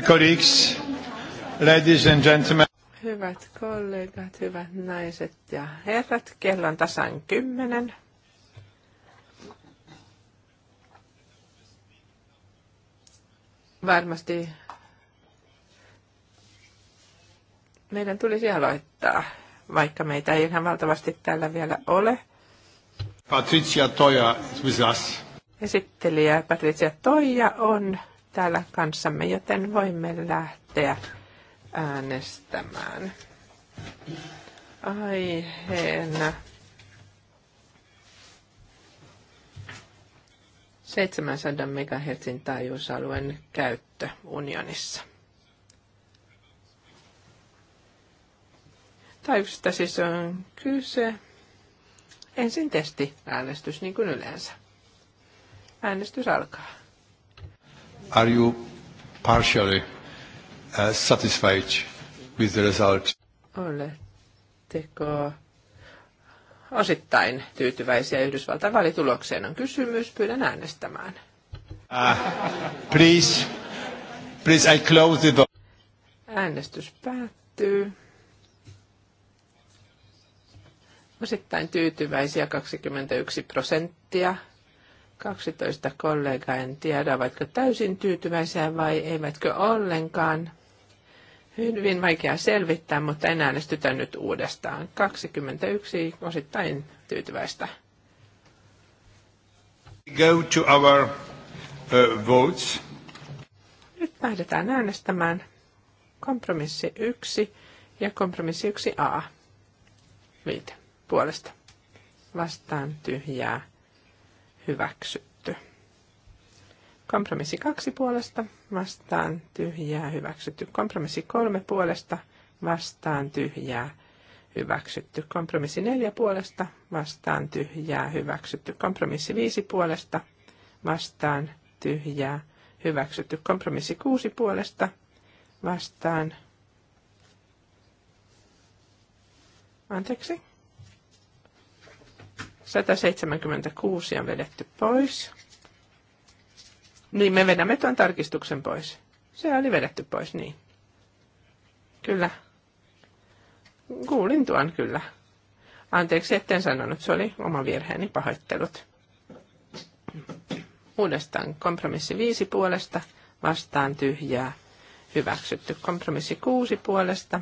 Colleagues, ladies and gentlemen. Hyvät kollegat, hyvät naiset ja herrat, kello on tasan kymmenen. Varmasti meidän tulisi aloittaa, vaikka meitä ei ihan valtavasti täällä vielä ole. Patricia Toja is with us. Esittelijä Patricia Toija on täällä kanssamme, joten voimme lähteä äänestämään. Aiheena 700 megahertsin taajuusalueen käyttö unionissa. Taajuuksista siis on kyse. Ensin testi äänestys niin kuin yleensä. Äänestys alkaa. Are you partially uh, satisfied with the result? Oletteko osittain tyytyväisiä Yhdysvaltain valitulokseen on kysymys. Pyydän äänestämään. Uh, please, please, I close the door. Äänestys päättyy. Osittain tyytyväisiä 21 prosenttia, 12 kollegaa, en tiedä ovatko täysin tyytyväisiä vai eivätkö ollenkaan. Hyvin vaikea selvittää, mutta en äänestytä nyt uudestaan. 21 osittain tyytyväistä. Go to our uh, votes. Nyt lähdetään äänestämään kompromissi 1 ja kompromissi 1a. Viite puolesta. Vastaan tyhjää hyväksytty. Kompromissi kaksi puolesta vastaan tyhjää hyväksytty. Kompromissi kolme puolesta vastaan tyhjää hyväksytty. Kompromissi neljä puolesta vastaan tyhjää hyväksytty. Kompromissi viisi puolesta vastaan tyhjää hyväksytty. Kompromissi kuusi puolesta vastaan. Anteeksi. 176 on vedetty pois. Niin, me vedämme tuon tarkistuksen pois. Se oli vedetty pois, niin. Kyllä. Kuulin tuon kyllä. Anteeksi, etten sanonut. Se oli oma virheeni pahoittelut. Uudestaan kompromissi viisi puolesta, vastaan tyhjää, hyväksytty. Kompromissi kuusi puolesta,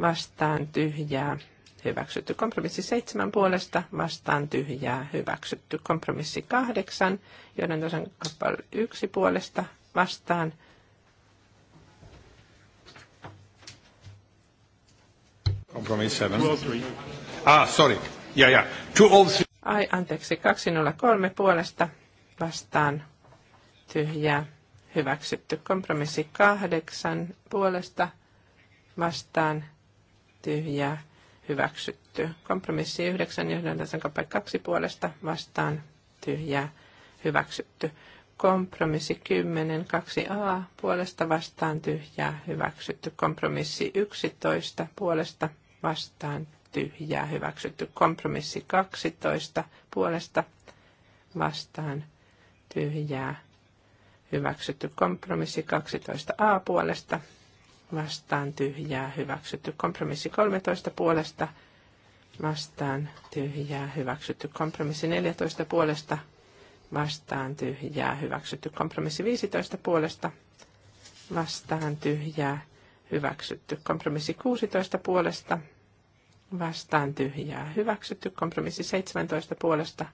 vastaan tyhjää, hyväksytty. Kompromissi seitsemän puolesta vastaan tyhjää hyväksytty. Kompromissi kahdeksan, joiden tosiaan kappale yksi puolesta vastaan Kompromissi 7. Ah, sorry. Ja, ja. Two oh three. Ai, anteeksi. 203 puolesta vastaan tyhjää hyväksytty. Kompromissi kahdeksan puolesta vastaan tyhjää hyväksytty. Kompromissi 9 kappale 2 puolesta vastaan tyhjää hyväksytty. Kompromissi 10 2a puolesta vastaan tyhjää hyväksytty. Kompromissi 11 puolesta vastaan tyhjää hyväksytty. Kompromissi 12 puolesta vastaan tyhjää hyväksytty. Kompromissi 12a puolesta vastaan tyhjää hyväksytty. Kompromissi 13 puolesta vastaan tyhjää hyväksytty. Kompromissi 14 puolesta vastaan tyhjää hyväksytty. Kompromissi 15 puolesta vastaan tyhjää hyväksytty. Kompromissi 16 puolesta vastaan tyhjää hyväksytty. Kompromissi 17 puolesta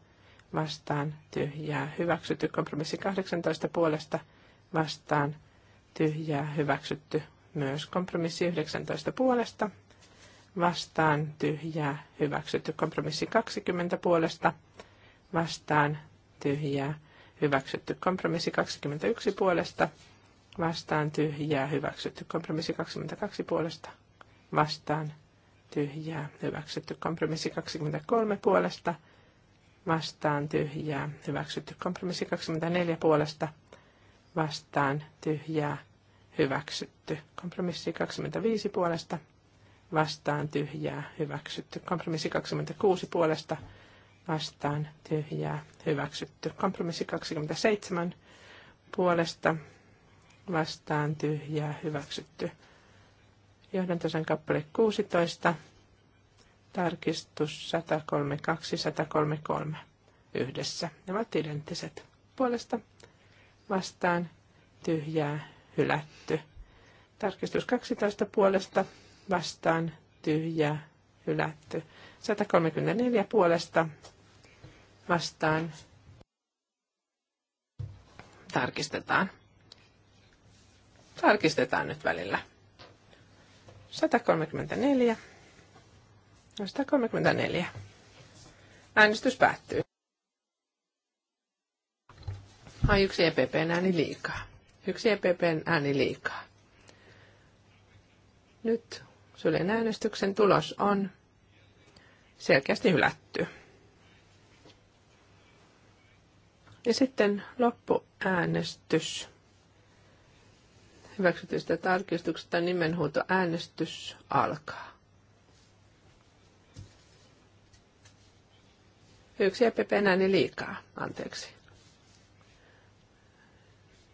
vastaan tyhjää hyväksytty. Kompromissi 18 puolesta vastaan tyhjää hyväksytty myös kompromissi 19 puolesta vastaan tyhjää hyväksytty. Kompromissi 20 puolesta vastaan tyhjää hyväksytty. Kompromissi 21 puolesta vastaan tyhjää hyväksytty. Kompromissi 22 puolesta vastaan tyhjää hyväksytty. Kompromissi 23 puolesta vastaan tyhjää hyväksytty. Kompromissi 24 puolesta vastaan tyhjää hyväksytty. Kompromissi 25 puolesta vastaan tyhjää hyväksytty. Kompromissi 26 puolesta vastaan tyhjää hyväksytty. Kompromissi 27 puolesta vastaan tyhjää hyväksytty. Johdantosan kappale 16, tarkistus 132, 133 yhdessä. Ne ovat identtiset. Puolesta vastaan tyhjää hylätty. Tarkistus 12 puolesta vastaan tyhjä hylätty. 134 puolesta vastaan tarkistetaan. Tarkistetaan nyt välillä. 134. 134. Äänestys päättyy. Ai yksi EPP ääni liikaa. Yksi EPPn ääni liikaa. Nyt sylen äänestyksen tulos on selkeästi hylätty. Ja sitten loppuäänestys. Hyväksytystä tarkistuksesta nimenhuutoäänestys alkaa. Yksi EPP ääni liikaa, anteeksi.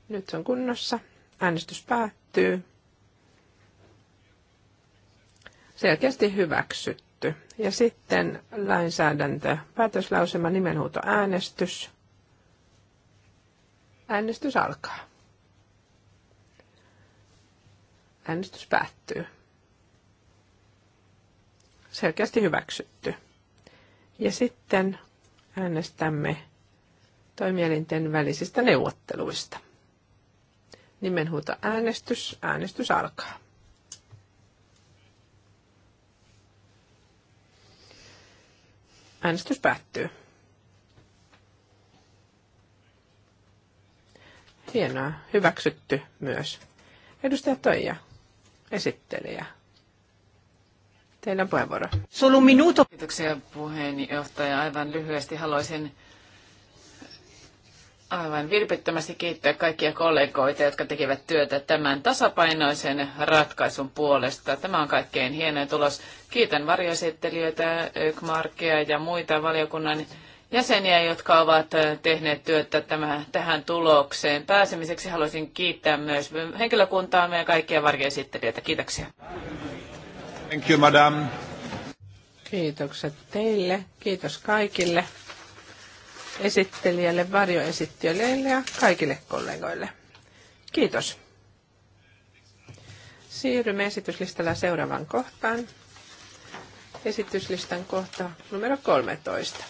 Nyt se on kunnossa. Äänestys päättyy. Selkeästi hyväksytty. Ja sitten lainsäädäntö, päätöslausema, nimenhuuto, äänestys. Äänestys alkaa. Äänestys päättyy. Selkeästi hyväksytty. Ja sitten äänestämme toimielinten välisistä neuvotteluista nimenhuuta äänestys. Äänestys alkaa. Äänestys päättyy. Hienoa. Hyväksytty myös. Edustaja Toija, esittelijä. Teillä on puheenvuoro. Solu minuuto. Kiitoksia puheenjohtaja. Aivan lyhyesti haluaisin aivan vilpittömästi kiittää kaikkia kollegoita, jotka tekevät työtä tämän tasapainoisen ratkaisun puolesta. Tämä on kaikkein hienoin tulos. Kiitän varjoesittelijöitä, Ökmarkia ja muita valiokunnan jäseniä, jotka ovat tehneet työtä tämän, tähän tulokseen. Pääsemiseksi haluaisin kiittää myös henkilökuntaa ja kaikkia varjoesittelijöitä. Kiitoksia. Thank you, madam. Kiitokset teille. Kiitos kaikille esittelijälle, varjoesittelijöille ja kaikille kollegoille. Kiitos. Siirrymme esityslistalla seuraavaan kohtaan. Esityslistan kohta numero 13.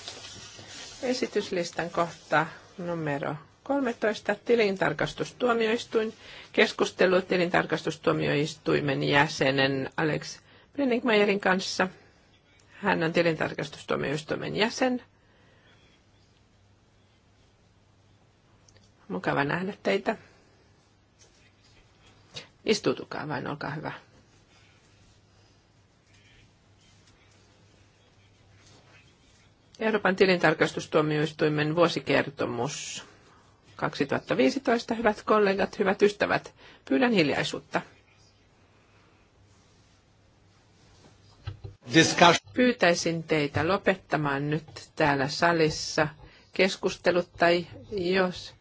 Esityslistan kohta numero 13. Tilintarkastustuomioistuin. Keskustelu tilintarkastustuomioistuimen jäsenen Alex Brinningmeierin kanssa. Hän on tilintarkastustuomioistuimen jäsen. Mukava nähdä teitä. Istutukaa vain, olkaa hyvä. Euroopan tilintarkastustuomioistuimen vuosikertomus 2015. Hyvät kollegat, hyvät ystävät, pyydän hiljaisuutta. Pyytäisin teitä lopettamaan nyt täällä salissa keskustelut tai jos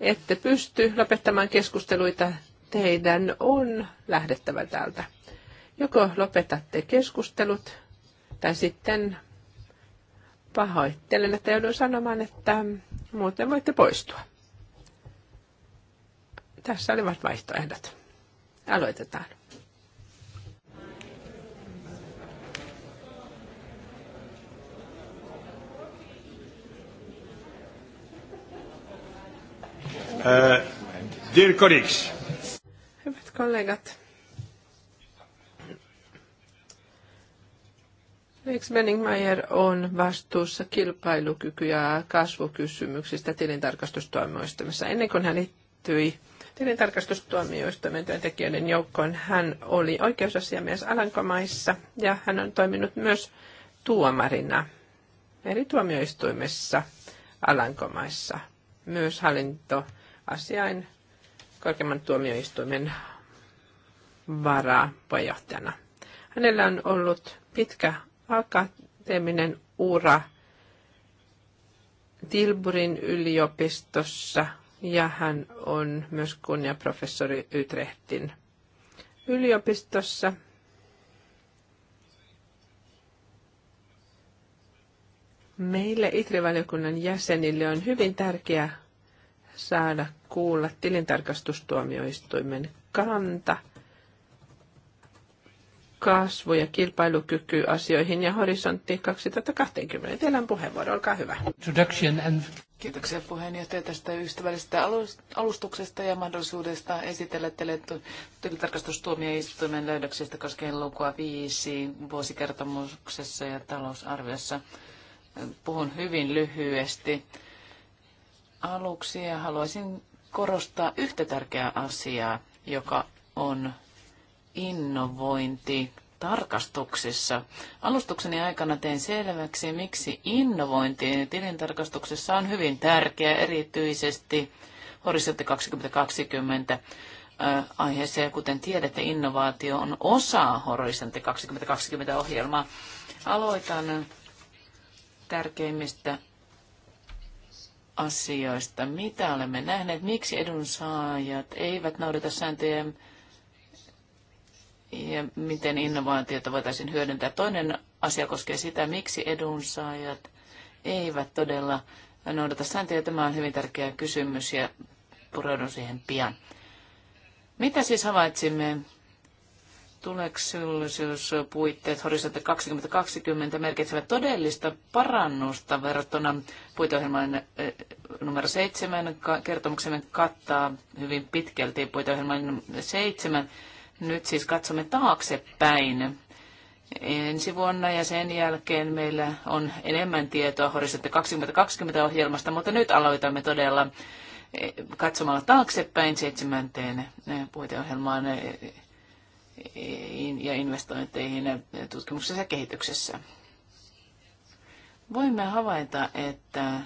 ette pysty lopettamaan keskusteluita, teidän on lähdettävä täältä. Joko lopetatte keskustelut, tai sitten pahoittelen, että joudun sanomaan, että muuten voitte poistua. Tässä olivat vaihtoehdot. Aloitetaan. Eh, dear colleagues. Hyvät kollegat. Felix Benningmeier on vastuussa kilpailukyky- ja kasvukysymyksistä tilintarkastustoimistoimissa. Ennen kuin hän liittyi tilintarkastustuomioistuimen työntekijöiden joukkoon, hän oli oikeusasiamies Alankomaissa ja hän on toiminut myös tuomarina eri tuomioistuimessa Alankomaissa, myös hallinto- asiain korkeimman tuomioistuimen varapuheenjohtajana. Hänellä on ollut pitkä akateeminen ura Tilburin yliopistossa ja hän on myös kunniaprofessori Utrechtin yliopistossa. Meille itri jäsenille on hyvin tärkeää saada kuulla tilintarkastustuomioistuimen kanta kasvu- ja kilpailukykyasioihin ja horisontti 2020. Teillä on puheenvuoro, olkaa hyvä. Kiitoksia puheenjohtaja tästä ystävällisestä alustuksesta ja mahdollisuudesta esitellä teille tilintarkastustuomioistuimen löydöksistä koskien lukua 5 vuosikertomuksessa ja talousarviossa. Puhun hyvin lyhyesti aluksi ja haluaisin korostaa yhtä tärkeää asiaa, joka on innovointi tarkastuksissa. Alustukseni aikana tein selväksi, miksi innovointi tilintarkastuksessa on hyvin tärkeä erityisesti Horisontti 2020 äh, aiheeseen. Kuten tiedätte, innovaatio on osa Horisontti 2020 ohjelmaa. Aloitan tärkeimmistä asioista. Mitä olemme nähneet? Miksi edunsaajat eivät noudata sääntöjä? Ja miten innovaatiota voitaisiin hyödyntää? Toinen asia koskee sitä, miksi edunsaajat eivät todella noudata sääntöjä. Tämä on hyvin tärkeä kysymys ja pureudun siihen pian. Mitä siis havaitsimme tuloksellisuuspuitteet Horisontti 2020 merkitsevät todellista parannusta verrattuna puiteohjelman eh, numero 7. Kertomuksemme kattaa hyvin pitkälti puiteohjelman 7. Nyt siis katsomme taaksepäin ensi vuonna ja sen jälkeen meillä on enemmän tietoa Horisontti 2020 ohjelmasta, mutta nyt aloitamme todella eh, katsomalla taaksepäin seitsemänteen eh, puiteohjelmaan ja investointeihin tutkimuksessa ja kehityksessä. Voimme havaita, että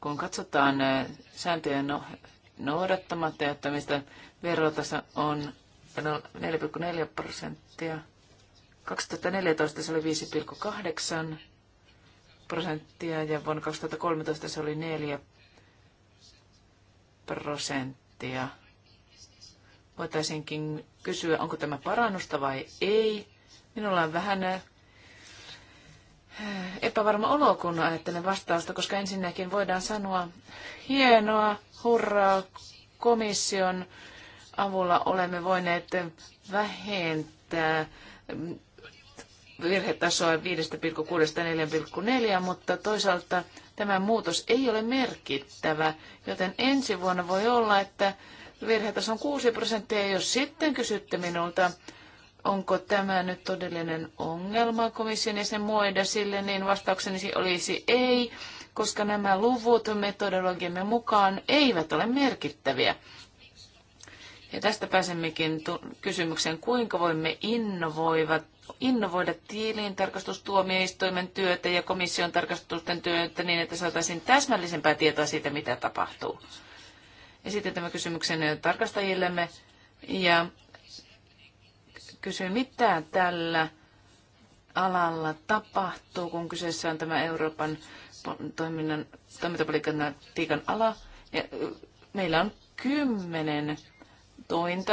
kun katsotaan sääntöjen no-, noudattamatta jättämistä, verotasa on 4,4 no, prosenttia. 2014 se oli 5,8 prosenttia ja vuonna 2013 se oli 4 prosenttia voitaisinkin kysyä, onko tämä parannusta vai ei. Minulla on vähän eh, epävarma olo, kun ajattelen vastausta, koska ensinnäkin voidaan sanoa hienoa, hurraa, komission avulla olemme voineet vähentää virhetasoa 5,6-4,4, mutta toisaalta tämä muutos ei ole merkittävä, joten ensi vuonna voi olla, että virheitä. on 6 prosenttia. Jos sitten kysytte minulta, onko tämä nyt todellinen ongelma komission ja sen muoida sille, niin vastaukseni olisi ei, koska nämä luvut metodologiamme mukaan eivät ole merkittäviä. Ja tästä pääsemmekin kysymykseen, kuinka voimme innovoivat, innovoida tilintarkastustuomioistuimen työtä ja komission tarkastusten työtä niin, että saataisiin täsmällisempää tietoa siitä, mitä tapahtuu esitin tämän kysymyksen tarkastajillemme ja kysyin, mitä tällä alalla tapahtuu, kun kyseessä on tämä Euroopan toiminnan, toimintapolitiikan ala. Ja meillä on kymmenen tointa,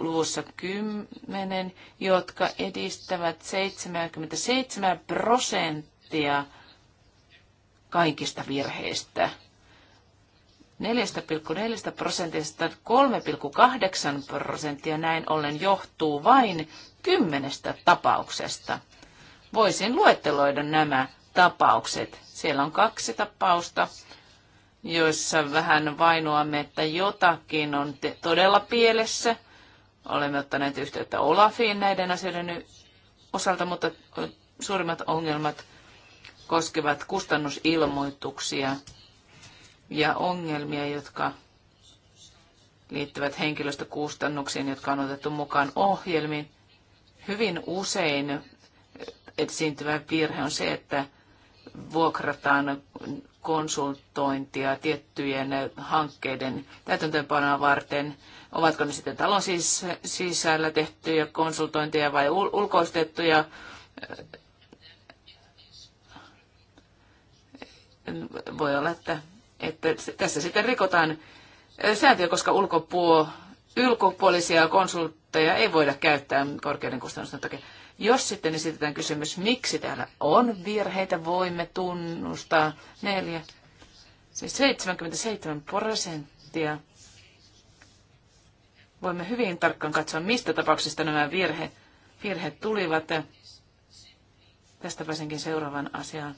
luvussa kymmenen, jotka edistävät 77 prosenttia kaikista virheistä. 4,4 prosentista 3,8 prosenttia näin ollen johtuu vain kymmenestä tapauksesta. Voisin luetteloida nämä tapaukset. Siellä on kaksi tapausta, joissa vähän vainoamme, että jotakin on todella pielessä. Olemme ottaneet yhteyttä Olafiin näiden asioiden osalta, mutta suurimmat ongelmat koskevat kustannusilmoituksia ja ongelmia, jotka liittyvät henkilöstökustannuksiin, jotka on otettu mukaan ohjelmiin. Hyvin usein esiintyvä virhe on se, että vuokrataan konsultointia tiettyjen hankkeiden täytäntöönpanoa varten. Ovatko ne sitten talon sisällä tehtyjä konsultointeja vai ulkoistettuja voi olla, että että tässä sitten rikotaan sääntöjä, koska ulkopuo, ulkopuolisia konsultteja ei voida käyttää korkeiden kustannusten takia. Jos sitten esitetään kysymys, miksi täällä on virheitä, voimme tunnustaa neljä, siis 77 prosenttia. Voimme hyvin tarkkaan katsoa, mistä tapauksista nämä virhe, virheet tulivat. Tästä pääsenkin seuraavaan asiaan.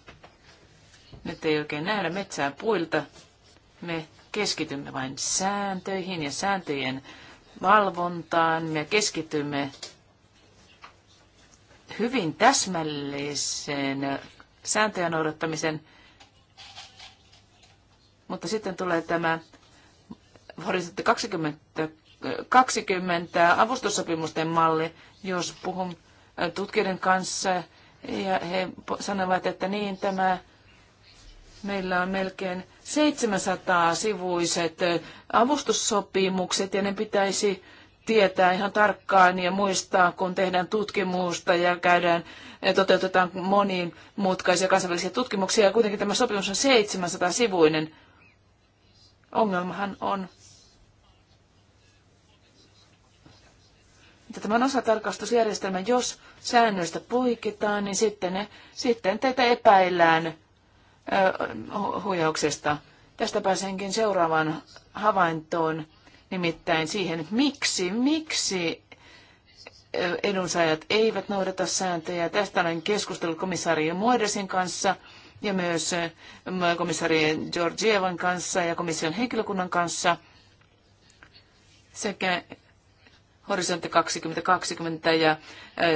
Nyt ei oikein nähdä metsää puilta. Me keskitymme vain sääntöihin ja sääntöjen valvontaan. Me keskitymme hyvin täsmälliseen sääntöjen noudattamisen, mutta sitten tulee tämä horisontti 20, 20 avustussopimusten malli, jos puhun äh, tutkijoiden kanssa, ja he sanovat, että niin tämä Meillä on melkein 700 sivuiset avustussopimukset ja ne pitäisi tietää ihan tarkkaan ja muistaa, kun tehdään tutkimusta ja käydään ja toteutetaan monimutkaisia kansainvälisiä tutkimuksia. Ja kuitenkin tämä sopimus on 700-sivuinen. Ongelmahan on. Tämä on osatarkastusjärjestelmä. Jos säännöistä poiketaan, niin sitten, ne, sitten teitä epäillään – huijauksesta. Tästä pääsenkin seuraavaan havaintoon, nimittäin siihen, miksi, miksi edunsaajat eivät noudata sääntöjä. Tästä olen keskustellut komissaari Moidesin kanssa ja myös komissaari Georgievan kanssa ja komission henkilökunnan kanssa sekä Horisontti 2020 ja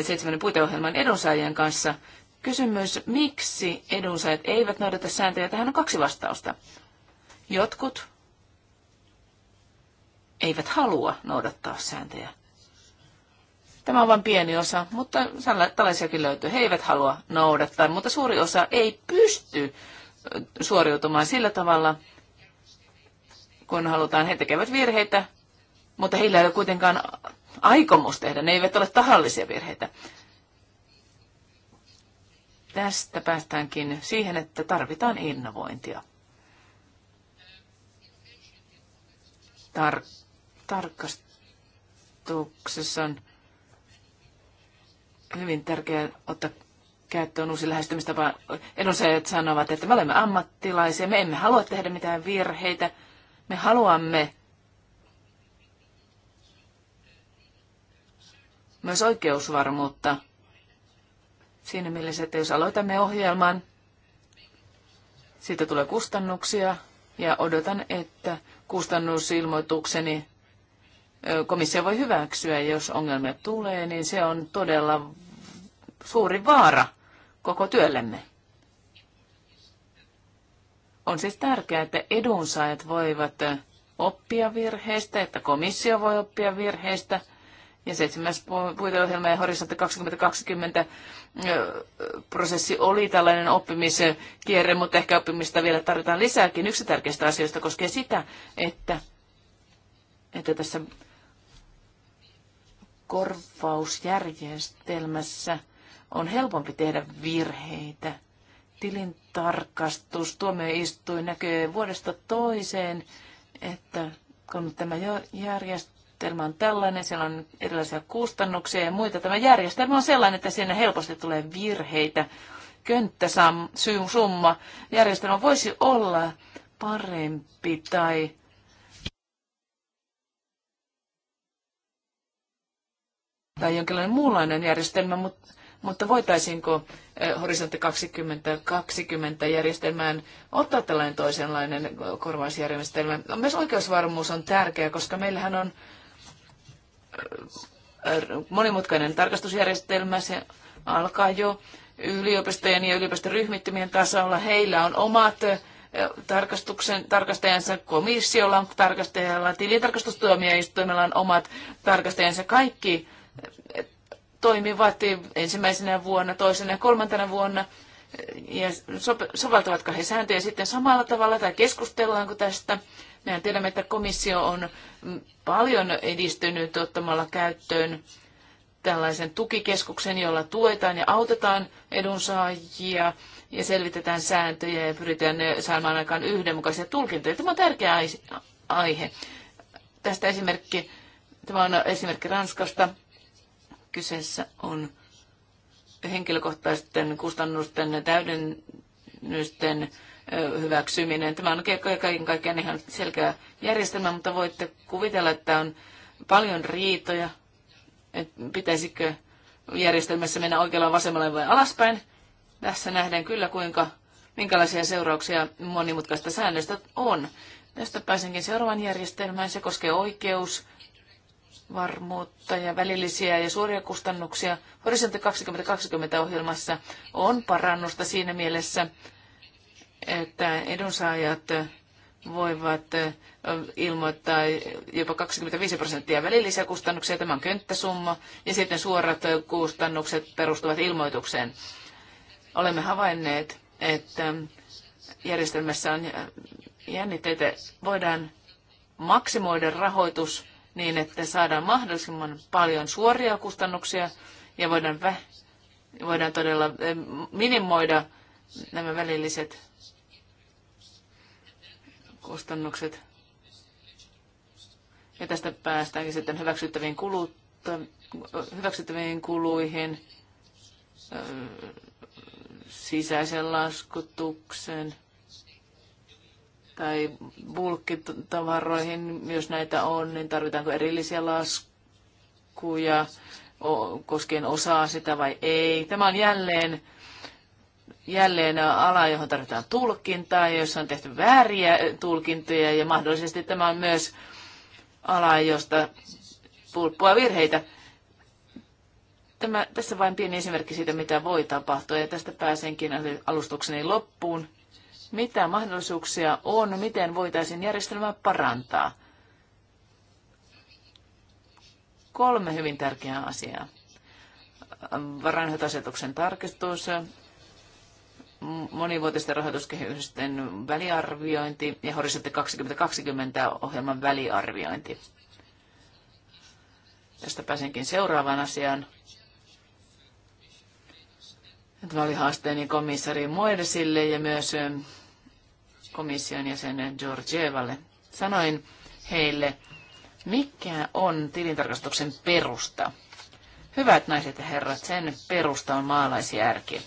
seitsemän puiteohjelman edunsaajien kanssa. Kysymys, miksi edunsaajat eivät noudata sääntöjä? Tähän on kaksi vastausta. Jotkut eivät halua noudattaa sääntöjä. Tämä on vain pieni osa, mutta tällaisiakin löytyy. He eivät halua noudattaa, mutta suuri osa ei pysty suoriutumaan sillä tavalla, kun halutaan. He tekevät virheitä, mutta heillä ei ole kuitenkaan aikomus tehdä. Ne eivät ole tahallisia virheitä. Tästä päästäänkin siihen, että tarvitaan innovointia. Tar- tarkastuksessa on hyvin tärkeää ottaa käyttöön uusi lähestymistapa. Edunsaajat sanovat, että me olemme ammattilaisia, me emme halua tehdä mitään virheitä, me haluamme myös oikeusvarmuutta – Siinä mielessä, että jos aloitamme ohjelman, siitä tulee kustannuksia ja odotan, että kustannusilmoitukseni komissio voi hyväksyä, jos ongelmia tulee, niin se on todella suuri vaara koko työllemme. On siis tärkeää, että edunsaajat voivat oppia virheistä, että komissio voi oppia virheistä – ja seitsemäs puiteohjelma ja horisontti 2020 prosessi oli tällainen oppimiskierre, mutta ehkä oppimista vielä tarvitaan lisääkin. Yksi tärkeistä asioista koskee sitä, että, että tässä korvausjärjestelmässä on helpompi tehdä virheitä. Tilintarkastus, tuomioistuin näkee vuodesta toiseen, että kun tämä järjestelmä järjestelmä on tällainen, siellä on erilaisia kustannuksia ja muita. Tämä järjestelmä on sellainen, että siinä helposti tulee virheitä. Könttäsumma järjestelmä voisi olla parempi tai tai jonkinlainen muunlainen järjestelmä, mutta, mutta voitaisiinko Horisontti 2020 järjestelmään ottaa tällainen toisenlainen korvausjärjestelmä? Myös oikeusvarmuus on tärkeä, koska meillähän on monimutkainen tarkastusjärjestelmä, se alkaa jo yliopistojen ja yliopistoryhmittymien tasolla. Heillä on omat tarkastuksen, tarkastajansa komissiolla, tarkastajalla, tilintarkastustuomioistuimella on omat tarkastajansa. Kaikki toimivat ensimmäisenä vuonna, toisena ja kolmantena vuonna ja soveltavatko he sääntöjä sitten samalla tavalla tai keskustellaanko tästä Mehän tiedämme, että komissio on paljon edistynyt ottamalla käyttöön tällaisen tukikeskuksen, jolla tuetaan ja autetaan edunsaajia ja selvitetään sääntöjä ja pyritään saamaan aikaan yhdenmukaisia tulkintoja. Tämä on tärkeä aihe. Tästä esimerkki, tämä on esimerkki Ranskasta. Kyseessä on henkilökohtaisten kustannusten täydennysten hyväksyminen. Tämä on kaiken kaikkiaan ihan selkeä järjestelmä, mutta voitte kuvitella, että on paljon riitoja, että pitäisikö järjestelmässä mennä oikealla vasemmalle vai alaspäin. Tässä nähdään kyllä, kuinka, minkälaisia seurauksia monimutkaista säännöstä on. Tästä pääsenkin seuraavan järjestelmään. Se koskee oikeus, varmuutta ja välillisiä ja suoria kustannuksia. Horisontti 2020 ohjelmassa on parannusta siinä mielessä, että edunsaajat voivat ilmoittaa jopa 25 prosenttia välillisiä kustannuksia, tämä on könttäsumma, ja sitten suorat kustannukset perustuvat ilmoitukseen. Olemme havainneet, että järjestelmässä on jännitteitä. Voidaan maksimoida rahoitus niin, että saadaan mahdollisimman paljon suoria kustannuksia ja voidaan, vä- voidaan todella minimoida nämä välilliset kustannukset. Ja tästä päästäänkin sitten hyväksyttäviin, kulutta, hyväksyttäviin kuluihin, sisäisen laskutuksen tai bulkkitavaroihin, myös näitä on, niin tarvitaanko erillisiä laskuja koskien osaa sitä vai ei. Tämä on jälleen jälleen ala, johon tarvitaan tulkintaa, jossa on tehty vääriä tulkintoja ja mahdollisesti tämä on myös ala, josta pulppua virheitä. Tämä, tässä vain pieni esimerkki siitä, mitä voi tapahtua ja tästä pääsenkin alustukseni loppuun. Mitä mahdollisuuksia on, miten voitaisiin järjestelmää parantaa? Kolme hyvin tärkeää asiaa. Varainhoitoasetuksen tarkistus, monivuotisten rahoituskehysten väliarviointi ja Horisontti 2020 ohjelman väliarviointi. Tästä pääsenkin seuraavaan asiaan. Tämä oli haasteeni komissari Moedesille ja myös ähm, komission jäsenen Georgievalle. Sanoin heille, mikä on tilintarkastuksen perusta? Hyvät naiset ja herrat, sen perusta on maalaisjärki.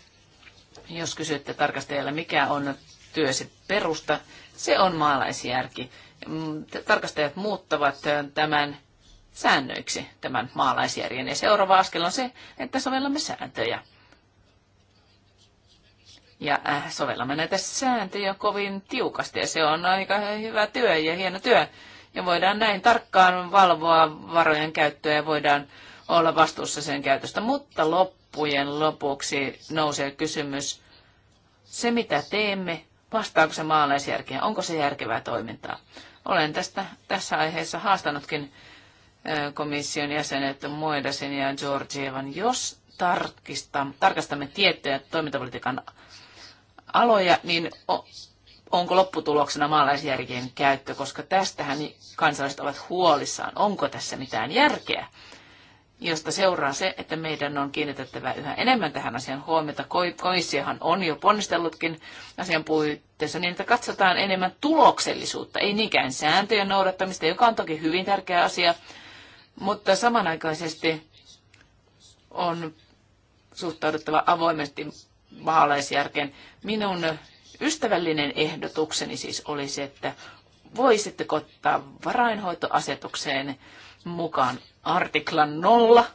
Jos kysytte tarkastajalle, mikä on työsi perusta, se on maalaisjärki. Mm, tarkastajat muuttavat tämän säännöiksi, tämän maalaisjärjen. Ja seuraava askel on se, että sovellamme sääntöjä. Ja äh, sovellamme näitä sääntöjä kovin tiukasti ja se on aika hyvä työ ja hieno työ. Ja voidaan näin tarkkaan valvoa varojen käyttöä ja voidaan olla vastuussa sen käytöstä. Mutta loppu loppujen lopuksi nousee kysymys, se mitä teemme, vastaako se maalaisjärkeä, onko se järkevää toimintaa. Olen tästä, tässä aiheessa haastanutkin komission jäsenet Moedasin ja Georgievan, jos tarkista, tarkastamme tiettyjä toimintapolitiikan aloja, niin onko lopputuloksena maalaisjärjen käyttö, koska tästähän kansalaiset ovat huolissaan, onko tässä mitään järkeä josta seuraa se, että meidän on kiinnitettävä yhä enemmän tähän asian huomiota. Komissiohan on jo ponnistellutkin asian puitteissa niin, että katsotaan enemmän tuloksellisuutta, ei niinkään sääntöjen noudattamista, joka on toki hyvin tärkeä asia, mutta samanaikaisesti on suhtauduttava avoimesti maalaisjärkeen. Minun ystävällinen ehdotukseni siis olisi, että voisitteko ottaa varainhoitoasetukseen mukaan artiklan nolla,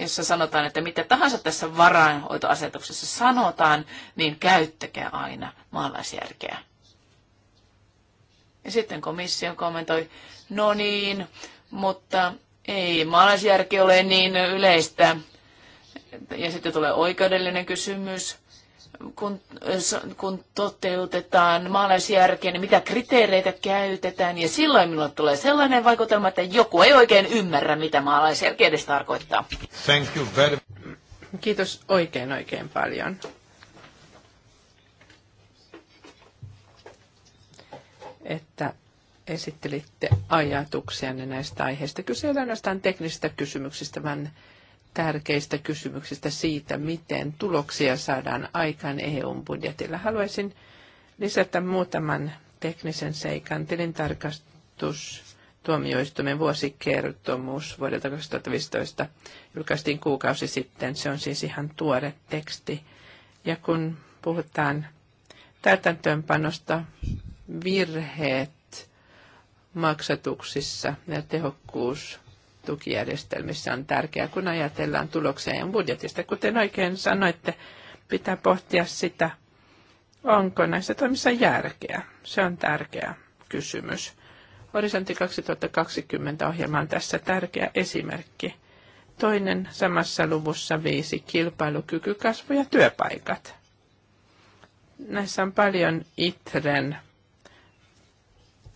jossa sanotaan, että mitä tahansa tässä varainhoitoasetuksessa sanotaan, niin käyttäkää aina maalaisjärkeä. Ja sitten komissio kommentoi, no niin, mutta ei maalaisjärki ole niin yleistä. Ja sitten tulee oikeudellinen kysymys kun, kun toteutetaan maalaisjärkeä, niin mitä kriteereitä käytetään. Ja silloin minulle tulee sellainen vaikutelma, että joku ei oikein ymmärrä, mitä maalaisjärki edes tarkoittaa. Thank you very... Kiitos oikein oikein paljon. että esittelitte ajatuksianne näistä aiheista. Kyse ei ainoastaan teknisistä kysymyksistä, vaan tärkeistä kysymyksistä siitä, miten tuloksia saadaan aikaan eu budjetilla. Haluaisin lisätä muutaman teknisen seikan. Tilintarkastus tuomioistuimen vuosikertomus vuodelta 2015 julkaistiin kuukausi sitten. Se on siis ihan tuore teksti. Ja kun puhutaan täytäntöönpanosta, virheet maksatuksissa ja tehokkuus tukijärjestelmissä on tärkeää, kun ajatellaan tuloksia ja budjetista. Kuten oikein sanoitte, pitää pohtia sitä, onko näissä toimissa järkeä. Se on tärkeä kysymys. Horisontti 2020 ohjelma on tässä tärkeä esimerkki. Toinen samassa luvussa viisi kilpailukyky, kasvu ja työpaikat. Näissä on paljon ITREN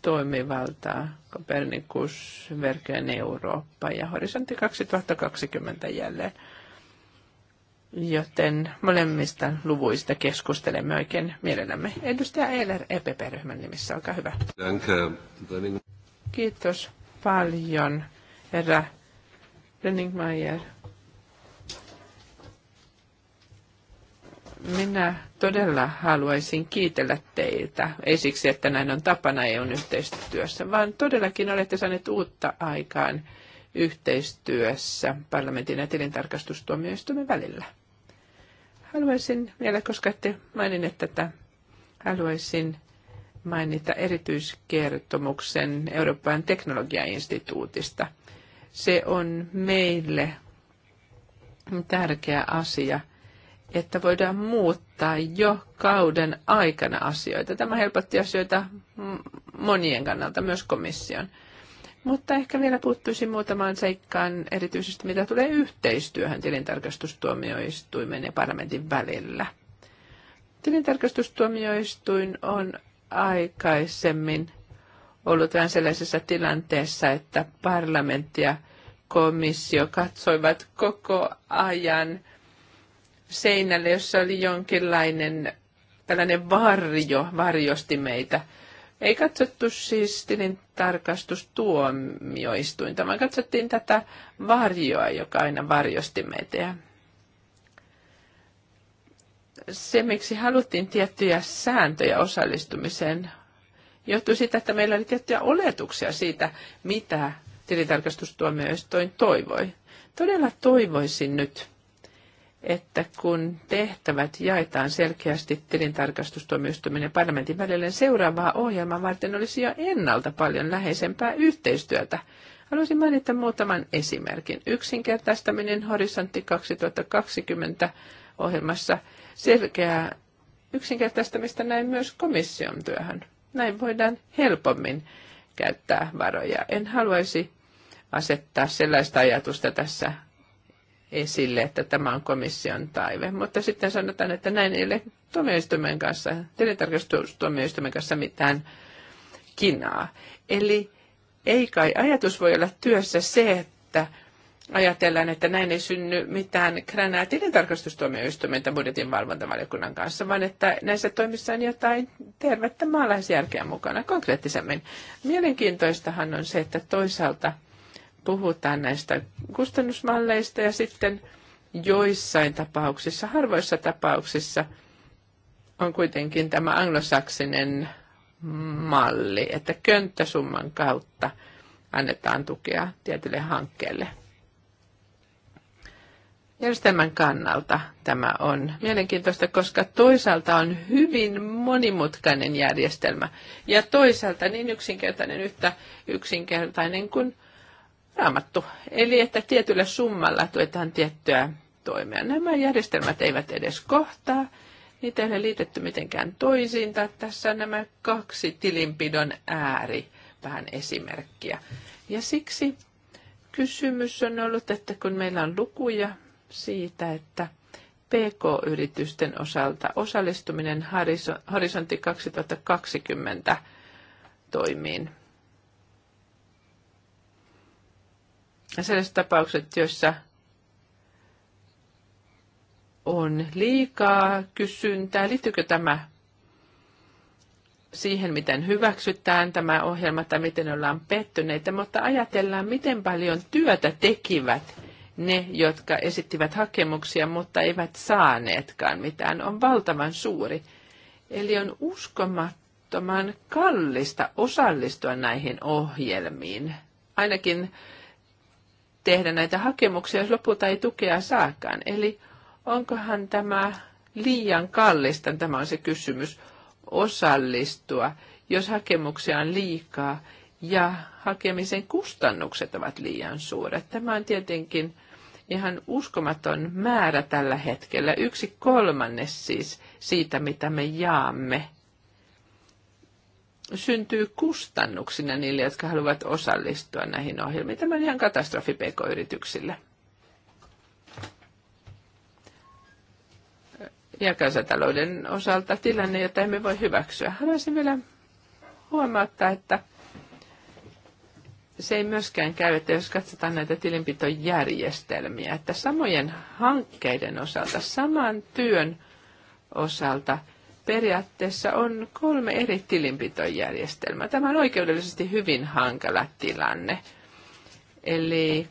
toimivaltaa Kopernikus, Verkön Eurooppa ja Horisontti 2020 jälleen. Joten molemmista luvuista keskustelemme oikein mielellämme. Edustaja Eiler EPP-ryhmän nimissä, olkaa hyvä. Kiitos paljon, herra Renningmeier Minä todella haluaisin kiitellä teitä, ei siksi, että näin on tapana EUn yhteistyössä, vaan todellakin olette saaneet uutta aikaan yhteistyössä parlamentin ja tilintarkastustuomioistuimen välillä. Haluaisin vielä, koska ette maininneet tätä, haluaisin mainita erityiskertomuksen Euroopan teknologiainstituutista. Se on meille tärkeä asia – että voidaan muuttaa jo kauden aikana asioita. Tämä helpotti asioita monien kannalta, myös komission. Mutta ehkä vielä puuttuisin muutamaan seikkaan, erityisesti mitä tulee yhteistyöhön tilintarkastustuomioistuimen ja parlamentin välillä. Tilintarkastustuomioistuin on aikaisemmin ollut vähän sellaisessa tilanteessa, että parlamentti ja komissio katsoivat koko ajan – seinälle, jossa oli jonkinlainen tällainen varjo, varjosti meitä. Ei katsottu siis tilin tarkastustuomioistuinta, vaan katsottiin tätä varjoa, joka aina varjosti meitä. Ja se, miksi haluttiin tiettyjä sääntöjä osallistumiseen, johtui siitä, että meillä oli tiettyjä oletuksia siitä, mitä tilintarkastustuomioistuin toivoi. Todella toivoisin nyt, että kun tehtävät jaetaan selkeästi tilintarkastustuomioistuimen ja parlamentin välillä, niin seuraavaa ohjelmaa varten olisi jo ennalta paljon läheisempää yhteistyötä. Haluaisin mainita muutaman esimerkin. Yksinkertaistaminen Horisontti 2020 ohjelmassa selkeää yksinkertaistamista näin myös komission työhön. Näin voidaan helpommin käyttää varoja. En haluaisi asettaa sellaista ajatusta tässä esille, että tämä on komission taive. Mutta sitten sanotaan, että näin ei ole tuomioistuimen kanssa, tilintarkastustuomioistuimen kanssa mitään kinaa. Eli ei kai ajatus voi olla työssä se, että ajatellaan, että näin ei synny mitään kränää tilintarkastustuomioistuimen budjetin valvontavaliokunnan kanssa, vaan että näissä toimissa on jotain tervettä maalaisjärkeä mukana konkreettisemmin. Mielenkiintoistahan on se, että toisaalta – puhutaan näistä kustannusmalleista ja sitten joissain tapauksissa, harvoissa tapauksissa on kuitenkin tämä anglosaksinen malli, että könttäsumman kautta annetaan tukea tietylle hankkeelle. Järjestelmän kannalta tämä on mielenkiintoista, koska toisaalta on hyvin monimutkainen järjestelmä ja toisaalta niin yksinkertainen, yhtä yksinkertainen kuin raamattu. Eli että tietyllä summalla tuetaan tiettyä toimia. Nämä järjestelmät eivät edes kohtaa. Niitä ei ole liitetty mitenkään toisiinsa. Tässä on nämä kaksi tilinpidon ääri vähän esimerkkiä. Ja siksi kysymys on ollut, että kun meillä on lukuja siitä, että PK-yritysten osalta osallistuminen Horisontti 2020 toimiin – sellaiset tapaukset, joissa on liikaa kysyntää. Liittyykö tämä siihen, miten hyväksytään tämä ohjelma tai miten ollaan pettyneitä, mutta ajatellaan, miten paljon työtä tekivät ne, jotka esittivät hakemuksia, mutta eivät saaneetkaan mitään, on valtavan suuri. Eli on uskomattoman kallista osallistua näihin ohjelmiin. Ainakin tehdä näitä hakemuksia, jos lopulta ei tukea saakaan. Eli onkohan tämä liian kallista, tämä on se kysymys, osallistua, jos hakemuksia on liikaa ja hakemisen kustannukset ovat liian suuret. Tämä on tietenkin ihan uskomaton määrä tällä hetkellä, yksi kolmannes siis siitä, mitä me jaamme syntyy kustannuksina niille, jotka haluavat osallistua näihin ohjelmiin. Tämä on ihan katastrofi pk-yrityksille. Ja kansantalouden osalta tilanne, jota emme voi hyväksyä. Haluaisin vielä huomauttaa, että se ei myöskään käy, että jos katsotaan näitä tilinpitojärjestelmiä, että samojen hankkeiden osalta, saman työn osalta – periaatteessa on kolme eri tilinpitojärjestelmää. Tämä on oikeudellisesti hyvin hankala tilanne. Eli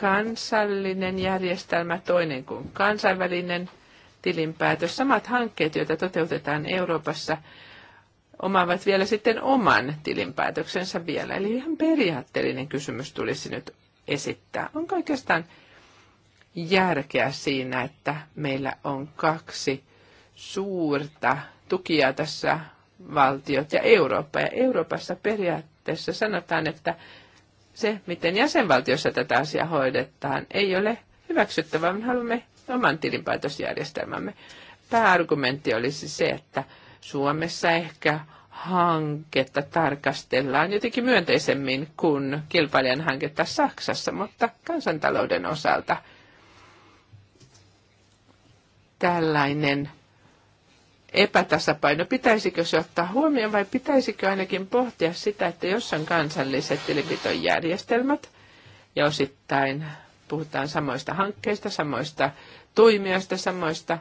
kansallinen järjestelmä, toinen kuin kansainvälinen tilinpäätös. Samat hankkeet, joita toteutetaan Euroopassa, omaavat vielä sitten oman tilinpäätöksensä vielä. Eli ihan periaatteellinen kysymys tulisi nyt esittää. Onko oikeastaan järkeä siinä, että meillä on kaksi suurta tukia tässä valtiot ja Eurooppa. Ja Euroopassa periaatteessa sanotaan, että se, miten jäsenvaltiossa tätä asiaa hoidetaan, ei ole hyväksyttävää. Me haluamme oman tilinpäätösjärjestelmämme. Pääargumentti olisi se, että Suomessa ehkä hanketta tarkastellaan jotenkin myönteisemmin kuin kilpailijan hanketta Saksassa, mutta kansantalouden osalta tällainen epätasapaino, pitäisikö se ottaa huomioon vai pitäisikö ainakin pohtia sitä, että jos on kansalliset tilinpitojärjestelmät ja osittain puhutaan samoista hankkeista, samoista toimijoista, samoista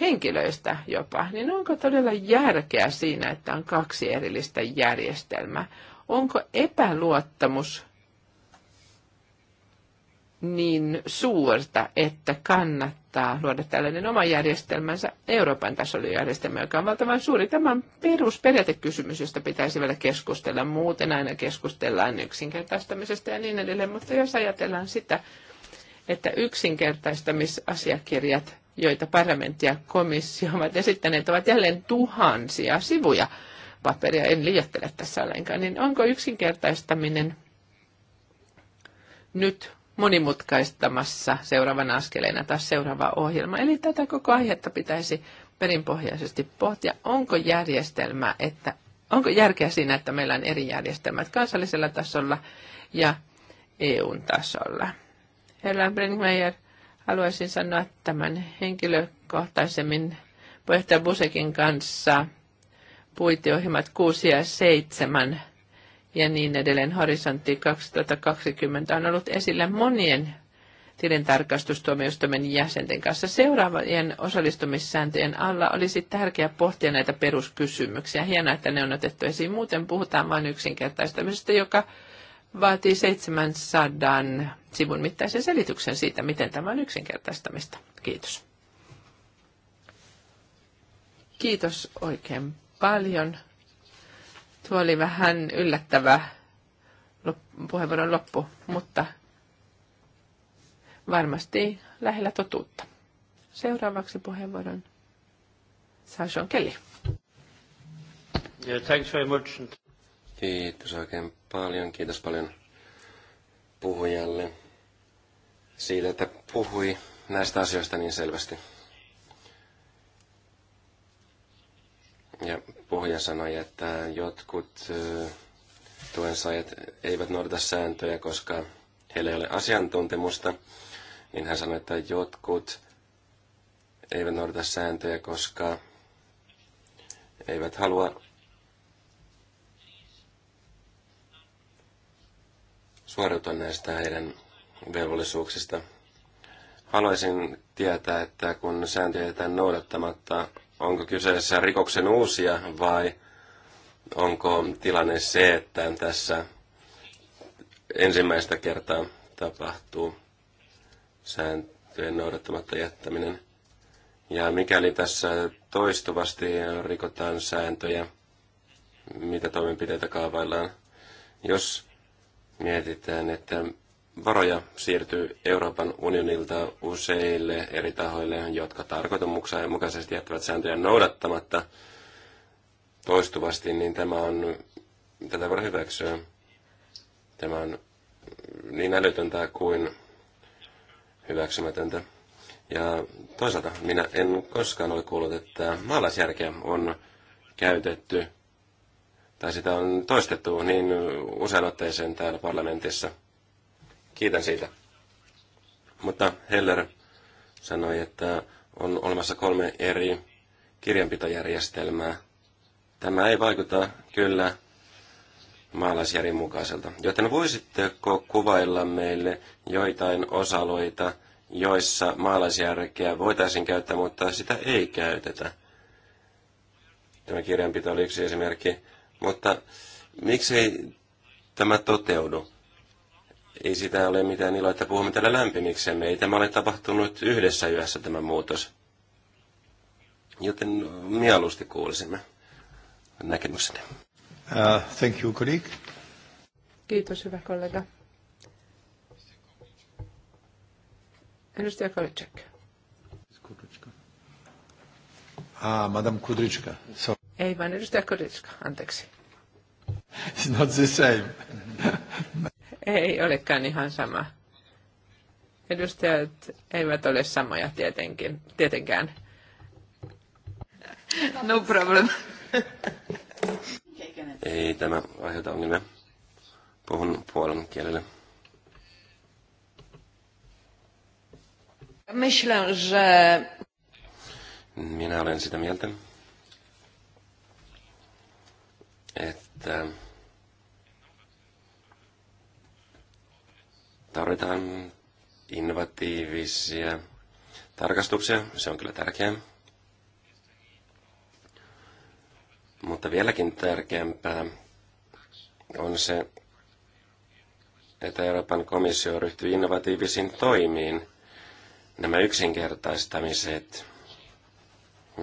henkilöistä jopa, niin onko todella järkeä siinä, että on kaksi erillistä järjestelmää? Onko epäluottamus niin suurta, että kannattaa luoda tällainen oma järjestelmänsä Euroopan tasolla järjestelmä, joka on valtavan suuri. Tämä on perusperiaatekysymys, josta pitäisi vielä keskustella. Muuten aina keskustellaan yksinkertaistamisesta ja niin edelleen, mutta jos ajatellaan sitä, että yksinkertaistamisasiakirjat, joita parlamentti ja komissio ovat esittäneet, ovat jälleen tuhansia sivuja paperia, en liiottele tässä ollenkaan, niin onko yksinkertaistaminen nyt monimutkaistamassa seuraavan askeleena taas seuraava ohjelma. Eli tätä koko aihetta pitäisi perinpohjaisesti pohtia, onko järjestelmä, että onko järkeä siinä, että meillä on eri järjestelmät kansallisella tasolla ja EUn tasolla. Herra Brenningmeijer, haluaisin sanoa tämän henkilökohtaisemmin puheenjohtaja Busekin kanssa puiteohjelmat 6 ja 7 ja niin edelleen. Horisontti 2020 on ollut esillä monien tilintarkastustuomioistuimen jäsenten kanssa. Seuraavien osallistumissääntöjen alla olisi tärkeää pohtia näitä peruskysymyksiä. Hienoa, että ne on otettu esiin. Muuten puhutaan vain yksinkertaistamisesta, joka vaatii 700 sivun mittaisen selityksen siitä, miten tämä on yksinkertaistamista. Kiitos. Kiitos oikein paljon. Tuo oli vähän yllättävä puheenvuoron loppu, mutta varmasti lähellä totuutta. Seuraavaksi puheenvuoron saa Sean Kelly. Yeah, thanks very much. Kiitos oikein paljon. Kiitos paljon puhujalle siitä, että puhui näistä asioista niin selvästi. Ja puhuja sanoi, että jotkut tuensaajat eivät noudata sääntöjä, koska heillä ei ole asiantuntemusta, niin hän sanoi, että jotkut eivät noudata sääntöjä, koska eivät halua suoriutua näistä heidän velvollisuuksista. Haluaisin tietää, että kun sääntöjä jätetään noudattamatta, onko kyseessä rikoksen uusia vai onko tilanne se, että tässä ensimmäistä kertaa tapahtuu sääntöjen noudattamatta jättäminen. Ja mikäli tässä toistuvasti rikotaan sääntöjä, mitä toimenpiteitä kaavaillaan, jos mietitään, että varoja siirtyy Euroopan unionilta useille eri tahoille, jotka tarkoituksenmukaisesti jättävät sääntöjä noudattamatta toistuvasti, niin tämä on, tätä voi hyväksyä. Tämä on niin älytöntä kuin hyväksymätöntä. Ja toisaalta minä en koskaan ole kuullut, että maalaisjärkeä on käytetty tai sitä on toistettu niin usein otteeseen täällä parlamentissa – Kiitän siitä. Mutta Heller sanoi, että on olemassa kolme eri kirjanpitojärjestelmää. Tämä ei vaikuta kyllä maalaisjärjen mukaiselta. Joten voisitteko kuvailla meille joitain osaloita, joissa maalaisjärkeä voitaisiin käyttää, mutta sitä ei käytetä? Tämä kirjanpito oli yksi esimerkki. Mutta miksei tämä toteudu? ei sitä ole mitään iloa, että puhumme täällä lämpimiksemme. Ei tämä ole tapahtunut yhdessä yössä tämä muutos. Joten mieluusti kuulisimme näkemyksenne. Uh, thank you, colleague. Kiitos, hyvä kollega. Edustaja Kolicek. Ah, Madame Kudrychka. So. Ei vaan edustaja Kudrychka, anteeksi. It's not the same. ei olekaan ihan sama. Edustajat eivät ole samoja tietenkin, tietenkään. No problem. Ei tämä aiheuta ongelmia. Puhun puolen kielellä. Myślę, że... Minä olen sitä mieltä, että Tarvitaan innovatiivisia tarkastuksia, se on kyllä tärkeää. Mutta vieläkin tärkeämpää on se, että Euroopan komissio ryhtyy innovatiivisiin toimiin. Nämä yksinkertaistamiset,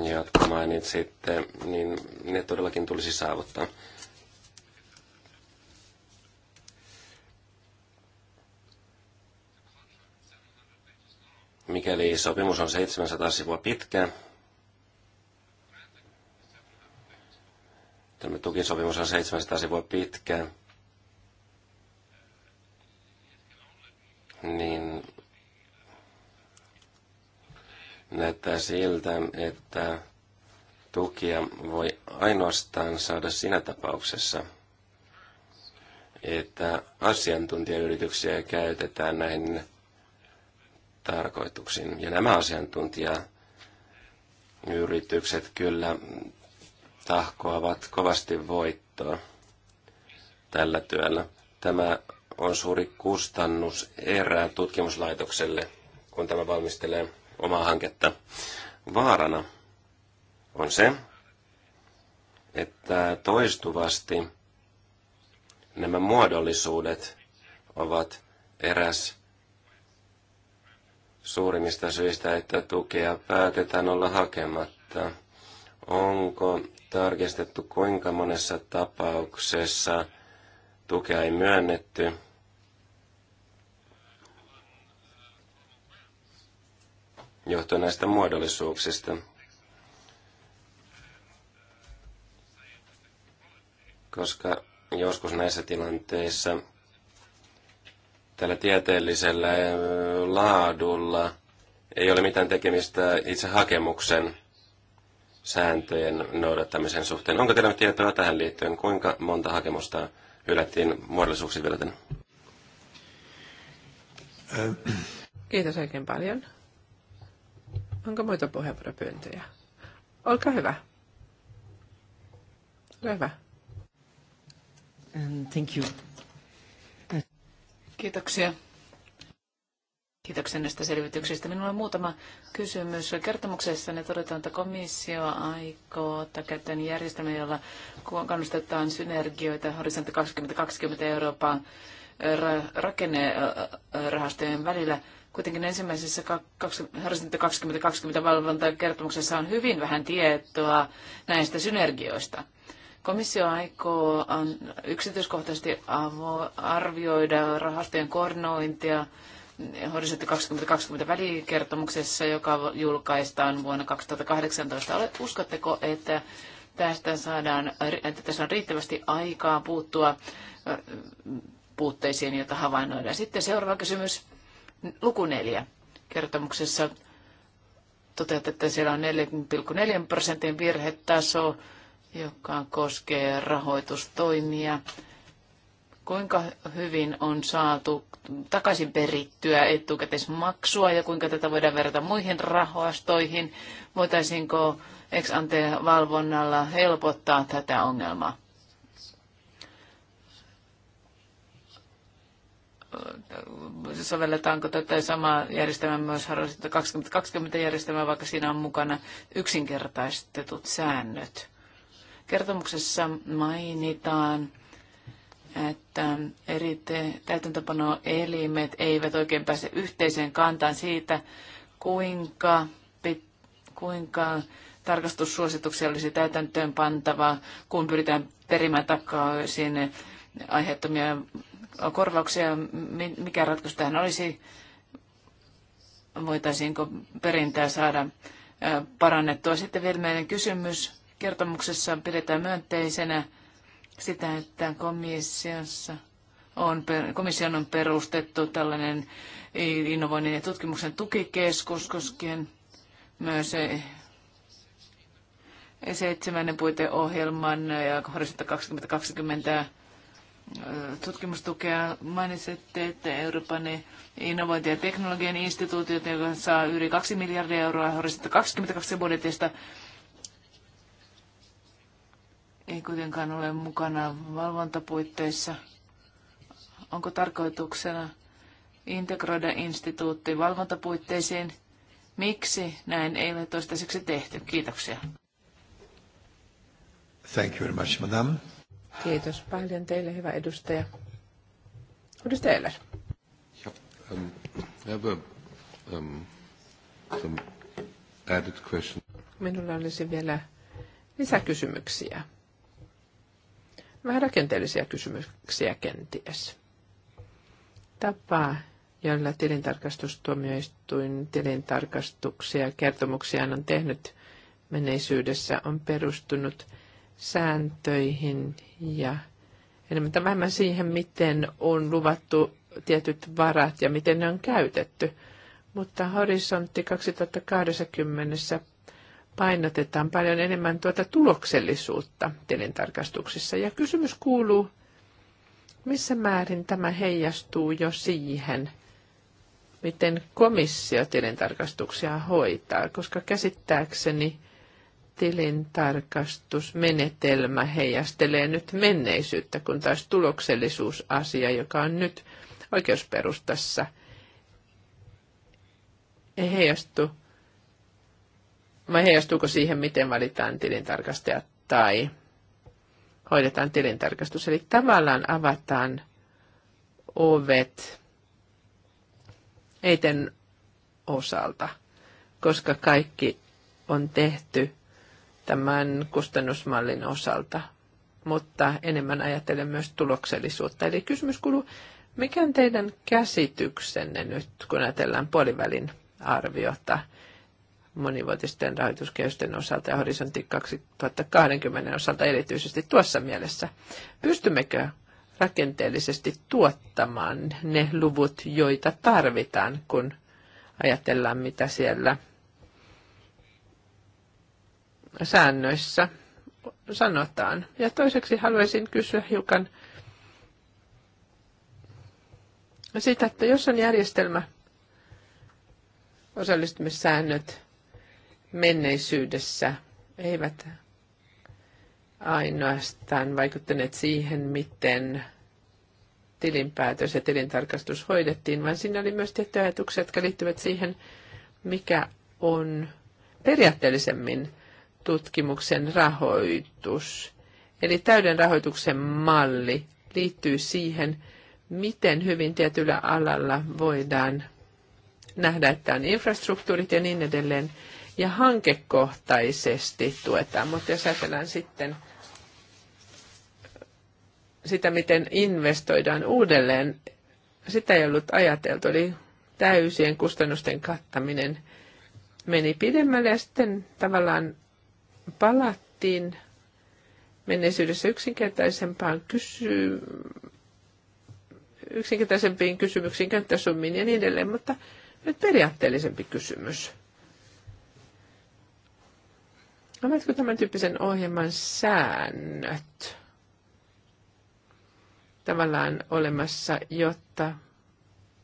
jotka mainitsitte, niin ne todellakin tulisi saavuttaa. Mikäli sopimus on 700 sivua pitkä, tämä tukisopimus on 700 sivua pitkä, niin näyttää siltä, että tukia voi ainoastaan saada siinä tapauksessa, että asiantuntijayrityksiä käytetään näihin tarkoituksiin. Ja nämä asiantuntijayritykset kyllä tahkoavat kovasti voittoa tällä työllä. Tämä on suuri kustannus erää tutkimuslaitokselle, kun tämä valmistelee omaa hanketta. Vaarana on se, että toistuvasti nämä muodollisuudet ovat eräs suurimmista syistä, että tukea päätetään olla hakematta. Onko tarkistettu, kuinka monessa tapauksessa tukea ei myönnetty? johtuen näistä muodollisuuksista. Koska joskus näissä tilanteissa tällä tieteellisellä laadulla ei ole mitään tekemistä itse hakemuksen sääntöjen noudattamisen suhteen. Onko teillä tietoa tähän liittyen? Kuinka monta hakemusta hylättiin muodollisuuksiin vedoten? Kiitos oikein paljon. Onko muita puheenvuoropyyntöjä? Olkaa hyvä. Olkaa hyvä. Thank you. Kiitoksia. Kiitoksia näistä selvityksistä. Minulla on muutama kysymys. ne todetaan, että komissio aikoo käyttää käyttöön jolla kannustetaan synergioita horisontti 2020 Euroopan rakennerahastojen välillä. Kuitenkin ensimmäisessä horisontti 2020 valvontakertomuksessa on hyvin vähän tietoa näistä synergioista. Komissio aikoo yksityiskohtaisesti arvioida rahastojen koordinointia Horisontti 2020 välikertomuksessa, joka julkaistaan vuonna 2018. Uskotteko, että tästä saadaan, että tässä on riittävästi aikaa puuttua puutteisiin, joita havainnoidaan. Sitten seuraava kysymys, luku neljä. Kertomuksessa toteat, että siellä on 4,4 prosentin virhetaso joka koskee rahoitustoimia. Kuinka hyvin on saatu takaisin perittyä etukäteismaksua ja kuinka tätä voidaan verrata muihin rahoastoihin, Voitaisiinko ex ante valvonnalla helpottaa tätä ongelmaa? sovelletaanko tätä samaa järjestelmää myös 2020 järjestelmää, vaikka siinä on mukana yksinkertaistetut säännöt. Kertomuksessa mainitaan, että eri täytäntöpanoelimet eivät oikein pääse yhteiseen kantaan siitä, kuinka, kuinka tarkastussuosituksia olisi täytäntöön pantava, kun pyritään perimään takaisin aiheuttamia korvauksia, mikä ratkaisu tähän olisi, voitaisiinko perintää saada parannettua. Sitten vielä meidän kysymys Kertomuksessaan pidetään myönteisenä sitä, että komissiossa on, komission on perustettu tällainen innovoinnin ja tutkimuksen tukikeskus koskien myös eh, seitsemännen puiteohjelman ja horisontta 2020 eh, tutkimustukea Mainitsette, että Euroopan innovointi- ja teknologian instituutiot, joka saa yli 2 miljardia euroa horisontta 2022 budjetista, ei kuitenkaan ole mukana valvontapuitteissa. Onko tarkoituksena integroida instituutti valvontapuitteisiin? Miksi näin ei ole toistaiseksi tehty? Kiitoksia. Thank you very much, madam. Kiitos paljon teille, hyvä edustaja. Edustaja Eller. um, um, some added Minulla olisi vielä lisäkysymyksiä vähän rakenteellisia kysymyksiä kenties. Tapa, jolla tilintarkastustuomioistuin tilintarkastuksia ja kertomuksiaan on tehnyt menneisyydessä, on perustunut sääntöihin ja enemmän tai vähemmän siihen, miten on luvattu tietyt varat ja miten ne on käytetty. Mutta horisontti 2020 painotetaan paljon enemmän tuota tuloksellisuutta tilintarkastuksissa. Ja kysymys kuuluu, missä määrin tämä heijastuu jo siihen, miten komissio tilintarkastuksia hoitaa, koska käsittääkseni tilintarkastusmenetelmä heijastelee nyt menneisyyttä, kun taas tuloksellisuusasia, joka on nyt oikeusperustassa, ei heijastu vai heijastuuko siihen, miten valitaan tilintarkastajat tai hoidetaan tilintarkastus. Eli tavallaan avataan ovet eiten osalta, koska kaikki on tehty tämän kustannusmallin osalta, mutta enemmän ajattelen myös tuloksellisuutta. Eli kysymys kuuluu, mikä on teidän käsityksenne nyt, kun ajatellaan puolivälin arviota monivuotisten rahoituskehysten osalta ja horisontti 2020 osalta erityisesti tuossa mielessä. Pystymmekö rakenteellisesti tuottamaan ne luvut, joita tarvitaan, kun ajatellaan, mitä siellä säännöissä sanotaan. Ja toiseksi haluaisin kysyä hiukan siitä, että jos on järjestelmä, osallistumissäännöt, menneisyydessä eivät ainoastaan vaikuttaneet siihen, miten tilinpäätös ja tilintarkastus hoidettiin, vaan siinä oli myös tiettyjä ajatuksia, jotka liittyvät siihen, mikä on periaatteellisemmin tutkimuksen rahoitus. Eli täyden rahoituksen malli liittyy siihen, miten hyvin tietyllä alalla voidaan nähdä, että on infrastruktuurit ja niin edelleen ja hankekohtaisesti tuetaan, mutta jos ajatellaan sitten sitä, miten investoidaan uudelleen, sitä ei ollut ajateltu, eli täysien kustannusten kattaminen meni pidemmälle ja sitten tavallaan palattiin menneisyydessä yksinkertaisempaan kysy- yksinkertaisempiin kysymyksiin, käyttösummiin ja niin edelleen, mutta nyt periaatteellisempi kysymys. Ovatko tämän tyyppisen ohjelman säännöt tavallaan olemassa, jotta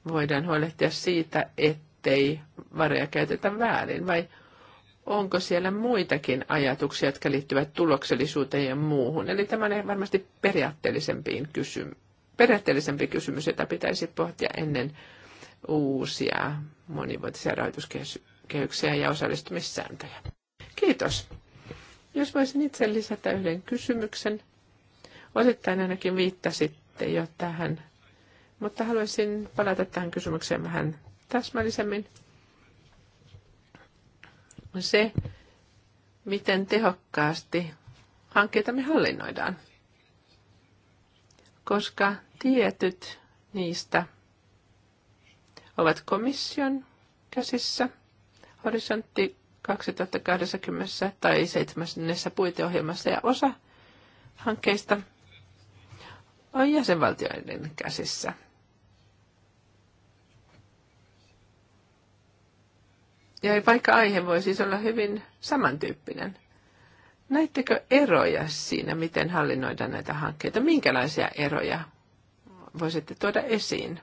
voidaan huolehtia siitä, ettei varoja käytetä väärin, vai onko siellä muitakin ajatuksia, jotka liittyvät tuloksellisuuteen ja muuhun? Eli tämä on varmasti periaatteellisempiin kysymyksiin, periaatteellisempi kysymys, jota pitäisi pohtia ennen uusia monivuotisia rahoituskehyksiä ja osallistumissääntöjä. Kiitos. Jos voisin itse lisätä yhden kysymyksen, osittain ainakin viittasitte jo tähän, mutta haluaisin palata tähän kysymykseen vähän täsmällisemmin. Se, miten tehokkaasti hankkeita me hallinnoidaan, koska tietyt niistä ovat komission käsissä. Horisontti 2020 tai 7. puiteohjelmassa ja osa hankkeista on jäsenvaltioiden käsissä. Ja vaikka aihe voi siis olla hyvin samantyyppinen. Näittekö eroja siinä, miten hallinnoidaan näitä hankkeita? Minkälaisia eroja voisitte tuoda esiin?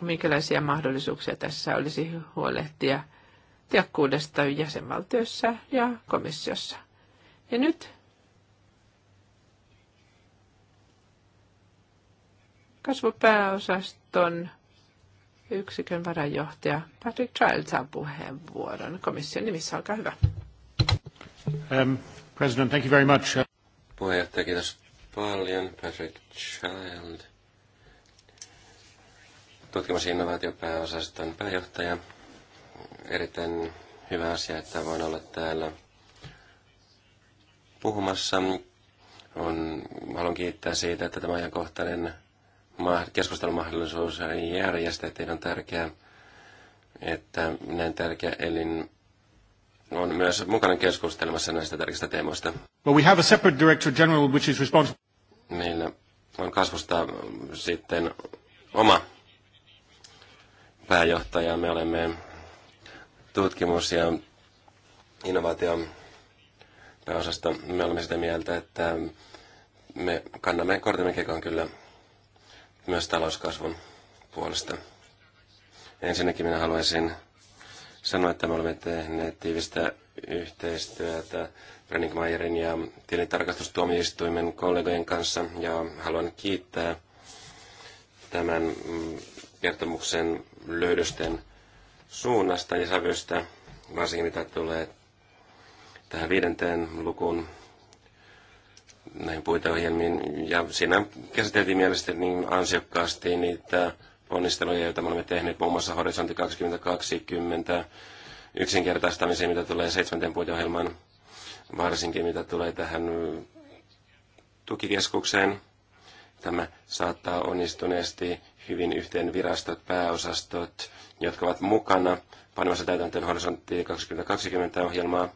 Minkälaisia mahdollisuuksia tässä olisi huolehtia – tehokkuudesta jäsenvaltiossa ja komissiossa. Ja nyt kasvupääosaston yksikön varajohtaja Patrick Child saa puheenvuoron. Komission nimissä, olkaa hyvä. Um, President, thank you very much. Puheenjohtaja, kiitos paljon. Patrick Child, tutkimus- ja innovaatiopääosaston pääjohtaja erittäin hyvä asia, että voin olla täällä puhumassa. On, haluan kiittää siitä, että tämä ajankohtainen keskustelumahdollisuus järjestettiin on tärkeää, että näin tärkeä elin on myös mukana keskustelemassa näistä tärkeistä teemoista. Well, we have a separate director general which is responsible. Meillä on kasvusta sitten oma pääjohtaja. Me olemme tutkimus- ja innovaatio pääosasta me olemme sitä mieltä, että me kannamme kortemme kekoon kyllä myös talouskasvun puolesta. Ensinnäkin minä haluaisin sanoa, että me olemme tehneet tiivistä yhteistyötä Mayerin ja tilintarkastustuomioistuimen kollegojen kanssa ja haluan kiittää tämän mm, kertomuksen löydösten suunnasta ja sävystä, varsinkin mitä tulee tähän viidenteen lukuun näihin puiteohjelmiin. Ja siinä käsiteltiin mielestäni niin ansiokkaasti niitä ponnisteluja, joita me olemme tehneet, muun muassa Horisontti 2020, yksinkertaistamiseen, mitä tulee seitsemänteen puiteohjelman, varsinkin mitä tulee tähän tukikeskukseen. Tämä saattaa onnistuneesti hyvin yhteen virastot, pääosastot, jotka ovat mukana panemassa täytäntöön horisontti 2020 ohjelmaa.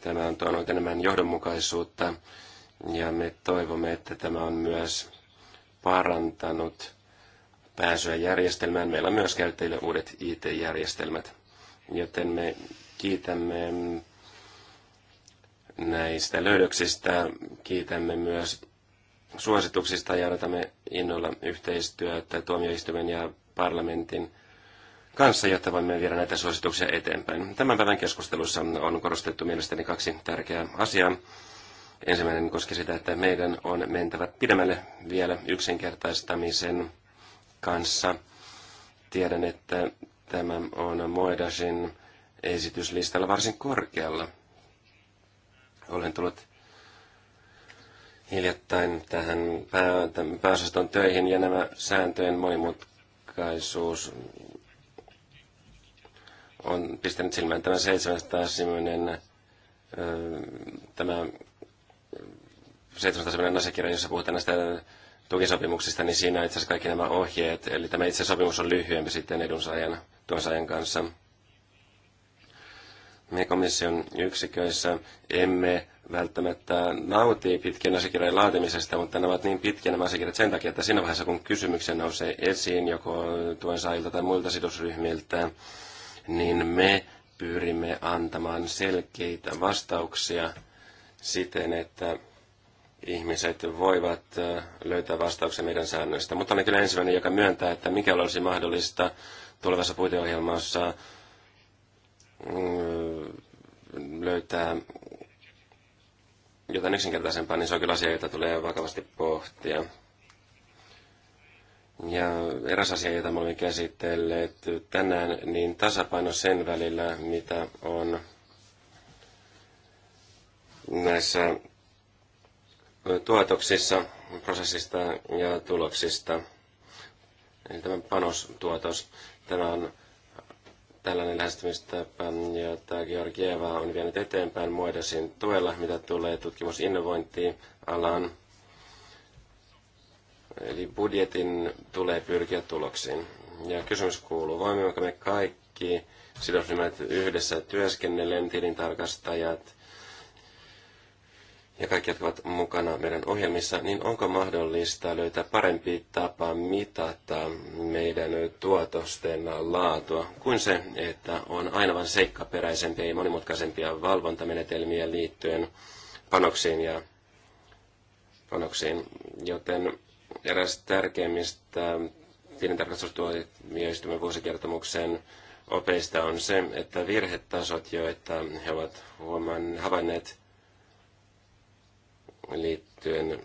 Tämä on tuonut enemmän johdonmukaisuutta ja me toivomme, että tämä on myös parantanut pääsyä järjestelmään. Meillä on myös käyttäjille uudet IT-järjestelmät, joten me kiitämme näistä löydöksistä. Kiitämme myös suosituksista ja odotamme innolla yhteistyötä tuomioistuimen ja parlamentin kanssa, jotta voimme viedä näitä suosituksia eteenpäin. Tämän päivän keskustelussa on korostettu mielestäni kaksi tärkeää asiaa. Ensimmäinen koski sitä, että meidän on mentävä pidemmälle vielä yksinkertaistamisen kanssa. Tiedän, että tämä on Moedasin esityslistalla varsin korkealla. Olen tullut hiljattain tähän pääosaston töihin ja nämä sääntöjen monimutkaisuus on pistänyt silmään tämä 700 tämä 700 asiakirja, jossa puhutaan näistä tukisopimuksista, niin siinä on itse asiassa kaikki nämä ohjeet, eli tämä itse sopimus on lyhyempi sitten edunsaajan, tuonsaajan kanssa me komission yksiköissä emme välttämättä nauti pitkien asiakirjojen laatimisesta, mutta ne ovat niin pitkiä nämä asiakirjat sen takia, että siinä vaiheessa kun kysymyksen nousee esiin joko tuen saajilta tai muilta sidosryhmiltä, niin me pyrimme antamaan selkeitä vastauksia siten, että ihmiset voivat löytää vastauksen meidän säännöistä. Mutta olen kyllä ensimmäinen, joka myöntää, että mikä olisi mahdollista tulevassa puiteohjelmassa Mm, löytää jotain yksinkertaisempaa, niin se on kyllä asia, jota tulee vakavasti pohtia. Ja eräs asia, jota me olemme käsitelleet tänään, niin tasapaino sen välillä, mitä on näissä tuotoksissa, prosessista ja tuloksista. Eli tämä panostuotos, tämä on tällainen lähestymistapa, jota Georgieva on vienyt eteenpäin muodosin tuella, mitä tulee tutkimusinnovointiin alaan. Eli budjetin tulee pyrkiä tuloksiin. Ja kysymys kuuluu, voimmeko me kaikki sidosryhmät yhdessä työskennellen, tilintarkastajat, ja kaikki, jotka ovat mukana meidän ohjelmissa, niin onko mahdollista löytää parempi tapa mitata meidän tuotosten laatua kuin se, että on aina vain seikkaperäisempiä ja monimutkaisempia valvontamenetelmiä liittyen panoksiin ja panoksiin. Joten eräs tärkeimmistä tilintarkastustuomioistuimen vuosikertomuksen opeista on se, että virhetasot, joita he ovat huomanneet, havainneet, liittyen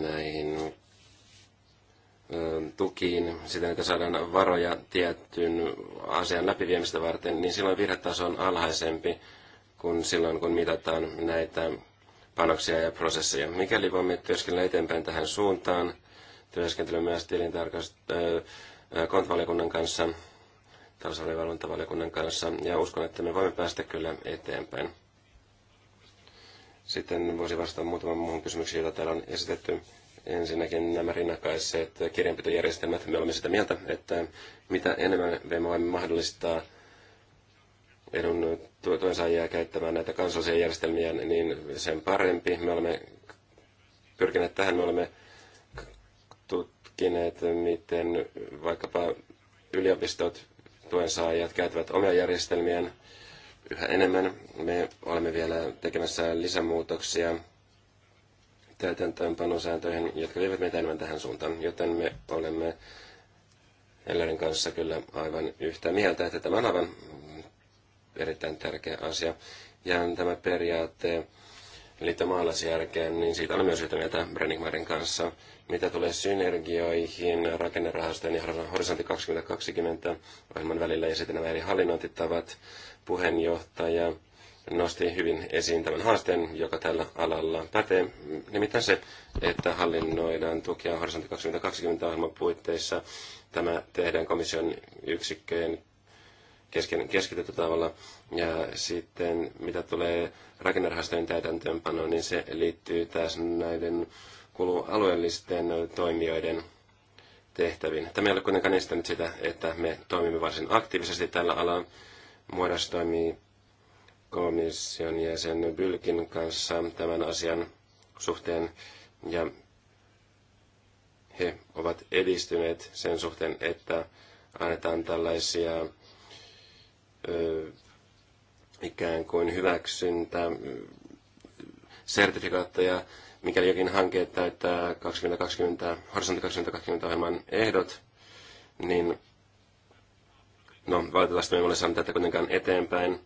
näihin tukiin, siten että saadaan varoja tiettyyn asian läpiviemistä varten, niin silloin virhetaso on alhaisempi kuin silloin, kun mitataan näitä panoksia ja prosesseja. Mikäli voimme työskennellä eteenpäin tähän suuntaan, työskentely myös kontvaliokunnan kanssa, talousarvovalvontavaliokunnan kanssa, ja uskon, että me voimme päästä kyllä eteenpäin. Sitten voisi vastata muutaman muuhun kysymyksiin, joita täällä on esitetty. Ensinnäkin nämä rinnakkaiset kirjanpitojärjestelmät. Me olemme sitä mieltä, että mitä enemmän me voimme mahdollistaa edun tuensaajia käyttämään näitä kansallisia järjestelmiä, niin sen parempi. Me olemme pyrkineet tähän, me olemme tutkineet, miten vaikkapa yliopistot, tuensaajat käyttävät omia järjestelmiään yhä enemmän. Me olemme vielä tekemässä lisämuutoksia täytäntöönpanosääntöihin, jotka vievät meitä enemmän tähän suuntaan, joten me olemme Ellerin kanssa kyllä aivan yhtä mieltä, että tämä on aivan erittäin tärkeä asia. Ja tämä periaate liittomaalaisjärkeen, niin siitä olemme myös yhtä mieltä Brenningmarin kanssa. Mitä tulee synergioihin rakennerahastojen ja Horisontti 2020 ohjelman välillä ja sitten nämä eri hallinnointitavat, puheenjohtaja nosti hyvin esiin tämän haasteen, joka tällä alalla pätee. Nimittäin se, että hallinnoidaan tukea Horisontti 2020 ohjelman puitteissa. Tämä tehdään komission yksikköjen kesken, keskitetty tavalla. Ja sitten mitä tulee rakennerahastojen täytäntöönpanoon, niin se liittyy taas näiden kuuluu alueellisten toimijoiden tehtäviin. Tämä ei ole kuitenkaan estänyt sitä, että me toimimme varsin aktiivisesti tällä alalla. Muodas toimii komission jäsen Bylkin kanssa tämän asian suhteen ja he ovat edistyneet sen suhteen, että annetaan tällaisia ö, ikään kuin hyväksyntä sertifikaatteja mikäli jokin hanke täyttää 2020, horisontti 2020 ohjelman ehdot, niin no, valitettavasti me emme ole saaneet tätä kuitenkaan eteenpäin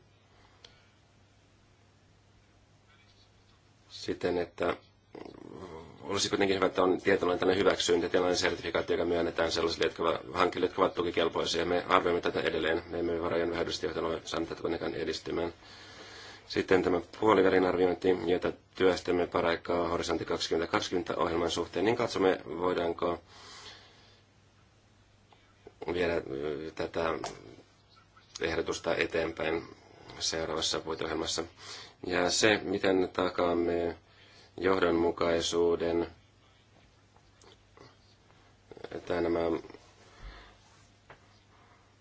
siten, että olisi kuitenkin hyvä, että on tietynlainen tällainen hyväksyntä, tietynlainen sertifikaatti, joka myönnetään sellaisille jotka, hankkeille, jotka ovat tukikelpoisia. Me arvioimme tätä edelleen. Me emme varojen vähäisesti, joten ole saaneet tätä kuitenkaan edistymään. Sitten tämä puolivälin arviointi, jota työstämme paraikaa Horisontti 2020 ohjelman suhteen, niin katsomme, voidaanko viedä tätä ehdotusta eteenpäin seuraavassa puitohjelmassa. Ja se, miten takaamme johdonmukaisuuden, että nämä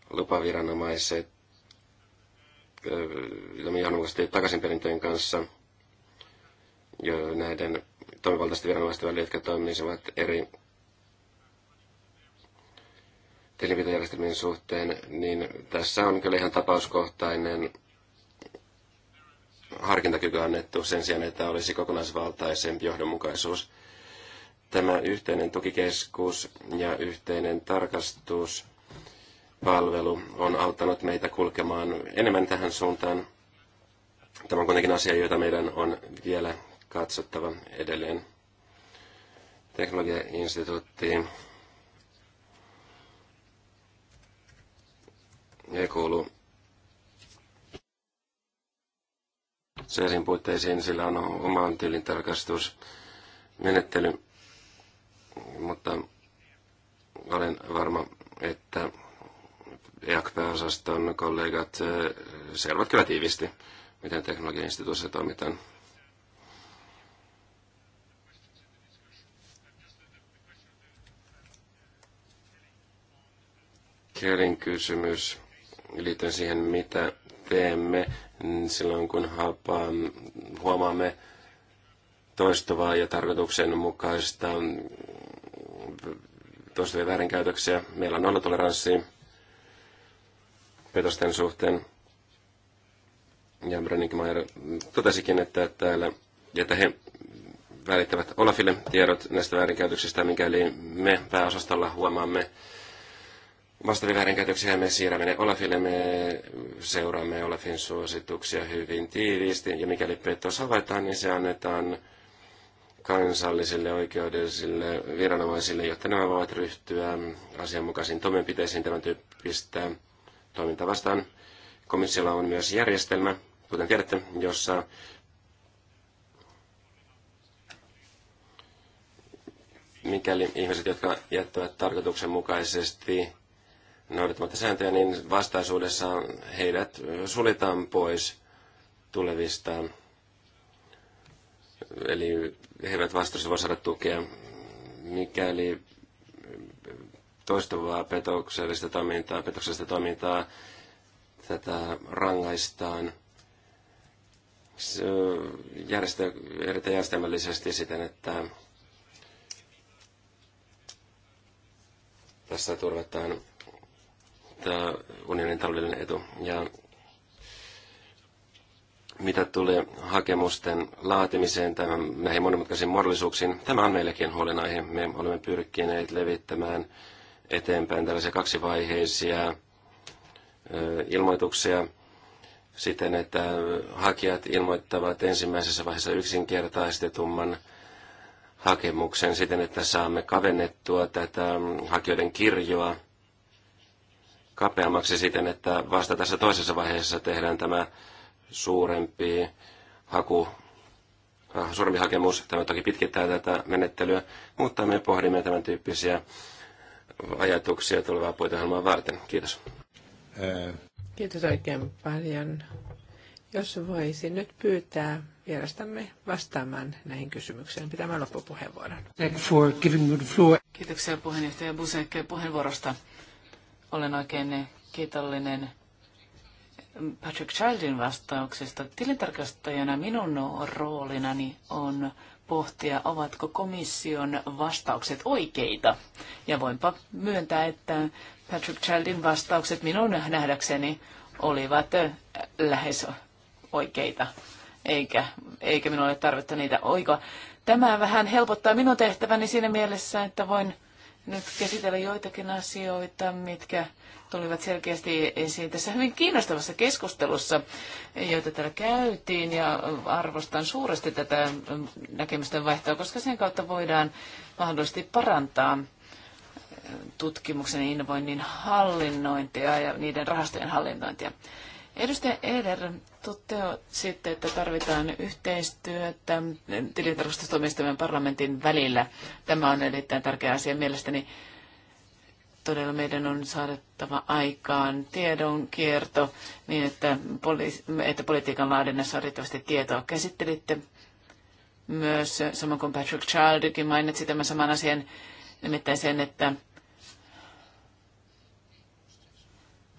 lupaviranomaiset Äh, ilmi johdonmukaisesti takaisinperintöjen kanssa jo näiden toimivaltaisten viranomaisten välillä, jotka toimisivat eri tilinpitojärjestelmien suhteen, niin tässä on kyllä ihan tapauskohtainen harkintakyky annettu sen sijaan, että olisi kokonaisvaltaisempi johdonmukaisuus. Tämä yhteinen tukikeskus ja yhteinen tarkastus – palvelu on auttanut meitä kulkemaan enemmän tähän suuntaan. Tämä on kuitenkin asia, jota meidän on vielä katsottava edelleen. Teknologiainstituuttiin ei kuulu CESin puitteisiin, sillä on oma tarkastusmenettely, mutta olen varma, että EAC-pääosaston kollegat eh, selvät kyllä tiivisti, miten teknologian instituutissa toimitaan. Kerin kysymys liittyen siihen, mitä teemme silloin, kun huomaamme toistuvaa ja tarkoituksenmukaista toistuvia väärinkäytöksiä. Meillä on nollatoleranssi toleranssi petosten suhteen. Ja Brönninkmaier totesikin, että, täällä, että he välittävät Olafille tiedot näistä väärinkäytöksistä, mikäli me pääosastolla huomaamme vastaavia väärinkäytöksiä, me siirrämme ne Olafille, me seuraamme Olafin suosituksia hyvin tiiviisti, ja mikäli petos havaitaan, niin se annetaan kansallisille oikeudellisille viranomaisille, jotta nämä voivat ryhtyä asianmukaisiin toimenpiteisiin tämän tyyppistä toiminta vastaan. Komissiolla on myös järjestelmä, kuten tiedätte, jossa mikäli ihmiset, jotka jättävät tarkoituksenmukaisesti noudattamatta sääntöjä, niin vastaisuudessa heidät suljetaan pois tulevista. Eli he eivät vastaisuudessa voi saada tukea, mikäli toistuvaa petoksellista toimintaa, petoksellista toimintaa, tätä rangaistaan järjestä, erittäin järjestelmällisesti siten, että tässä turvataan tämä unionin taloudellinen etu. Ja mitä tulee hakemusten laatimiseen, tämän, näihin monimutkaisiin mahdollisuuksiin, tämä on meillekin huolenaihe. Me olemme pyrkineet levittämään eteenpäin tällaisia kaksivaiheisia ilmoituksia siten, että hakijat ilmoittavat ensimmäisessä vaiheessa yksinkertaistetumman hakemuksen siten, että saamme kavennettua tätä hakijoiden kirjoa kapeammaksi siten, että vasta tässä toisessa vaiheessa tehdään tämä suurempi haku, suurempi hakemus. Tämä toki pitkittää tätä menettelyä, mutta me pohdimme tämän tyyppisiä ajatuksia tulevaa puiteohjelmaa varten. Kiitos. Kiitos oikein paljon. Jos voisin nyt pyytää vierastamme vastaamaan näihin kysymyksiin, pitämään loppupuheenvuoron. For giving the floor. Kiitoksia puheenjohtaja Busek puheenvuorosta. Olen oikein kiitollinen Patrick Childin vastauksesta. Tilintarkastajana minun roolinani on pohtia, ovatko komission vastaukset oikeita. Ja voinpa myöntää, että Patrick Childin vastaukset minun nähdäkseni olivat äh, lähes oikeita, eikä, eikä minulla ole tarvetta niitä oikoa. Tämä vähän helpottaa minun tehtäväni siinä mielessä, että voin nyt käsitellä joitakin asioita, mitkä tulivat selkeästi esiin tässä hyvin kiinnostavassa keskustelussa, joita täällä käytiin, ja arvostan suuresti tätä näkemysten vaihtoa, koska sen kautta voidaan mahdollisesti parantaa tutkimuksen ja innovoinnin hallinnointia ja niiden rahastojen hallinnointia. Edustaja Eder, sitten, että tarvitaan yhteistyötä tilintarkastustoimistojen parlamentin välillä. Tämä on erittäin tärkeä asia mielestäni. Todella meidän on saadettava aikaan tiedonkierto niin, että, poli- että politiikan laadinnassa on riittävästi tietoa. Käsittelitte myös, sama kuin Patrick Childikin mainitsi tämän saman asian, nimittäin sen, että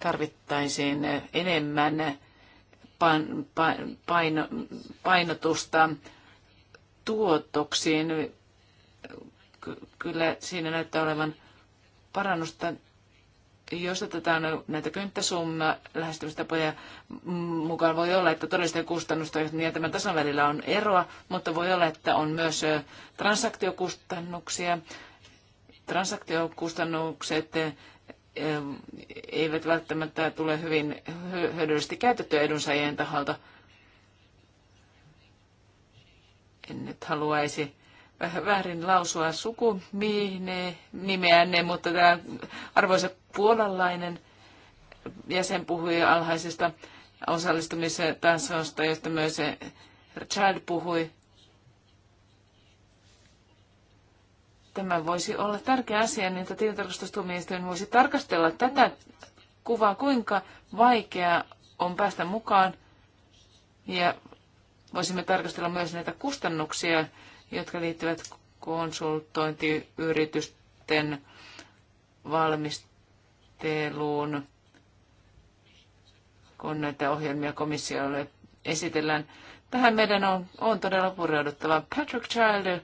tarvittaisiin enemmän painotusta tuotoksiin. Kyllä siinä näyttää olevan parannusta jos otetaan näitä könttäsumma lähestymistapoja mukaan, voi olla, että todellisten kustannusten ja tämän tason välillä on eroa, mutta voi olla, että on myös transaktiokustannuksia. Transaktiokustannukset eivät välttämättä tule hyvin hyödyllisesti käytettyä edunsaajien taholta. En nyt haluaisi vähän väärin lausua sukunimeänne, mutta tämä arvoisa puolalainen jäsen puhui alhaisesta osallistumistasosta, josta myös Child puhui. Tämä voisi olla tärkeä asia, niin että tilintarkastustuomioistuin voisi tarkastella tätä kuvaa, kuinka vaikeaa on päästä mukaan. Ja voisimme tarkastella myös näitä kustannuksia, jotka liittyvät konsultointiyritysten valmisteluun, kun näitä ohjelmia komissiolle esitellään. Tähän meidän on, on todella pureuduttava. Patrick Child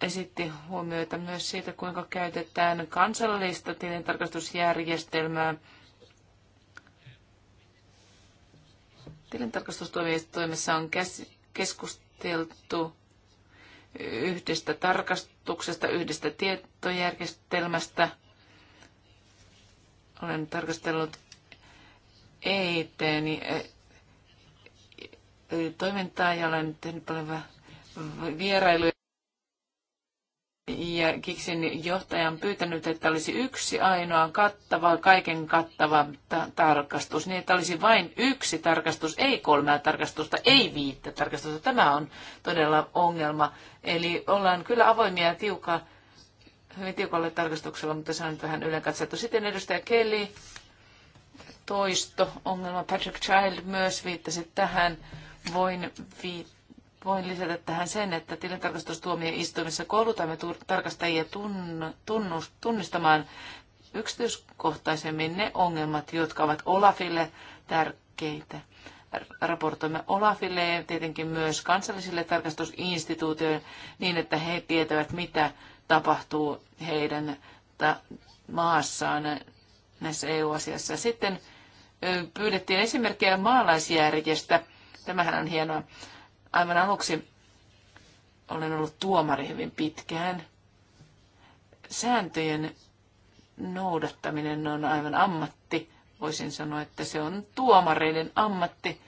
esitti huomioita myös siitä, kuinka käytetään kansallista tilintarkastusjärjestelmää. Tilintarkastustoimessa on keskusteltu yhdestä tarkastuksesta, yhdestä tietojärjestelmästä. Olen tarkastellut EITni niin, toimintaa ja olen tehnyt paljon vierailuja. Kiksin johtajan pyytänyt, että olisi yksi ainoa kattava, kaiken kattava ta- tarkastus, niin että olisi vain yksi tarkastus, ei kolmea tarkastusta, ei viittä tarkastusta. Tämä on todella ongelma. Eli ollaan kyllä avoimia ja tiuka, hyvin tiukalle tarkastuksella, mutta se on nyt vähän ylenkatsettu. Sitten edustaja Kelly, toisto ongelma. Patrick Child myös viittasi tähän. Voin viittaa voin lisätä tähän sen, että tilintarkastustuomioistuimessa koulutamme tarkastajia tunnistamaan yksityiskohtaisemmin ne ongelmat, jotka ovat Olafille tärkeitä. Raportoimme Olafille ja tietenkin myös kansallisille tarkastusinstituutioille niin, että he tietävät, mitä tapahtuu heidän maassaan näissä EU-asiassa. Sitten pyydettiin esimerkkejä maalaisjärjestä. Tämähän on hienoa. Aivan aluksi olen ollut tuomari hyvin pitkään. Sääntöjen noudattaminen on aivan ammatti. Voisin sanoa, että se on tuomareiden ammatti.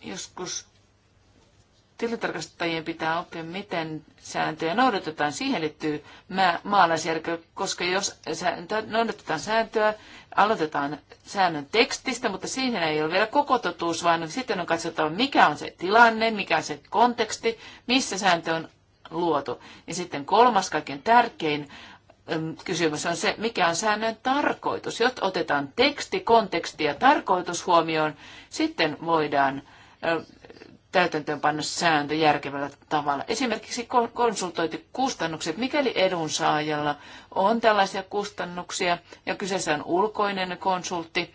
Joskus tilintarkastajien pitää oppia, miten sääntöjä noudatetaan. Siihen liittyy maalaisjärkeä, koska jos sääntö, noudatetaan sääntöä, aloitetaan säännön tekstistä, mutta siihen ei ole vielä koko totuus, vaan sitten on katsottava, mikä on se tilanne, mikä on se konteksti, missä sääntö on luotu. Ja sitten kolmas kaiken tärkein kysymys on se, mikä on säännön tarkoitus. Jos otetaan teksti, konteksti ja tarkoitus huomioon, sitten voidaan täytäntöönpanna sääntö järkevällä tavalla. Esimerkiksi konsultointikustannukset, mikäli edunsaajalla on tällaisia kustannuksia ja kyseessä on ulkoinen konsultti,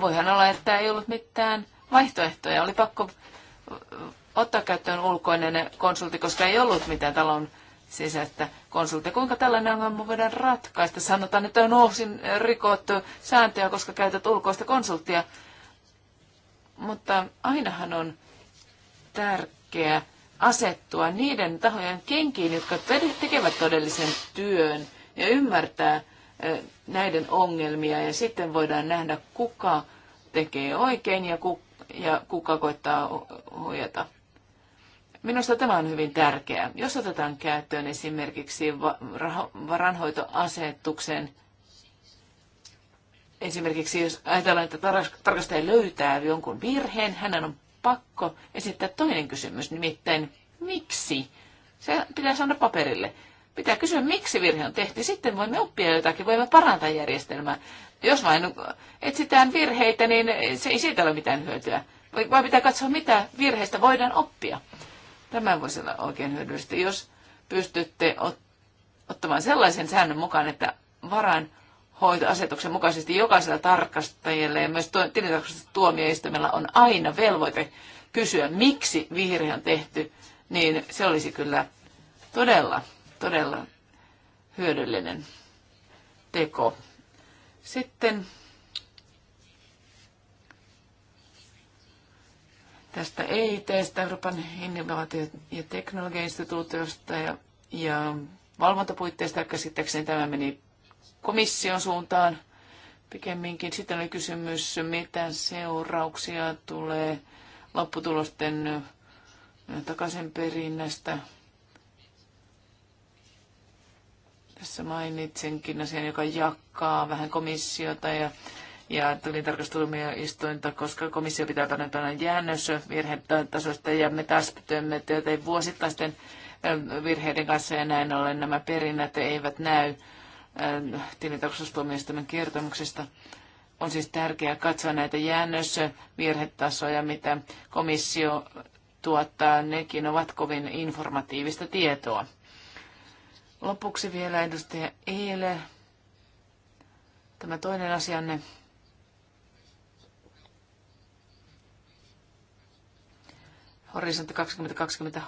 voihan olla, että ei ollut mitään vaihtoehtoja. Oli pakko ottaa käyttöön ulkoinen konsultti, koska ei ollut mitään talon sisäistä konsultti. Kuinka tällainen ongelma voidaan ratkaista? Sanotaan, että on osin rikottu sääntöjä, koska käytät ulkoista konsulttia mutta ainahan on tärkeää asettua niiden tahojen kenkiin, jotka tekevät todellisen työn ja ymmärtää näiden ongelmia ja sitten voidaan nähdä, kuka tekee oikein ja, kuka, ja kuka koittaa huijata. Minusta tämä on hyvin tärkeää. Jos otetaan käyttöön esimerkiksi varanhoitoasetuksen Esimerkiksi jos ajatellaan, että tarkastaja löytää jonkun virheen, hänen on pakko esittää toinen kysymys, nimittäin miksi? Se pitää saada paperille. Pitää kysyä, miksi virhe on tehty. Sitten voimme oppia jotakin, voimme parantaa järjestelmää. Jos vain etsitään virheitä, niin se ei siitä ole mitään hyötyä. Vaan pitää katsoa, mitä virheistä voidaan oppia. Tämä voisi olla oikein hyödyllistä, jos pystytte ottamaan sellaisen säännön mukaan, että varaan hoitoasetuksen mukaisesti jokaisella tarkastajalla ja myös tilintarkastustuomioistuimella on aina velvoite kysyä, miksi virhe on tehty, niin se olisi kyllä todella, todella hyödyllinen teko. Sitten tästä EIT-stä, Euroopan innovaatio- ja teknologiainstituutiosta ja, ja valvontapuitteista, käsittääkseni tämä meni komission suuntaan pikemminkin. Sitten oli kysymys, mitä seurauksia tulee lopputulosten takaisin perinnästä. Tässä mainitsenkin asian, joka jakaa vähän komissiota ja, ja tuli tarkastustuomioistuinta, koska komissio pitää tarjota jäännös tasosta ja me taas teemme työtä vuosittaisten virheiden kanssa ja näin ollen nämä perinnät eivät näy Ähm, tilintarkastustuomioistuimen kertomuksesta. On siis tärkeää katsoa näitä jäännösvirhetasoja, mitä komissio tuottaa. Nekin ovat kovin informatiivista tietoa. Lopuksi vielä edustaja Eile. Tämä toinen asianne. Horisontti 2020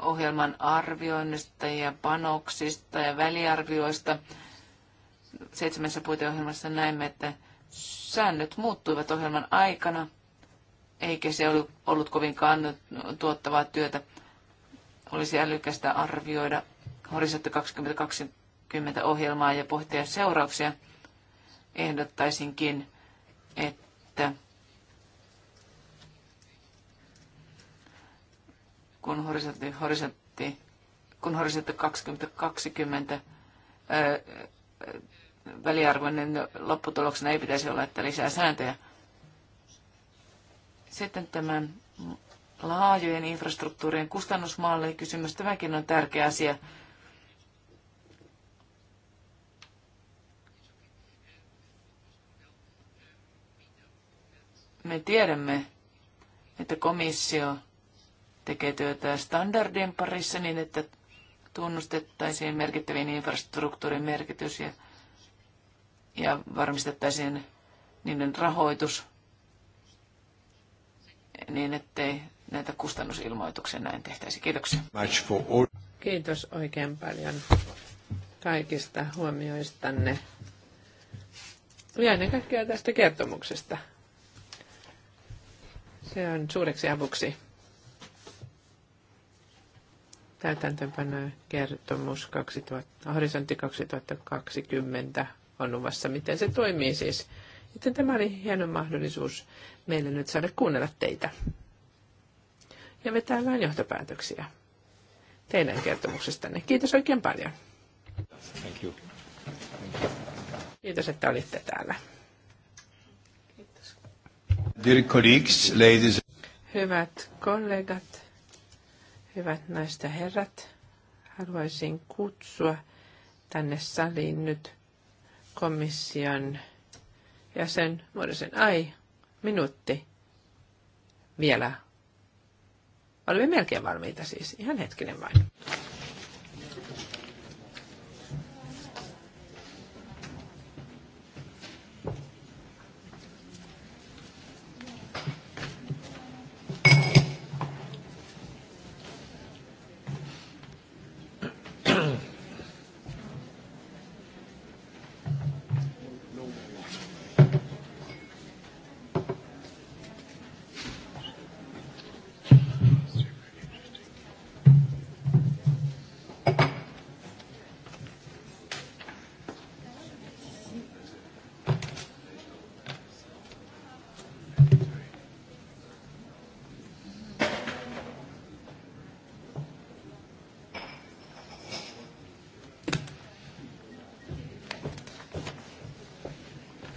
ohjelman arvioinnista ja panoksista ja väliarvioista. Seitsemässä puiteohjelmassa näemme, että säännöt muuttuivat ohjelman aikana, eikä se ollut, ollut kovinkaan tuottavaa työtä. Olisi älykästä arvioida Horisontti 2020 ohjelmaa ja pohtia seurauksia. Ehdottaisinkin, että kun horisontti, horisontti, kun horisontti 2020 ää, väliarvoinen lopputuloksena ei pitäisi olla, että lisää sääntöjä. Sitten tämän laajojen infrastruktuurien kustannusmalli kysymys, tämäkin on tärkeä asia. Me tiedämme, että komissio tekee työtä standardien parissa niin, että tunnustettaisiin merkittävin infrastruktuurin merkitys ja, ja varmistettaisiin niiden rahoitus niin, ettei näitä kustannusilmoituksia näin tehtäisi. Kiitoksia. Kiitos oikein paljon kaikista huomioistanne ja ennen kaikkea tästä kertomuksesta. Se on suureksi avuksi täytäntöönpano kertomus 2000, horisontti 2020 on luvassa, miten se toimii siis. Joten tämä oli hieno mahdollisuus meille nyt saada kuunnella teitä ja vetää vähän johtopäätöksiä teidän kertomuksestanne. Kiitos oikein paljon. Thank you. Kiitos, että olitte täällä. Kiitos. Dear colleagues, ladies. Hyvät kollegat, Hyvät naiset ja herrat, haluaisin kutsua tänne saliin nyt komission jäsen Morisen Ai, minuutti vielä. Olemme melkein valmiita siis, ihan hetkinen vain.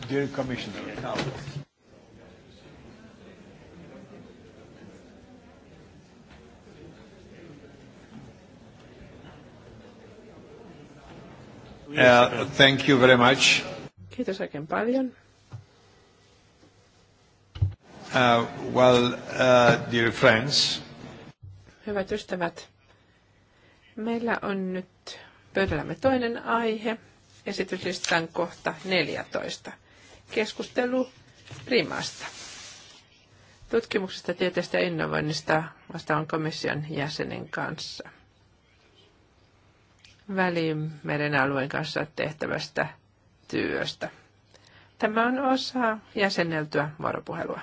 dear Commissioner. Now. Uh, thank you very much. Kiitos oikein paljon. Uh, well, uh, dear friends. Hyvät ystävät, meillä on nyt pöydällämme toinen aihe, esityslistan kohta 14 keskustelu Primasta. Tutkimuksesta, tieteestä ja innovoinnista vastaan komission jäsenen kanssa. Välimeren alueen kanssa tehtävästä työstä. Tämä on osa jäsenneltyä vuoropuhelua.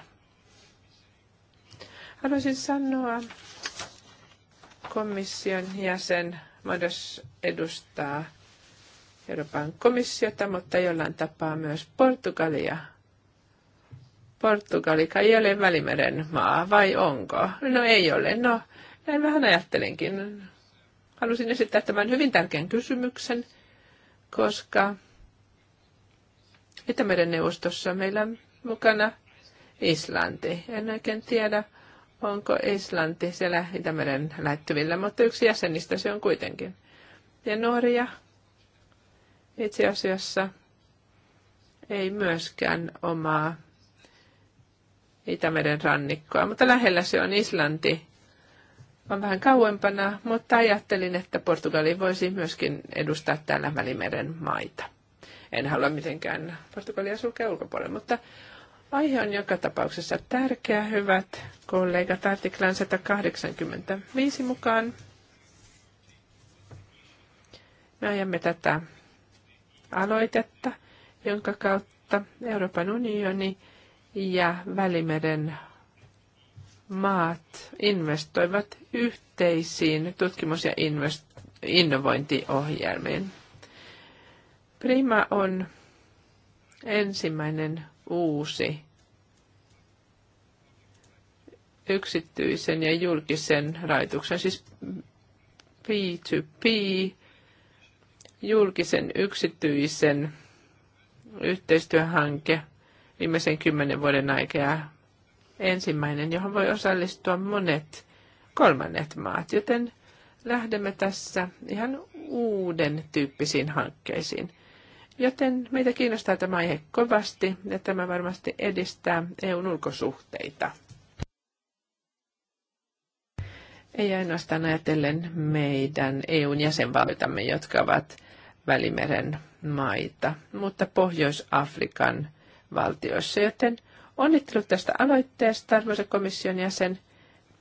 Haluaisin sanoa, komission jäsen Mados edustaa Euroopan komissiota, mutta jollain tapaa myös Portugalia. Portugali ei ole Välimeren maa, vai onko? No ei ole. No, näin vähän ajattelinkin. Halusin esittää tämän hyvin tärkeän kysymyksen, koska Itämeren neuvostossa meillä on mukana Islanti. En oikein tiedä, onko Islanti siellä Itämeren lähettyvillä, mutta yksi jäsenistä se on kuitenkin. Ja Norja itse asiassa ei myöskään omaa Itämeren rannikkoa, mutta lähellä se on Islanti. On vähän kauempana, mutta ajattelin, että Portugali voisi myöskin edustaa täällä Välimeren maita. En halua mitenkään Portugalia sulkea ulkopuolelle, mutta aihe on joka tapauksessa tärkeä, hyvät kollegat, artiklan 185 mukaan. Me ajamme tätä aloitetta, jonka kautta Euroopan unioni ja Välimeren maat investoivat yhteisiin tutkimus- ja invest- innovointiohjelmiin. Prima on ensimmäinen uusi yksityisen ja julkisen rahoituksen, siis P2P julkisen yksityisen yhteistyöhanke viimeisen kymmenen vuoden aikaa ensimmäinen, johon voi osallistua monet kolmannet maat, joten lähdemme tässä ihan uuden tyyppisiin hankkeisiin. Joten meitä kiinnostaa tämä aihe kovasti ja tämä varmasti edistää EUn ulkosuhteita. Ei ainoastaan ajatellen meidän EUn jäsenvaltamme, jotka ovat Välimeren maita, mutta Pohjois-Afrikan valtioissa. Joten onnittelut tästä aloitteesta, arvoisa komission jäsen.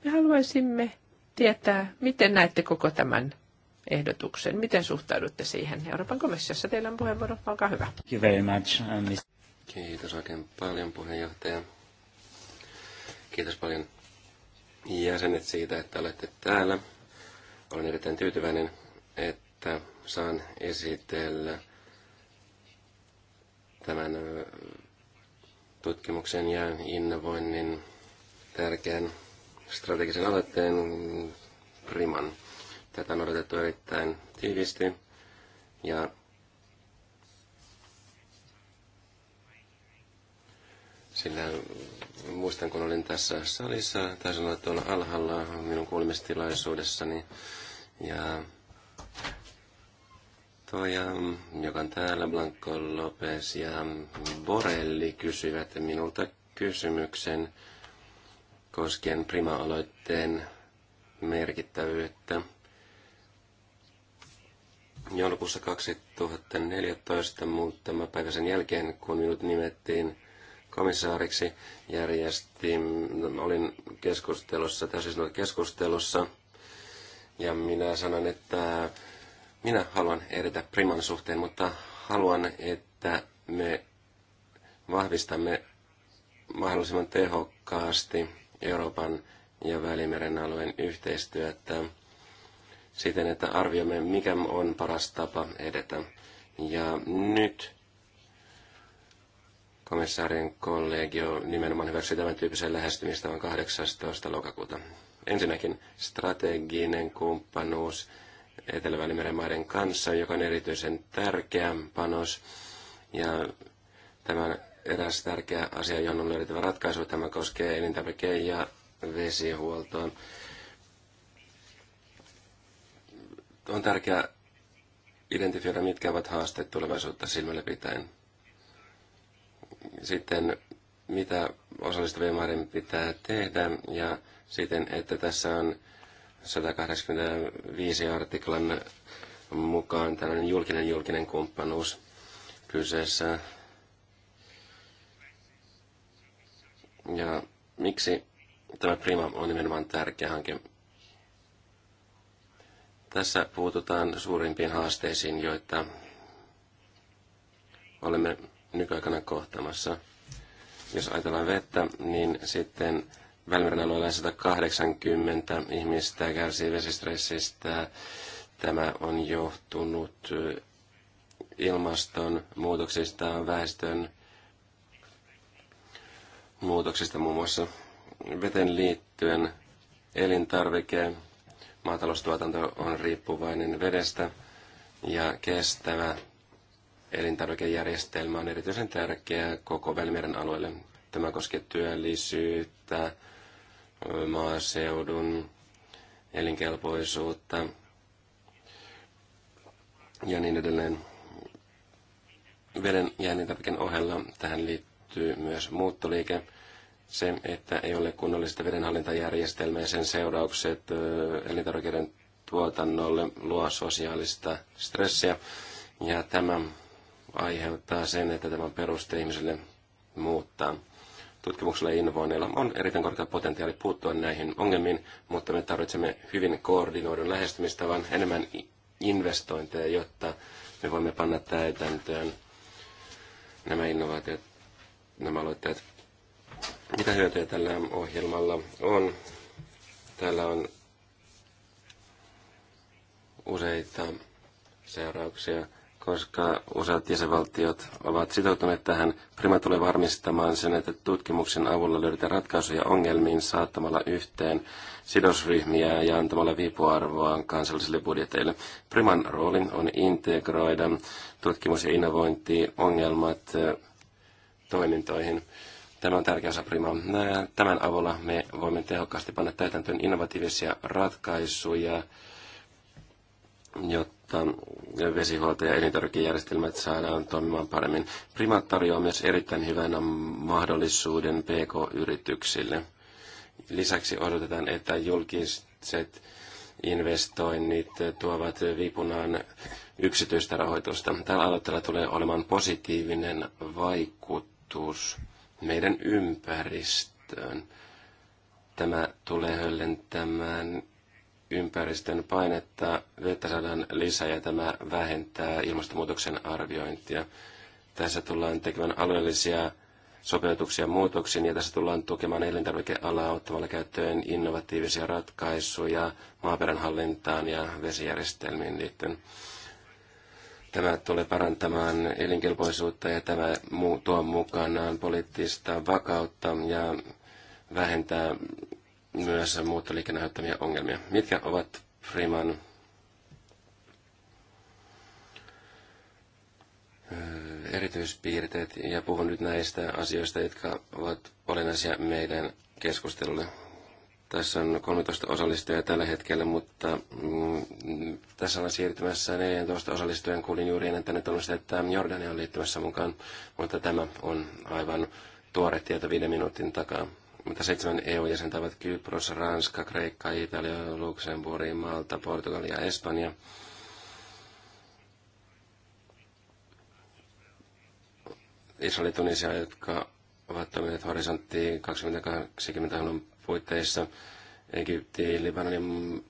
Me haluaisimme tietää, miten näette koko tämän ehdotuksen. Miten suhtaudutte siihen? Euroopan komissiossa teillä on puheenvuoro. Olkaa hyvä. Thank you very much. Uh, Kiitos oikein paljon puheenjohtaja. Kiitos paljon jäsenet siitä, että olette täällä. Olen erittäin tyytyväinen, että saan esitellä tämän tutkimuksen ja innovoinnin tärkeän strategisen aloitteen priman. Tätä on odotettu erittäin tiivisti ja sillä muistan, kun olin tässä salissa, taisin olla tuolla alhaalla minun kuulemistilaisuudessani, ja ja mm, joka on täällä, Blanco Lopez ja Borelli kysyivät minulta kysymyksen koskien prima-aloitteen merkittävyyttä. Joulukuussa 2014 muutama päivä sen jälkeen, kun minut nimettiin komissaariksi, järjestin, olin keskustelussa, täysistunut keskustelussa, ja minä sanon, että minä haluan edetä priman suhteen, mutta haluan, että me vahvistamme mahdollisimman tehokkaasti Euroopan ja Välimeren alueen yhteistyötä siten, että arvioimme, mikä on paras tapa edetä. Ja nyt komissaarien kollegio nimenomaan hyväksyi tämän tyyppisen lähestymistavan 18. lokakuuta. Ensinnäkin strateginen kumppanuus Etelä-Välimeren maiden kanssa, joka on erityisen tärkeä panos. Ja tämän eräs tärkeä asia, johon on löydettävä ratkaisu, tämä koskee elintarvike- ja vesihuoltoon. On tärkeää identifioida, mitkä ovat haasteet tulevaisuutta silmällä pitäen. Sitten mitä osallistuvien maiden pitää tehdä ja siten, että tässä on 185 artiklan mukaan tällainen julkinen julkinen kumppanuus kyseessä. Ja miksi tämä Prima on nimenomaan tärkeä hanke? Tässä puututaan suurimpiin haasteisiin, joita olemme nykyaikana kohtamassa. Jos ajatellaan vettä, niin sitten Välimeren alueella 180 ihmistä kärsii vesistressistä. Tämä on johtunut eh, ilmaston muutoksista, väestön muutoksista muun muassa veten liittyen elintarvike, maataloustuotanto on riippuvainen vedestä ja kestävä elintarvikejärjestelmä on erityisen tärkeä koko Välimeren alueelle. Tämä koskee työllisyyttä, maaseudun elinkelpoisuutta ja niin edelleen. Veden ja ohella tähän liittyy myös muuttoliike. Se, että ei ole kunnollista vedenhallintajärjestelmää ja sen seuraukset elintarvikeiden tuotannolle luo sosiaalista stressiä. Ja tämä aiheuttaa sen, että tämä peruste ihmiselle muuttaa tutkimuksella ja innovoinnilla on erittäin korkea potentiaali puuttua näihin ongelmiin, mutta me tarvitsemme hyvin koordinoidun lähestymistavan, enemmän investointeja, jotta me voimme panna täytäntöön nämä innovaatiot, nämä aloitteet. Mitä hyötyjä tällä ohjelmalla on? Täällä on useita seurauksia koska useat jäsenvaltiot ovat sitoutuneet tähän. Prima tulee varmistamaan sen, että tutkimuksen avulla löydetään ratkaisuja ongelmiin saattamalla yhteen sidosryhmiä ja antamalla viipuarvoa kansallisille budjeteille. Priman rooli on integroida tutkimus- ja innovointiongelmat toimintoihin. Tämä on tärkeä osa Prima. Tämän avulla me voimme tehokkaasti panna täytäntöön innovatiivisia ratkaisuja jotta vesihuolto- ja elintarvikejärjestelmät saadaan toimimaan paremmin. Prima tarjoaa myös erittäin hyvänä mahdollisuuden PK-yrityksille. Lisäksi odotetaan, että julkiset investoinnit tuovat vipunaan yksityistä rahoitusta. Tällä aloitteella tulee olemaan positiivinen vaikutus meidän ympäristöön. Tämä tulee höllentämään ympäristön painetta, vettä saadaan lisää ja tämä vähentää ilmastonmuutoksen arviointia. Tässä tullaan tekemään alueellisia sopeutuksia muutoksiin ja tässä tullaan tukemaan elintarvikealaa ottamalla käyttöön innovatiivisia ratkaisuja maaperän hallintaan ja vesijärjestelmiin liittyen. Tämä tulee parantamaan elinkelpoisuutta ja tämä tuo mukanaan poliittista vakautta ja vähentää myös muuttoliikkeen aiheuttamia ongelmia. Mitkä ovat Freeman erityispiirteet ja puhun nyt näistä asioista, jotka ovat olennaisia meidän keskustelulle. Tässä on 13 osallistujaa tällä hetkellä, mutta mm, tässä on siirtymässä 14 osallistujan. Kuulin juuri ennen tänne tullut, että Jordania on liittymässä mukaan, mutta tämä on aivan tuore tieto viiden minuutin takaa mutta seitsemän EU-jäsentä ovat Kypros, Ranska, Kreikka, Italia, Luxemburg, Malta, Portugalia ja Espanja. Israel ja Tunisia, jotka ovat toimineet horisonttiin 2020-luvun puitteissa. Egypti, Libanonin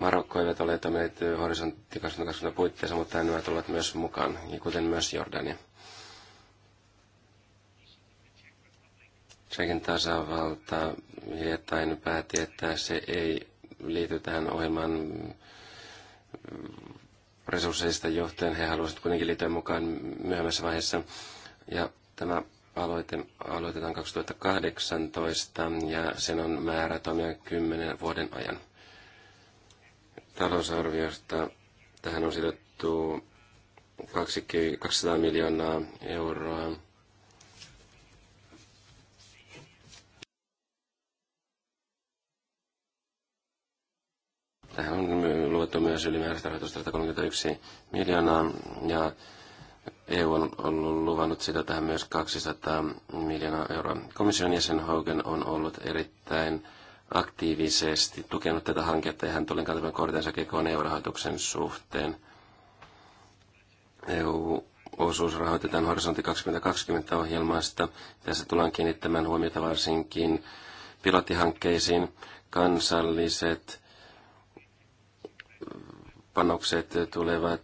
Marokko eivät ole toimineet horisontti 2020 puitteissa, mutta nämä tulevat myös mukaan, kuten myös Jordania. Tsekin tasavalta jotain päätti, että se ei liity tähän ohjelman mm, resursseista johtuen. He haluaisivat kuitenkin liittyä mukaan myöhemmässä vaiheessa. Ja tämä aloite aloitetaan 2018 ja sen on määrä toimia 10 vuoden ajan. Talousarviosta tähän on sidottu 200 miljoonaa euroa Tähän on luvattu myös ylimääräistä rahoitusta 131 miljoonaa ja EU on ollut luvannut sitä tähän myös 200 miljoonaa euroa. Komission jäsen Hogan on ollut erittäin aktiivisesti tukenut tätä hanketta ja hän tuli kantamaan kortensa kekoon EU-rahoituksen suhteen. EU-osuus rahoitetaan Horisontti 2020-ohjelmasta. Tässä tullaan kiinnittämään huomiota varsinkin pilottihankkeisiin. Kansalliset panokset tulevat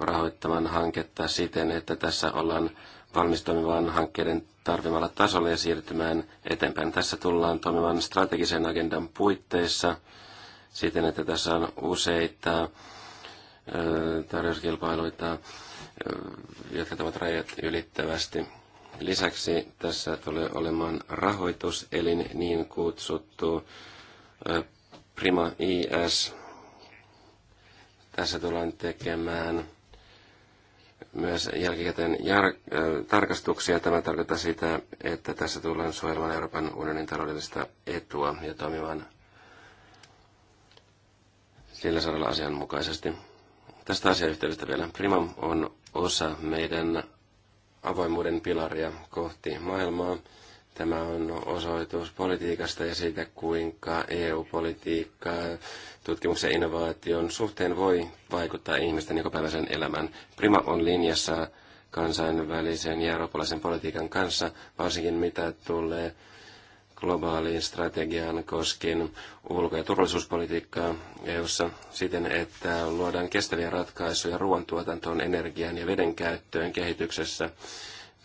rahoittamaan hanketta siten, että tässä ollaan valmistumaan hankkeiden tarvimalla tasolla ja siirtymään eteenpäin. Tässä tullaan toimimaan strategisen agendan puitteissa siten, että tässä on useita tarjouskilpailuita, jotka ovat rajat ylittävästi. Lisäksi tässä tulee olemaan rahoituselin niin kutsuttu Prima IS tässä tullaan tekemään myös jälkikäteen jar- äh, tarkastuksia. Tämä tarkoittaa sitä, että tässä tullaan suojelemaan Euroopan unionin taloudellista etua ja toimimaan sillä saralla asianmukaisesti. Tästä asiayhteydestä vielä. Primam on osa meidän avoimuuden pilaria kohti maailmaa. Tämä on osoitus politiikasta ja siitä, kuinka EU-politiikka tutkimuksen innovaation suhteen voi vaikuttaa ihmisten jokapäiväisen elämään. Prima on linjassa kansainvälisen ja eurooppalaisen politiikan kanssa, varsinkin mitä tulee globaaliin strategiaan koskien ulko- ja turvallisuuspolitiikkaa EU-ssa siten, että luodaan kestäviä ratkaisuja ruoantuotantoon, energiaan ja veden käyttöön kehityksessä,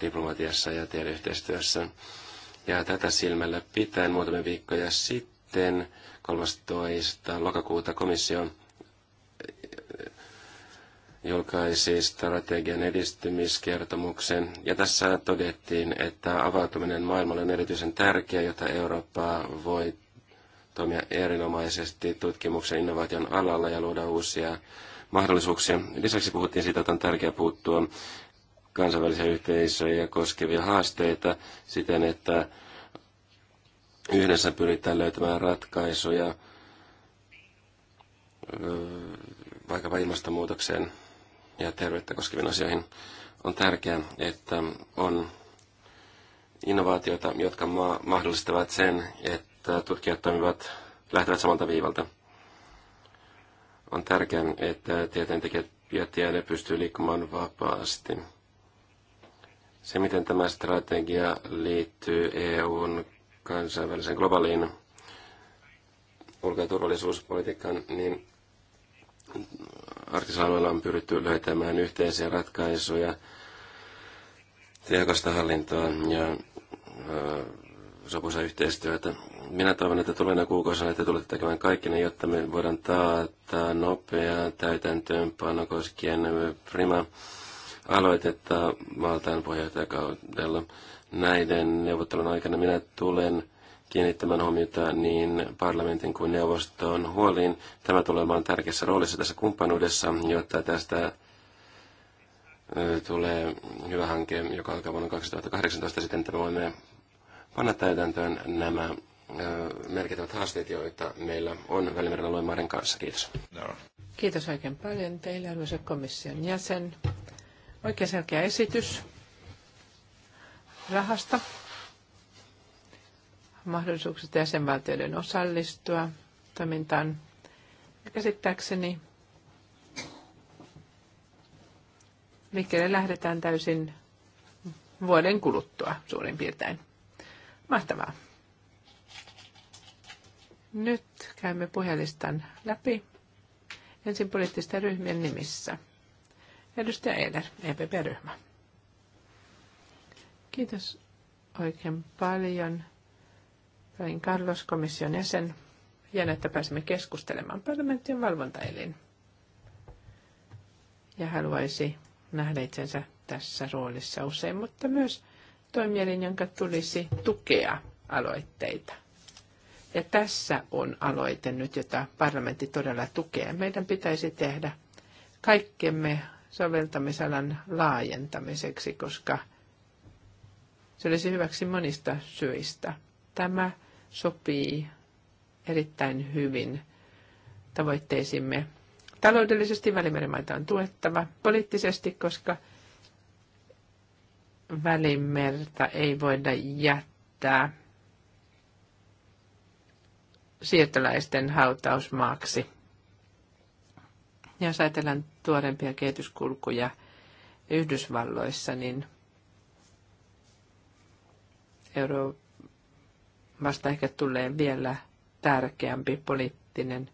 diplomatiassa ja tiedeyhteistyössä. Ja tätä silmällä pitäen muutamia viikkoja sitten 13. lokakuuta komissio julkaisi strategian edistymiskertomuksen. Ja tässä todettiin, että avautuminen maailmalle on erityisen tärkeä, jotta Eurooppa voi toimia erinomaisesti tutkimuksen innovaation alalla ja luoda uusia mahdollisuuksia. Lisäksi puhuttiin siitä, että on tärkeää puuttua kansainvälisiä yhteisöjä koskevia haasteita siten, että Yhdessä pyritään löytämään ratkaisuja vaikkapa ilmastonmuutokseen ja terveyttä koskeviin asioihin. On tärkeää, että on innovaatioita, jotka mahdollistavat sen, että tutkijat toimivat, lähtevät samalta viivalta. On tärkeää, että tieteentekijät ja tiede pystyy liikkumaan vapaasti. Se, miten tämä strategia liittyy EUn Kansainvälisen globaaliin ulko- ja turvallisuuspolitiikkaan, niin arktisalueella on pyritty löytämään yhteisiä ratkaisuja, tehokasta hallintoa ja sopuisa yhteistyötä. Minä toivon, että tulevina kuukausina että tulette tekemään kaikki ne, jotta me voidaan taata nopea täytäntöönpano koskien prima aloitetta valtaan puheenjohtajakaudella. kaudella näiden neuvottelun aikana minä tulen kiinnittämään huomiota niin parlamentin kuin neuvoston huoliin. Tämä tulee olemaan tärkeässä roolissa tässä kumppanuudessa, jotta tästä tulee hyvä hanke, joka alkaa vuonna 2018 sitten, että me voimme panna täytäntöön nämä merkittävät haasteet, joita meillä on Välimeren alueen kanssa. Kiitos. No. Kiitos oikein paljon teille, arvoisa komission jäsen. Oikein selkeä esitys. Rahasta mahdollisuuksista jäsenvaltioiden osallistua toimintaan. Ja käsittääkseni liikkeelle lähdetään täysin vuoden kuluttua suurin piirtein. Mahtavaa. Nyt käymme puhelistan läpi. Ensin poliittisten ryhmien nimissä. Edustaja Eiler, EPP-ryhmä. Kiitos oikein paljon. Sain Carlos komission jäsen. Hienoa, että pääsemme keskustelemaan parlamentin valvontaelin. Ja haluaisi nähdä itsensä tässä roolissa usein, mutta myös toimielin, jonka tulisi tukea aloitteita. Ja tässä on aloite nyt, jota parlamentti todella tukee. Meidän pitäisi tehdä kaikkemme soveltamisalan laajentamiseksi, koska – se olisi hyväksi monista syistä. Tämä sopii erittäin hyvin tavoitteisimme. Taloudellisesti välimerimaita on tuettava poliittisesti, koska välimerta ei voida jättää siirtolaisten hautausmaaksi. Ja jos ajatellaan tuorempia kehityskulkuja Yhdysvalloissa, niin vasta ehkä tulee vielä tärkeämpi poliittinen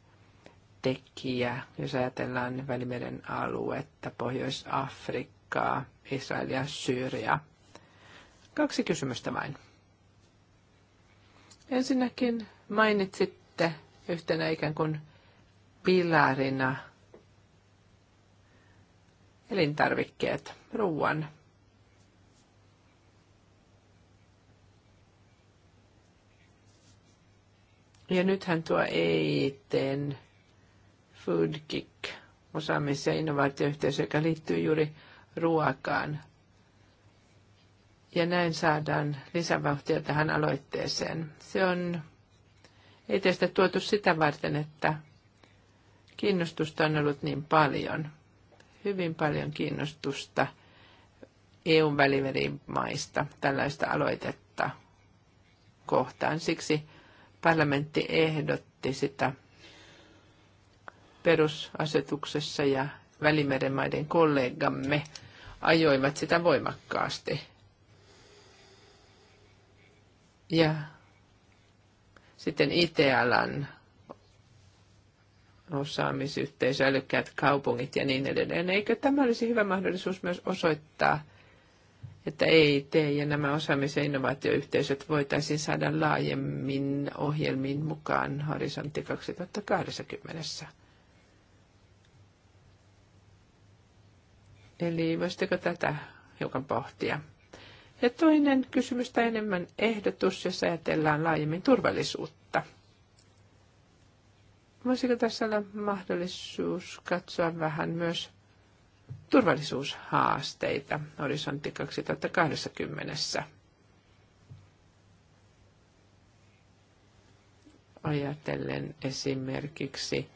tekijä, jos ajatellaan Välimeren aluetta, Pohjois-Afrikkaa, Israelia, Syyriaa. Kaksi kysymystä vain. Ensinnäkin mainitsitte yhtenä ikään kuin pilarina elintarvikkeet, ruoan Ja nythän tuo EITn Foodkick, osaamis- ja innovaatioyhteisö, joka liittyy juuri ruokaan. Ja näin saadaan lisävauhtia tähän aloitteeseen. Se on eteistä tuotu sitä varten, että kiinnostusta on ollut niin paljon, hyvin paljon kiinnostusta eu välimerimaista tällaista aloitetta kohtaan. Siksi parlamentti ehdotti sitä perusasetuksessa ja Välimeren maiden kollegamme ajoivat sitä voimakkaasti. Ja sitten IT-alan osaamisyhteisö, älykkäät kaupungit ja niin edelleen. Eikö tämä olisi hyvä mahdollisuus myös osoittaa – että EIT ja nämä osaamis- ja innovaatioyhteisöt voitaisiin saada laajemmin ohjelmiin mukaan horisontti 2020. Eli voisitteko tätä hiukan pohtia? Ja toinen kysymys tai enemmän ehdotus, jos ajatellaan laajemmin turvallisuutta. Voisiko tässä olla mahdollisuus katsoa vähän myös turvallisuushaasteita horisontti 2020. Ajatellen esimerkiksi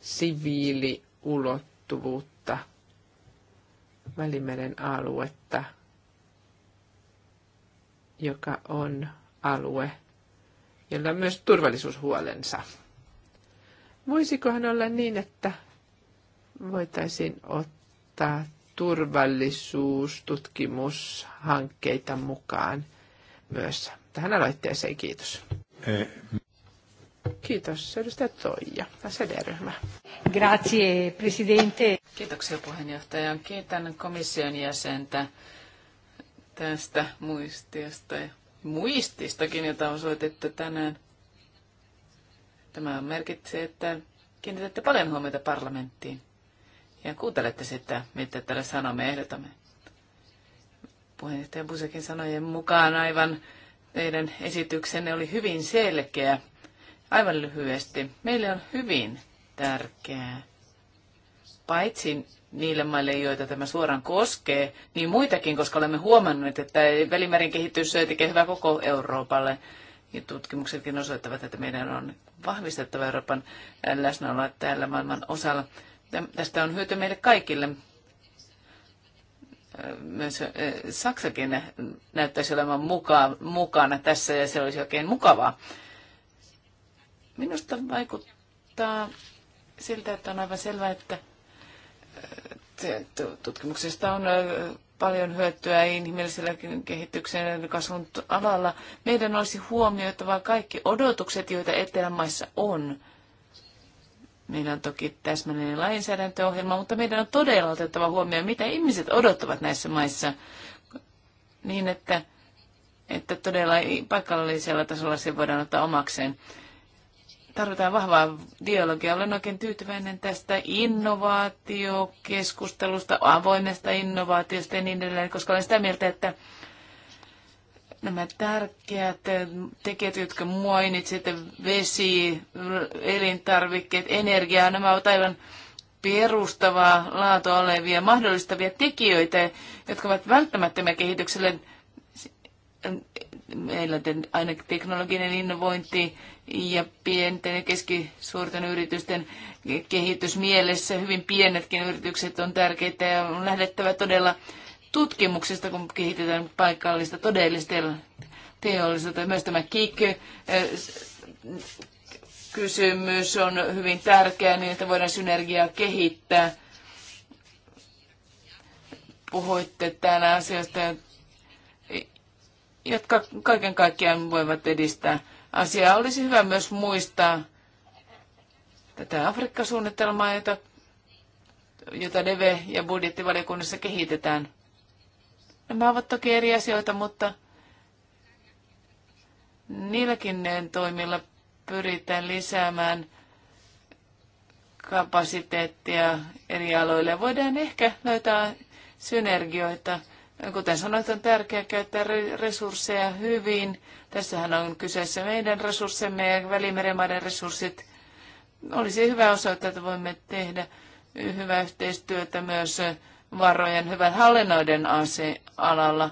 siviiliulottuvuutta, Välimeren aluetta, joka on alue, jolla on myös turvallisuushuolensa. Voisikohan olla niin, että voitaisiin ottaa ottaa turvallisuustutkimushankkeita mukaan myös tähän aloitteeseen. Kiitos. Kiitos, edustaja Toija, SED-ryhmä. Grazie, presidente. Kiitoksia puheenjohtaja. Kiitän komission jäsentä tästä muistiosta ja muististakin, jota soitettu tänään. Tämä merkitsee, että kiinnitätte paljon huomiota parlamenttiin ja kuuntelette sitä, mitä tällä sanomme ehdotamme. Puheenjohtaja Busekin sanojen mukaan aivan teidän esityksenne oli hyvin selkeä. Aivan lyhyesti. Meille on hyvin tärkeää, paitsi niille maille, joita tämä suoraan koskee, niin muitakin, koska olemme huomanneet, että välimeren kehitys tekee hyvää koko Euroopalle. Ja tutkimuksetkin osoittavat, että meidän on vahvistettava Euroopan läsnäoloa täällä maailman osalla. Tästä on hyöty meille kaikille. Myös Saksakin näyttäisi olevan muka, mukana tässä ja se olisi oikein mukavaa. Minusta vaikuttaa siltä, että on aivan selvää, että tutkimuksesta on paljon hyötyä inhimillisellä kehityksen ja kasvun alalla. Meidän olisi huomioitava kaikki odotukset, joita etelämaissa on. Meillä on toki täsmällinen lainsäädäntöohjelma, mutta meidän on todella otettava huomioon, mitä ihmiset odottavat näissä maissa, niin että, että todella paikallisella tasolla se voidaan ottaa omakseen. Tarvitaan vahvaa dialogia. Olen oikein tyytyväinen tästä innovaatiokeskustelusta, avoimesta innovaatiosta ja niin edelleen, koska olen sitä mieltä, että nämä tärkeät tekijät, jotka mainitsit, vesi, elintarvikkeet, energia, nämä ovat aivan perustavaa laatua olevia mahdollistavia tekijöitä, jotka ovat välttämättömiä kehitykselle. Meillä aina teknologinen innovointi ja pienten ja keskisuurten yritysten kehitys mielessä. Hyvin pienetkin yritykset on tärkeitä ja on lähdettävä todella tutkimuksesta, kun kehitetään paikallista todellista teollisuutta. Myös tämä KIK-kysymys on hyvin tärkeä, niin että voidaan synergiaa kehittää. Puhuitte täällä asioista, jotka kaiken kaikkiaan voivat edistää asiaa. Olisi hyvä myös muistaa tätä Afrikka-suunnitelmaa, jota, jota DEVE- ja budjettivaliokunnassa kehitetään – Nämä ovat toki eri asioita, mutta niilläkin toimilla pyritään lisäämään kapasiteettia eri aloille. Voidaan ehkä löytää synergioita. Kuten sanoit, on tärkeää käyttää resursseja hyvin. Tässähän on kyseessä meidän resurssemme ja välimeremaiden resurssit. Olisi hyvä osoittaa, että voimme tehdä hyvää yhteistyötä myös varojen hyvän hallinnoiden alalla.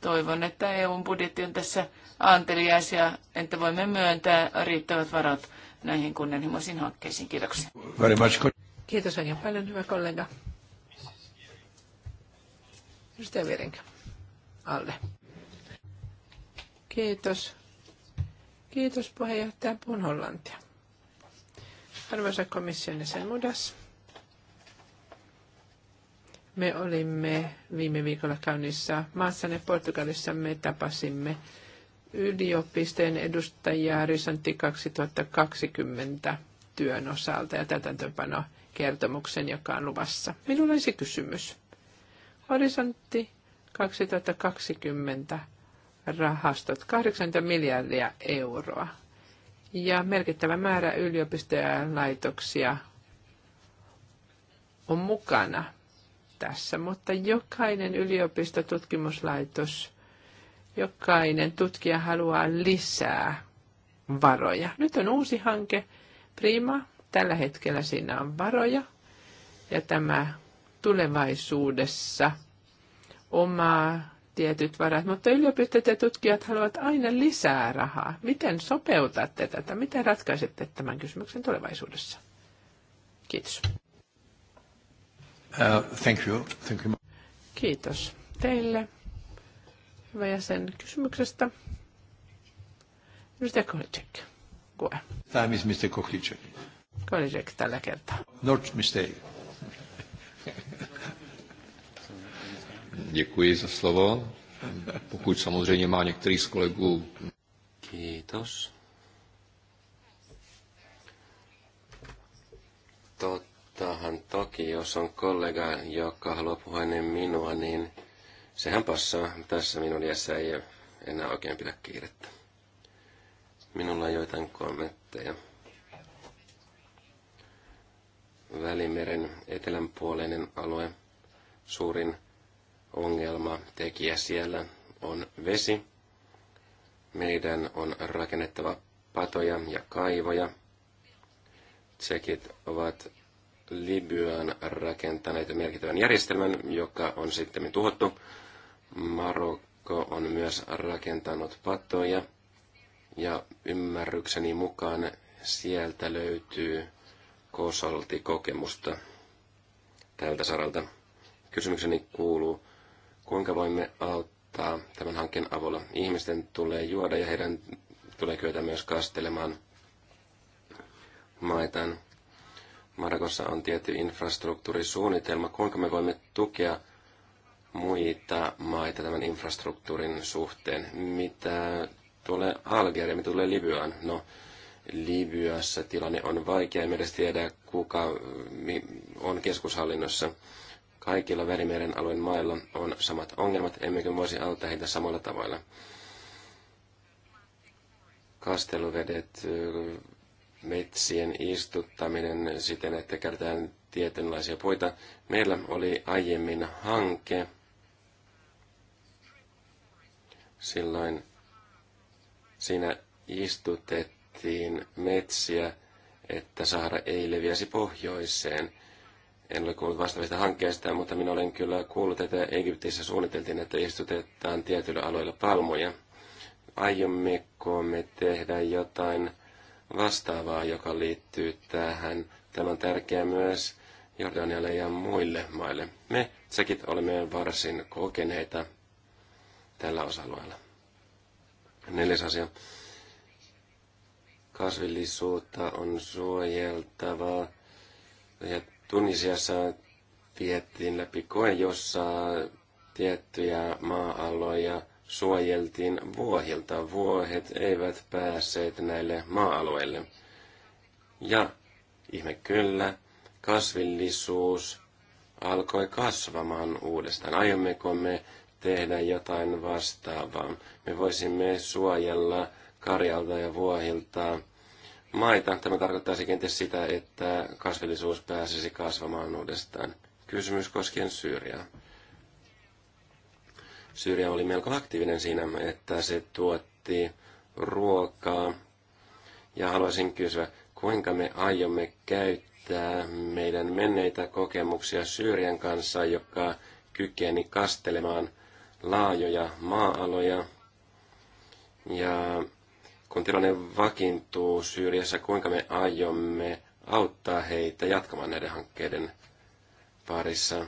Toivon, että EUn budjetti on tässä anteliaisia, että voimme myöntää riittävät varat näihin kunnianhimoisiin hankkeisiin. Kiitoksia. Kiitos oikein paljon, hyvä kollega. Edustaja Virenkä, alle. Kiitos. Kiitos puheenjohtaja Puun Hollantia. Arvoisa komission jäsen Mudas. Me olimme viime viikolla käynnissä maassanne Portugalissa. Me tapasimme yliopistojen edustajia Risantti 2020 työn osalta ja täytäntöpano kertomuksen, joka on luvassa. Minulla olisi kysymys. Horisontti 2020 rahastot 80 miljardia euroa ja merkittävä määrä yliopistojen laitoksia on mukana tässä, mutta jokainen yliopistotutkimuslaitos, jokainen tutkija haluaa lisää varoja. Nyt on uusi hanke, Prima, tällä hetkellä siinä on varoja ja tämä tulevaisuudessa omaa tietyt varat, mutta yliopistot ja tutkijat haluavat aina lisää rahaa. Miten sopeutatte tätä? Miten ratkaisette tämän kysymyksen tulevaisuudessa? Kiitos. Uh, thank you. Thank you. Kiitos teille. Hyvä jäsen kysymyksestä. Edustaja Kolicek. Koe. Time is Mr. Kolicek. Kolicek tällä kertaa. Not mistake. Děkuji za slovo. Pokud samozřejmě má některý z kolegů... Kiitos. Tot tahan toki, jos on kollega, joka haluaa puhua ennen minua, niin sehän passaa. Tässä minun iässä ei enää oikein pidä kiirettä. Minulla on joitain kommentteja. Välimeren etelänpuoleinen alue, suurin ongelma tekijä siellä on vesi. Meidän on rakennettava patoja ja kaivoja. Tsekit ovat Libyaan rakentaneet merkittävän järjestelmän, joka on sitten tuhottu. Marokko on myös rakentanut patoja ja ymmärrykseni mukaan sieltä löytyy kosolti kokemusta tältä saralta. Kysymykseni kuuluu, kuinka voimme auttaa tämän hankkeen avulla? Ihmisten tulee juoda ja heidän tulee kyetä myös kastelemaan maitaan Maragossa on tietty infrastruktuurisuunnitelma. Kuinka me voimme tukea muita maita tämän infrastruktuurin suhteen? Mitä tulee Algeria, mitä tulee Libyaan? No, Libyassa tilanne on vaikea. Me edes tiedä, kuka on keskushallinnossa. Kaikilla Välimeren alueen mailla on samat ongelmat, emmekö voisi auttaa heitä samalla tavalla. Kasteluvedet, metsien istuttaminen siten, että käytetään tietynlaisia puita. Meillä oli aiemmin hanke, silloin siinä istutettiin metsiä, että Sahara ei leviäisi pohjoiseen. En ole kuullut vastaavista hankkeista, mutta minä olen kyllä kuullut, että Egyptissä suunniteltiin, että istutetaan tietyillä aloilla palmuja. Aiommeko me tehdä jotain vastaavaa, joka liittyy tähän. Tämä on tärkeää myös Jordanialle ja muille maille. Me tsekit olemme varsin kokeneita tällä osa-alueella. Neljäs asia. Kasvillisuutta on suojeltava. Ja Tunisiassa tiettiin läpi koe, jossa tiettyjä maa-aloja suojeltiin vuohilta. Vuohet eivät päässeet näille maa-alueille. Ja ihme kyllä, kasvillisuus alkoi kasvamaan uudestaan. Aiommeko me tehdä jotain vastaavaa? Me voisimme suojella karjalta ja vuohilta maita. Tämä tarkoittaisi kenties sitä, että kasvillisuus pääsisi kasvamaan uudestaan. Kysymys koskien Syyriaa. Syyria oli melko aktiivinen siinä, että se tuotti ruokaa. Ja haluaisin kysyä, kuinka me aiomme käyttää meidän menneitä kokemuksia Syyrian kanssa, joka kykeni kastelemaan laajoja maa-aloja. Ja kun tilanne vakiintuu Syyriassa, kuinka me aiomme auttaa heitä jatkamaan näiden hankkeiden parissa.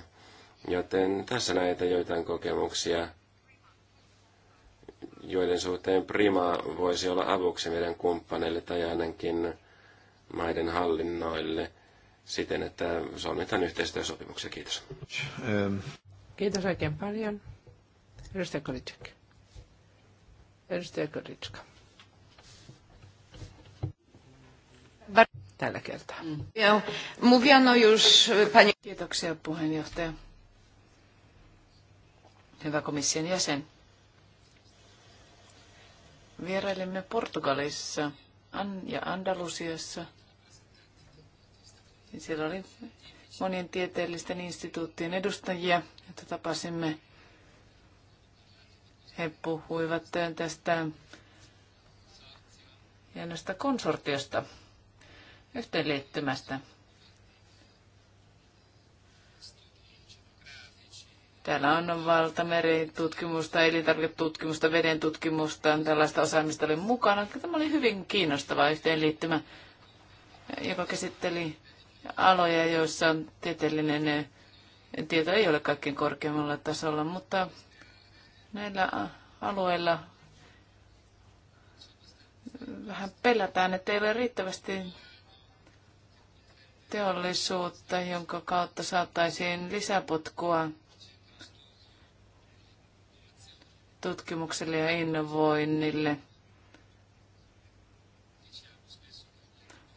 Joten tässä näitä joitain kokemuksia joiden suhteen Prima voisi olla avuksi meidän kumppaneille tai ainakin maiden hallinnoille siten, että solmitaan yhteistyösopimuksia. Kiitos. Ähm. Kiitos oikein paljon. Edustaja Kolitschek. Edustaja Kolitschka. Tällä kertaa. Mm. Mówiono już pani... Kiitoksia puheenjohtaja. Hyvä komission jäsen. Vierailimme Portugalissa ja Andalusiassa. Siellä oli monien tieteellisten instituuttien edustajia, joita tapasimme. He puhuivat tästä hienosta konsortiosta, yhteenliittymästä. Täällä on tutkimusta, elintarviketutkimusta, veden tutkimusta, tällaista osaamista oli mukana. Tämä oli hyvin kiinnostava yhteenliittymä, joka käsitteli aloja, joissa tieteellinen tieto ei ole kaikkein korkeammalla tasolla, mutta näillä alueilla vähän pelätään, että ei ole riittävästi teollisuutta, jonka kautta saataisiin lisäpotkua tutkimukselle ja innovoinnille.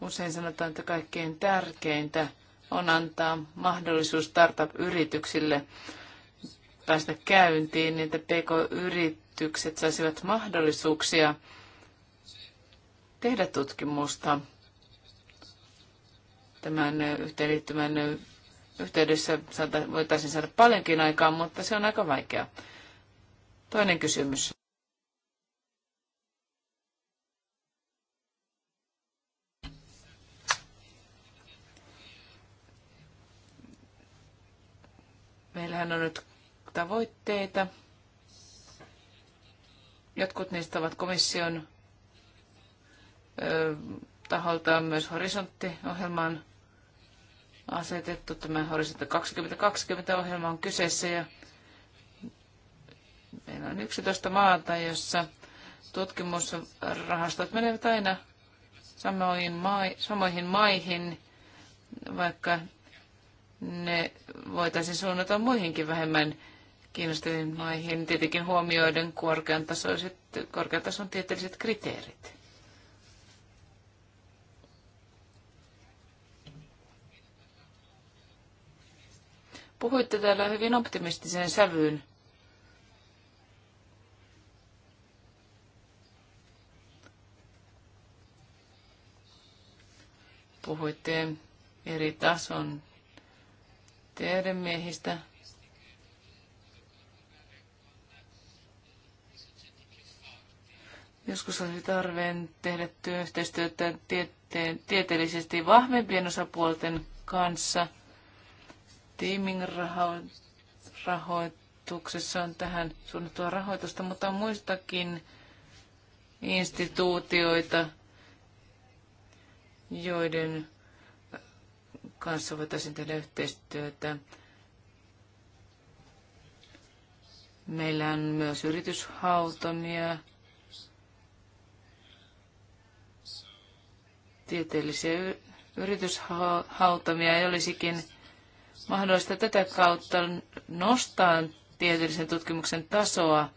Usein sanotaan, että kaikkein tärkeintä on antaa mahdollisuus startup-yrityksille päästä käyntiin, niin että pk-yritykset saisivat mahdollisuuksia tehdä tutkimusta tämän yhteenliittymän yhteydessä voitaisiin saada paljonkin aikaa, mutta se on aika vaikeaa. Toinen kysymys. Meillähän on nyt tavoitteita. Jotkut niistä ovat komission ö, taholta myös horisonttiohjelmaan asetettu. Tämä horisontti 2020-ohjelma on kyseessä ja on 11 maata, jossa tutkimusrahastot menevät aina samoihin, mai, samoihin maihin, vaikka ne voitaisiin suunnata muihinkin vähemmän kiinnostaviin maihin, tietenkin huomioiden korkean, tasoiset, tason tieteelliset kriteerit. Puhuitte täällä hyvin optimistiseen sävyyn Puhuitte eri tason tiedemiehistä. Joskus olisi tarve tehdä työyhteistyötä tiete- tieteellisesti vahvempien osapuolten kanssa. Tiimin rahoituksessa on tähän suunnattua rahoitusta, mutta on muistakin instituutioita, joiden kanssa voitaisiin tehdä yhteistyötä. Meillä on myös yrityshautomia, tieteellisiä yrityshautomia ei olisikin mahdollista tätä kautta nostaa tieteellisen tutkimuksen tasoa,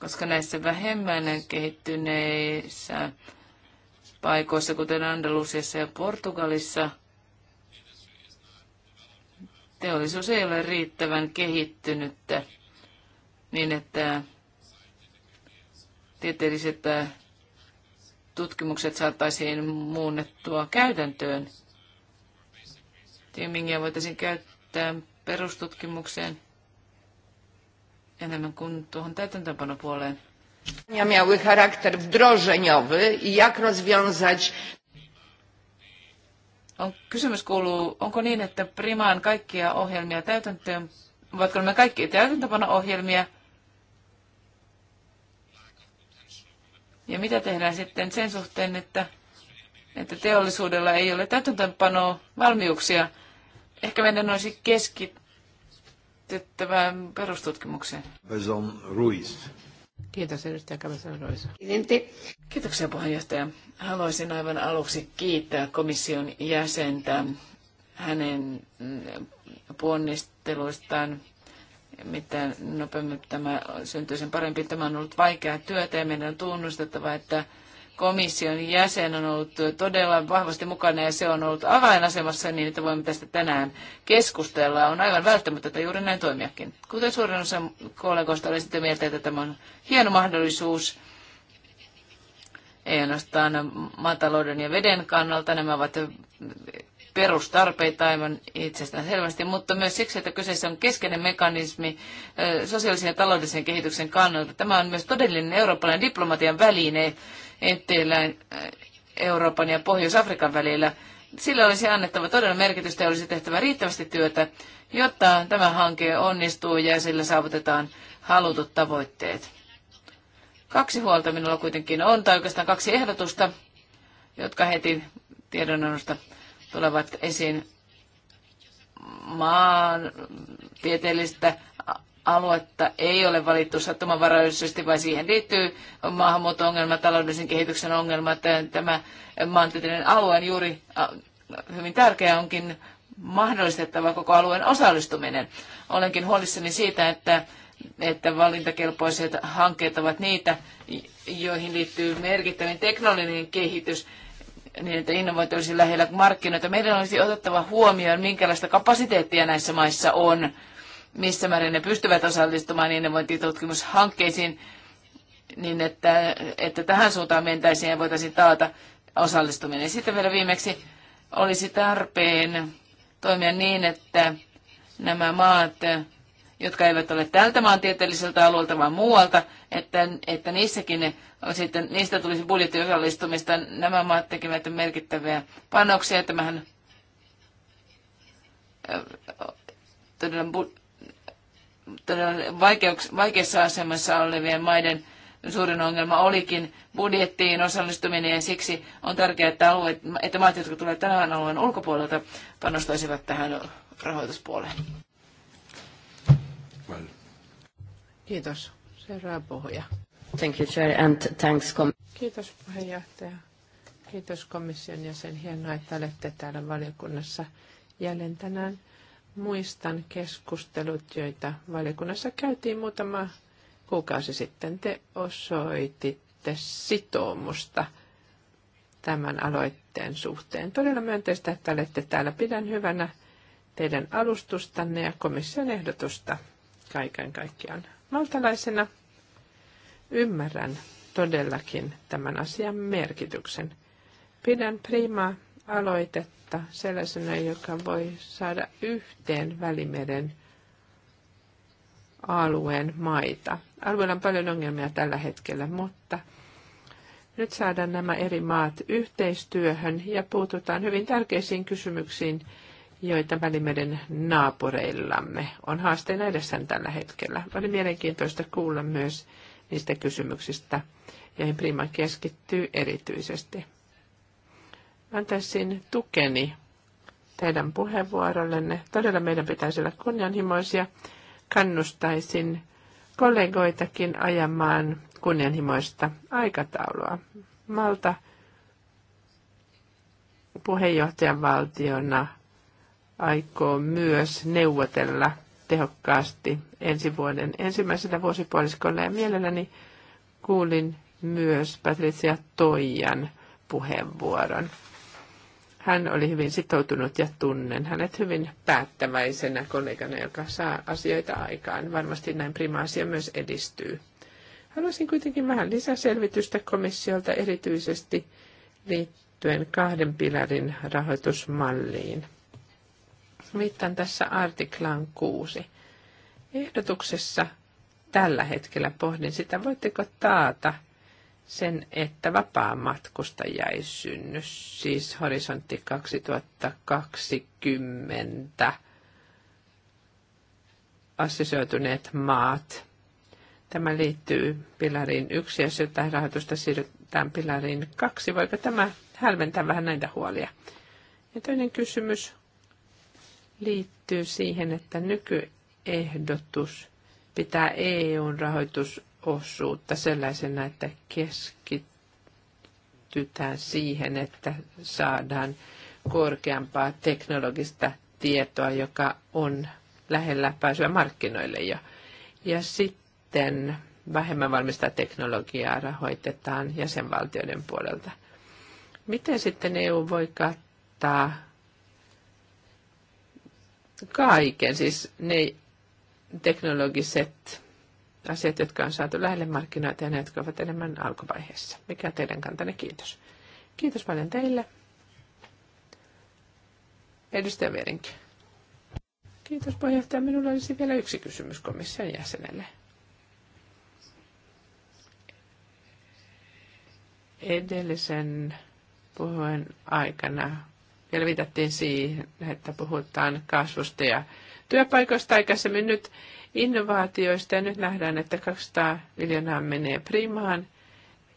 koska näissä vähemmän kehittyneissä paikoissa, kuten Andalusiassa ja Portugalissa, teollisuus ei ole riittävän kehittynyttä niin, että tieteelliset äh, tutkimukset saataisiin muunnettua käytäntöön. Timingia voitaisiin käyttää perustutkimukseen enemmän kuin tuohon täytäntöönpanopuoleen miały charakter wdrożeniowy i jak rozwiązać on, kysymys kuuluu, onko niin, että primaan kaikkia ohjelmia täytäntöön, vaikka me kaikki täytäntöpano ohjelmia? Ja mitä tehdään sitten sen suhteen, että, että teollisuudella ei ole täytäntöpano valmiuksia? Ehkä meidän olisi keskityttävään perustutkimukseen. Ruiz. Kiitos edustaja kavesan Kiitoksia puheenjohtaja. Haluaisin aivan aluksi kiittää komission jäsentä hänen mm, ponnisteluistaan. Mitä nopeammin tämä syntyy, sen parempi. Tämä on ollut vaikeaa työtä ja meidän on tunnustettava, että komission jäsen on ollut todella vahvasti mukana ja se on ollut avainasemassa niin, että voimme tästä tänään keskustella. On aivan välttämätöntä juuri näin toimiakin. Kuten suurin osa kollegoista oli sitä mieltä, että tämä on hieno mahdollisuus. Ei ainoastaan maatalouden ja veden kannalta, nämä ovat perustarpeita aivan itsestään selvästi, mutta myös siksi, että kyseessä on keskeinen mekanismi sosiaalisen ja taloudellisen kehityksen kannalta. Tämä on myös todellinen eurooppalainen diplomatian väline, Etelä-Euroopan ja Pohjois-Afrikan välillä. Sillä olisi annettava todella merkitystä ja olisi tehtävä riittävästi työtä, jotta tämä hanke onnistuu ja sillä saavutetaan halutut tavoitteet. Kaksi huolta minulla kuitenkin on, tai oikeastaan kaksi ehdotusta, jotka heti tiedonannosta tulevat esiin maantieteellistä aluetta ei ole valittu sattumanvaraisesti, vaan siihen liittyy maahanmuutto-ongelma, taloudellisen kehityksen ongelma. Tämä maantieteellinen alue on juuri hyvin tärkeä onkin mahdollistettava koko alueen osallistuminen. Olenkin huolissani siitä, että, että valintakelpoiset hankkeet ovat niitä, joihin liittyy merkittävin teknologinen kehitys niin, että innovointi olisi lähellä markkinoita. Meidän olisi otettava huomioon, minkälaista kapasiteettia näissä maissa on missä määrin ne pystyvät osallistumaan innovointitutkimushankkeisiin, niin että, että tähän suuntaan mentäisiin ja voitaisiin taata osallistuminen. Sitten vielä viimeksi olisi tarpeen toimia niin, että nämä maat, jotka eivät ole tältä maantieteelliseltä alueelta, vaan muualta, että, että niissäkin ne, sitten, niistä tulisi budjettiosallistumista. Nämä maat tekevät merkittäviä panoksia. Tämähän todella vaikeassa asemassa olevien maiden suurin ongelma olikin budjettiin osallistuminen ja siksi on tärkeää, että, alueet, että maat, jotka tulevat tämän alueen ulkopuolelta, panostaisivat tähän rahoituspuoleen. Kiitos. Seuraava puhuja. Thank you, Chair, and thanks. Kiitos puheenjohtaja. Kiitos komission jäsen. Hienoa, että olette täällä valiokunnassa jälleen tänään. Muistan keskustelut, joita valiokunnassa käytiin muutama kuukausi sitten. Te osoititte sitoumusta tämän aloitteen suhteen. Todella myönteistä, että olette täällä. Pidän hyvänä teidän alustustanne ja komission ehdotusta kaiken kaikkiaan. Maltalaisena ymmärrän todellakin tämän asian merkityksen. Pidän primaa aloitetta kautta sellaisena, joka voi saada yhteen Välimeren alueen maita. Alueella on paljon ongelmia tällä hetkellä, mutta nyt saadaan nämä eri maat yhteistyöhön ja puututaan hyvin tärkeisiin kysymyksiin, joita Välimeren naapureillamme on haasteena edessään tällä hetkellä. Oli mielenkiintoista kuulla myös niistä kysymyksistä, joihin Prima keskittyy erityisesti antaisin tukeni teidän puheenvuorollenne. Todella meidän pitäisi olla kunnianhimoisia. Kannustaisin kollegoitakin ajamaan kunnianhimoista aikataulua. Malta puheenjohtajan valtiona aikoo myös neuvotella tehokkaasti ensi vuoden ensimmäisellä vuosipuoliskolla ja mielelläni kuulin myös Patricia Toijan puheenvuoron. Hän oli hyvin sitoutunut ja tunnen hänet hyvin päättäväisenä kollegana, joka saa asioita aikaan. Varmasti näin prima-asia myös edistyy. Haluaisin kuitenkin vähän lisäselvitystä komissiolta erityisesti liittyen kahden pilarin rahoitusmalliin. Viittaan tässä artiklaan 6. Ehdotuksessa tällä hetkellä pohdin sitä, voitteko taata – sen, että vapaa ei synny. Siis horisontti 2020 assisoituneet maat. Tämä liittyy pilariin yksi, jos jotain rahoitusta siirrytään pilariin kaksi. Voiko tämä hälventää vähän näitä huolia? Ja toinen kysymys liittyy siihen, että nykyehdotus pitää EUn rahoitus osuutta sellaisena, että keskitytään siihen, että saadaan korkeampaa teknologista tietoa, joka on lähellä pääsyä markkinoille jo. Ja sitten vähemmän valmista teknologiaa rahoitetaan jäsenvaltioiden puolelta. Miten sitten EU voi kattaa kaiken, siis ne teknologiset asiat, jotka on saatu lähelle markkinoita ja ne, jotka ovat enemmän alkuvaiheessa. Mikä on teidän kantanne? Kiitos. Kiitos paljon teille. Edustaja Verinki. Kiitos puheenjohtaja. Minulla olisi vielä yksi kysymys komission jäsenelle. Edellisen puheen aikana vielä viitattiin siihen, että puhutaan kasvusta ja työpaikoista aikaisemmin nyt innovaatioista ja nyt nähdään, että 200 miljoonaa menee primaan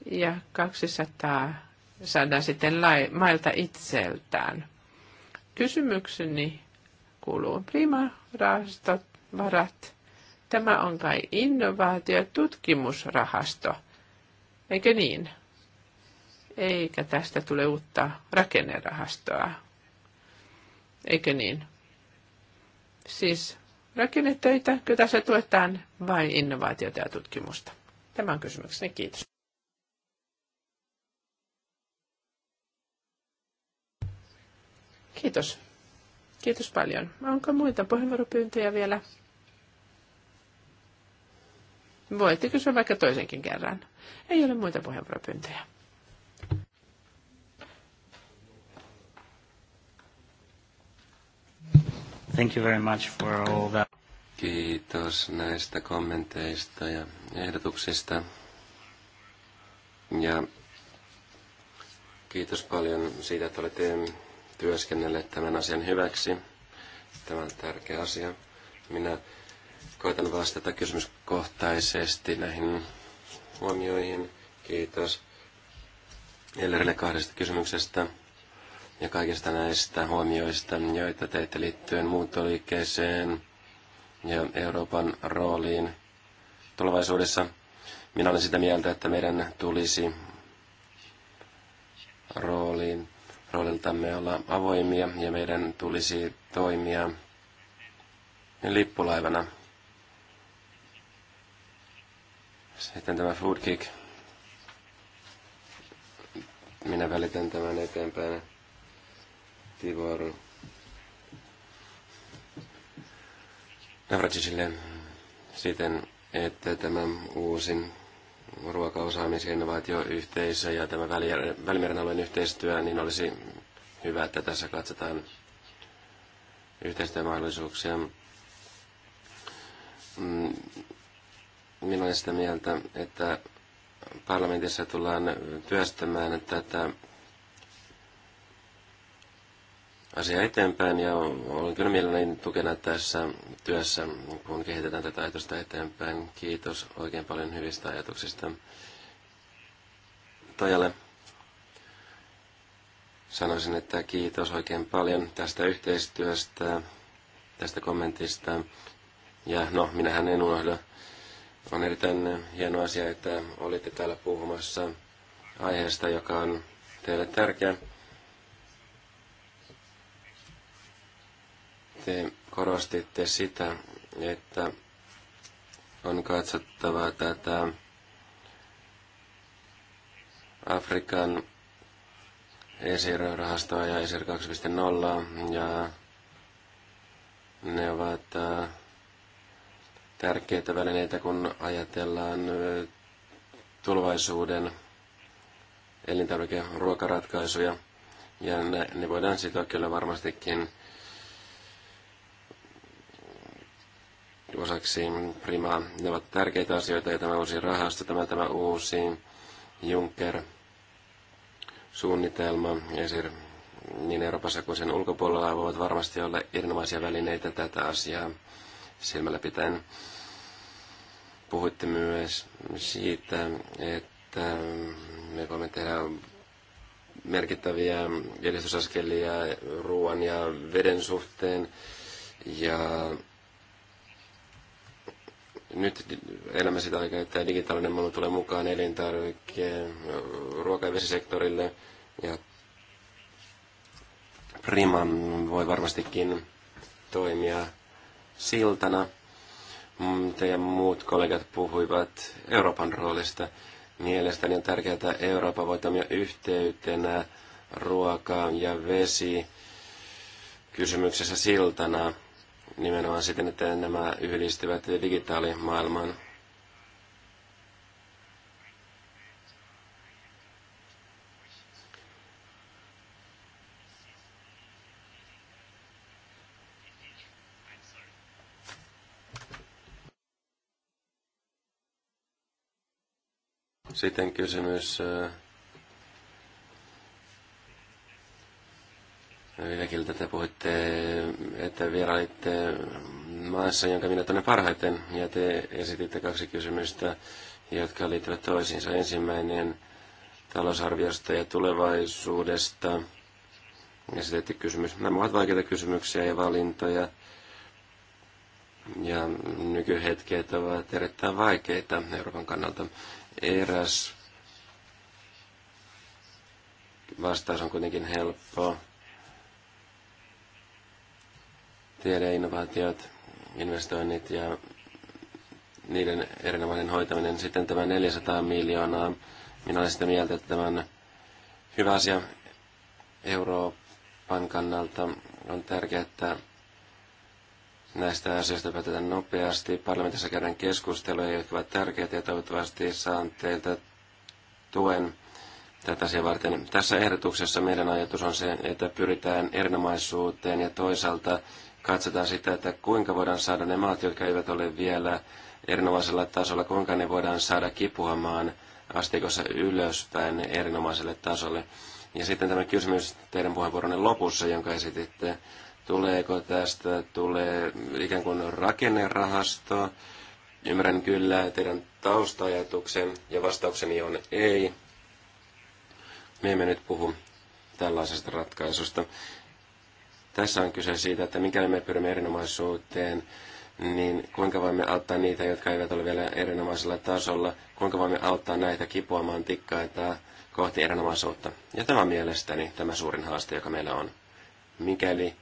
ja 200 saadaan sitten lai, mailta itseltään. Kysymykseni kuuluu prima-rahastot, varat. Tämä on kai innovaatio- ja tutkimusrahasto, eikö niin? Eikä tästä tule uutta rakennerahastoa, eikö niin? Siis rakennetöitä, kun tässä tuetaan vain innovaatiota ja tutkimusta? Tämä on kysymykseni. Kiitos. Kiitos. Kiitos paljon. Onko muita puheenvuoropyyntöjä vielä? Voitte kysyä vaikka toisenkin kerran. Ei ole muita puheenvuoropyyntöjä. Thank you very much for all that. Kiitos näistä kommenteista ja ehdotuksista. Ja kiitos paljon siitä, että olette työskennelleet tämän asian hyväksi. Tämä on tärkeä asia. Minä koitan vastata kysymyskohtaisesti näihin huomioihin. Kiitos Ellerille kahdesta kysymyksestä ja kaikista näistä huomioista, joita teitte liittyen muuttoliikkeeseen ja Euroopan rooliin tulevaisuudessa. Minä olen sitä mieltä, että meidän tulisi rooliin, rooliltamme olla avoimia ja meidän tulisi toimia lippulaivana. Sitten tämä food kick. Minä välitän tämän eteenpäin. Raportti vuoro Navracisille siten, että tämä uusin ruokaosaamisen innovaatioyhteisö ja tämä Välimeren alueen yhteistyö, niin olisi hyvä, että tässä katsotaan yhteistyömahdollisuuksia. Mm, minä olen sitä mieltä, että parlamentissa tullaan työstämään tätä asia eteenpäin ja olen kyllä mielelläni tukena tässä työssä, kun kehitetään tätä ajatusta eteenpäin. Kiitos oikein paljon hyvistä ajatuksista. Tojalle sanoisin, että kiitos oikein paljon tästä yhteistyöstä, tästä kommentista. Ja no, minähän en unohda. On erittäin hieno asia, että olitte täällä puhumassa aiheesta, joka on teille tärkeä. te korostitte sitä, että on katsottava tätä Afrikan ESIR-rahastoa ja ESIR 2.0 ja ne ovat äh, tärkeitä välineitä, kun ajatellaan äh, tulevaisuuden elintarvike- ja ruokaratkaisuja. Ja ne, ne voidaan sitoa kyllä varmastikin osaksi primaa. Ne ovat tärkeitä asioita ja tämä uusi rahasto, tämä, tämä uusi Juncker suunnitelma ESIR niin Euroopassa kuin sen ulkopuolella voivat varmasti olla erinomaisia välineitä tätä asiaa silmällä pitäen. Puhuitte myös siitä, että me voimme tehdä merkittäviä edistysaskelia ruoan ja veden suhteen ja nyt elämä sitä aikaa, että digitaalinen maailma tulee mukaan elintarvikkeen, ruoka- ja vesisektorille. Ja Prima voi varmastikin toimia siltana. Mm, Teidän muut kollegat puhuivat Euroopan roolista. Mielestäni on tärkeää, että Eurooppa voi toimia yhteytenä ruoka- ja vesi kysymyksessä siltana nimenomaan siten, että nämä yhdistyvät digitaalimaailmaan. Sitten kysymys äh, Viime Kiltä te puhuitte, että vierailitte maassa, jonka minä tunnen parhaiten, ja te esititte kaksi kysymystä, jotka liittyvät toisiinsa. Ensimmäinen talousarviosta ja tulevaisuudesta esitettiin kysymys. Nämä ovat vaikeita kysymyksiä ja valintoja, ja nykyhetket ovat erittäin vaikeita Euroopan kannalta. Eräs vastaus on kuitenkin helppo tiede, innovaatiot, investoinnit ja niiden erinomainen hoitaminen. Sitten tämä 400 miljoonaa. Minä olen sitä mieltä, että on hyvä asia Euroopan kannalta on tärkeää, että näistä asioista päätetään nopeasti. Parlamentissa käydään keskusteluja, jotka ovat tärkeitä ja toivottavasti saan teiltä tuen tätä asiaa varten. Tässä ehdotuksessa meidän ajatus on se, että pyritään erinomaisuuteen ja toisaalta katsotaan sitä, että kuinka voidaan saada ne maat, jotka eivät ole vielä erinomaisella tasolla, kuinka ne voidaan saada kipuamaan asteikossa ylöspäin erinomaiselle tasolle. Ja sitten tämä kysymys teidän puheenvuoronne lopussa, jonka esititte, tuleeko tästä, tulee ikään kuin rakennerahasto. Ymmärrän kyllä teidän taustajatuksen ja vastaukseni on ei. Me emme nyt puhu tällaisesta ratkaisusta. Tässä on kyse siitä, että mikäli me pyrimme erinomaisuuteen, niin kuinka voimme auttaa niitä, jotka eivät ole vielä erinomaisella tasolla, kuinka voimme auttaa näitä kipuamaan tikkaita kohti erinomaisuutta. Ja tämä on mielestäni tämä suurin haaste, joka meillä on. Mikäli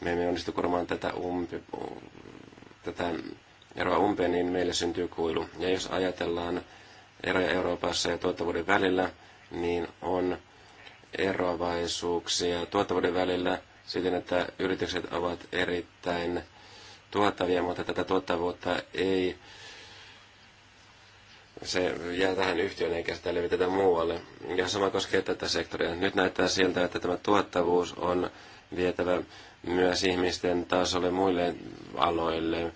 me emme onnistu kurmaan tätä, umpi, tätä eroa umpeen, niin meille syntyy kuilu. Ja jos ajatellaan eroja Euroopassa ja tuottavuuden välillä, niin on eroavaisuuksia tuottavuuden välillä siten, että yritykset ovat erittäin tuottavia, mutta tätä tuottavuutta ei se jää tähän yhtiöön eikä sitä levitetä muualle. Ja sama koskee tätä sektoria. Nyt näyttää siltä, että tämä tuottavuus on vietävä myös ihmisten tasolle muille aloille,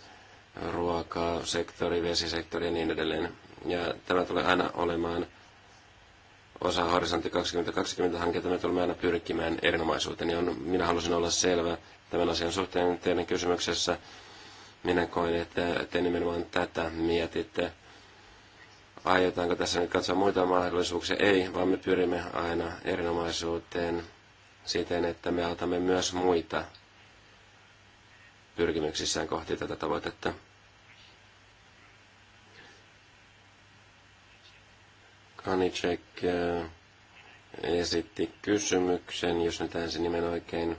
ruokaa, sektori, vesisektori ja niin edelleen. Ja tämä tulee aina olemaan osa Horisontti 2020 hanketta me tulemme aina pyrkimään erinomaisuuteen. Niin on, minä halusin olla selvä tämän asian suhteen teidän kysymyksessä. Minä koin, että te nimenomaan tätä mietitte. Aiotaanko tässä nyt katsoa muita mahdollisuuksia? Ei, vaan me pyrimme aina erinomaisuuteen siten, että me autamme myös muita pyrkimyksissään kohti tätä tavoitetta. Hanicek eh, esitti kysymyksen, jos nyt ensin nimen oikein.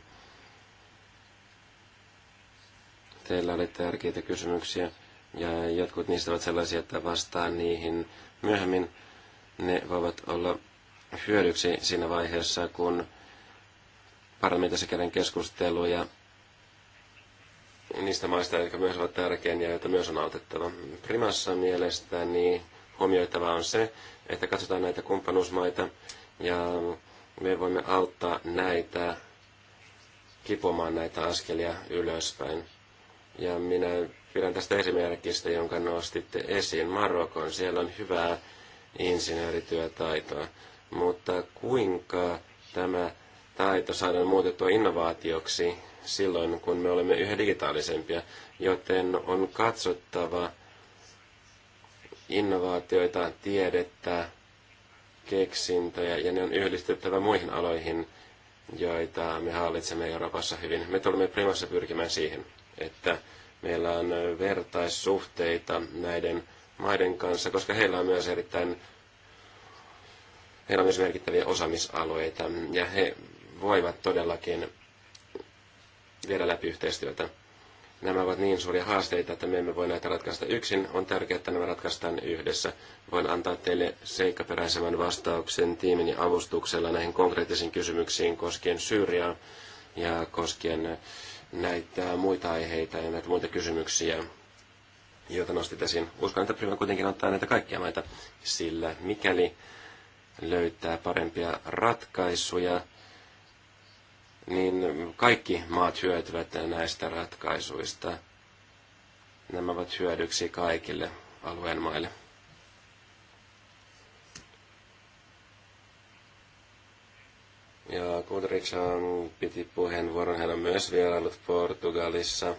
Teillä oli tärkeitä kysymyksiä ja jotkut niistä ovat sellaisia, että vastaan niihin myöhemmin. Ne voivat olla hyödyksi siinä vaiheessa, kun tässä käydään keskusteluja niistä maista, jotka myös ovat tärkeitä ja joita myös on autettava. Primassa mielestäni huomioitava on se, että katsotaan näitä kumppanuusmaita ja me voimme auttaa näitä kipomaan näitä askelia ylöspäin. Ja minä pidän tästä esimerkistä, jonka nostitte esiin Marokon. Siellä on hyvää insinöörityötaitoa, mutta kuinka tämä taito saadaan muutettua innovaatioksi silloin, kun me olemme yhä digitaalisempia, joten on katsottava innovaatioita, tiedettä, keksintöjä, ja ne on yhdistettävä muihin aloihin, joita me hallitsemme Euroopassa hyvin. Me tulemme Primassa pyrkimään siihen, että meillä on vertaissuhteita näiden maiden kanssa, koska heillä on myös erittäin heillä on myös merkittäviä osaamisalueita, ja he voivat todellakin viedä läpi yhteistyötä nämä ovat niin suuria haasteita, että me emme voi näitä ratkaista yksin. On tärkeää, että nämä ratkaistaan yhdessä. Voin antaa teille seikkaperäisemmän vastauksen tiimini avustuksella näihin konkreettisiin kysymyksiin koskien Syyriaa ja koskien näitä muita aiheita ja näitä muita kysymyksiä, joita nostit esiin. Uskon, että Prima kuitenkin ottaa näitä kaikkia maita, sillä mikäli löytää parempia ratkaisuja, niin kaikki maat hyötyvät näistä ratkaisuista. Nämä ovat hyödyksi kaikille alueen maille. Ja Kudrichan piti puheenvuoron, hän on myös vierailut Portugalissa.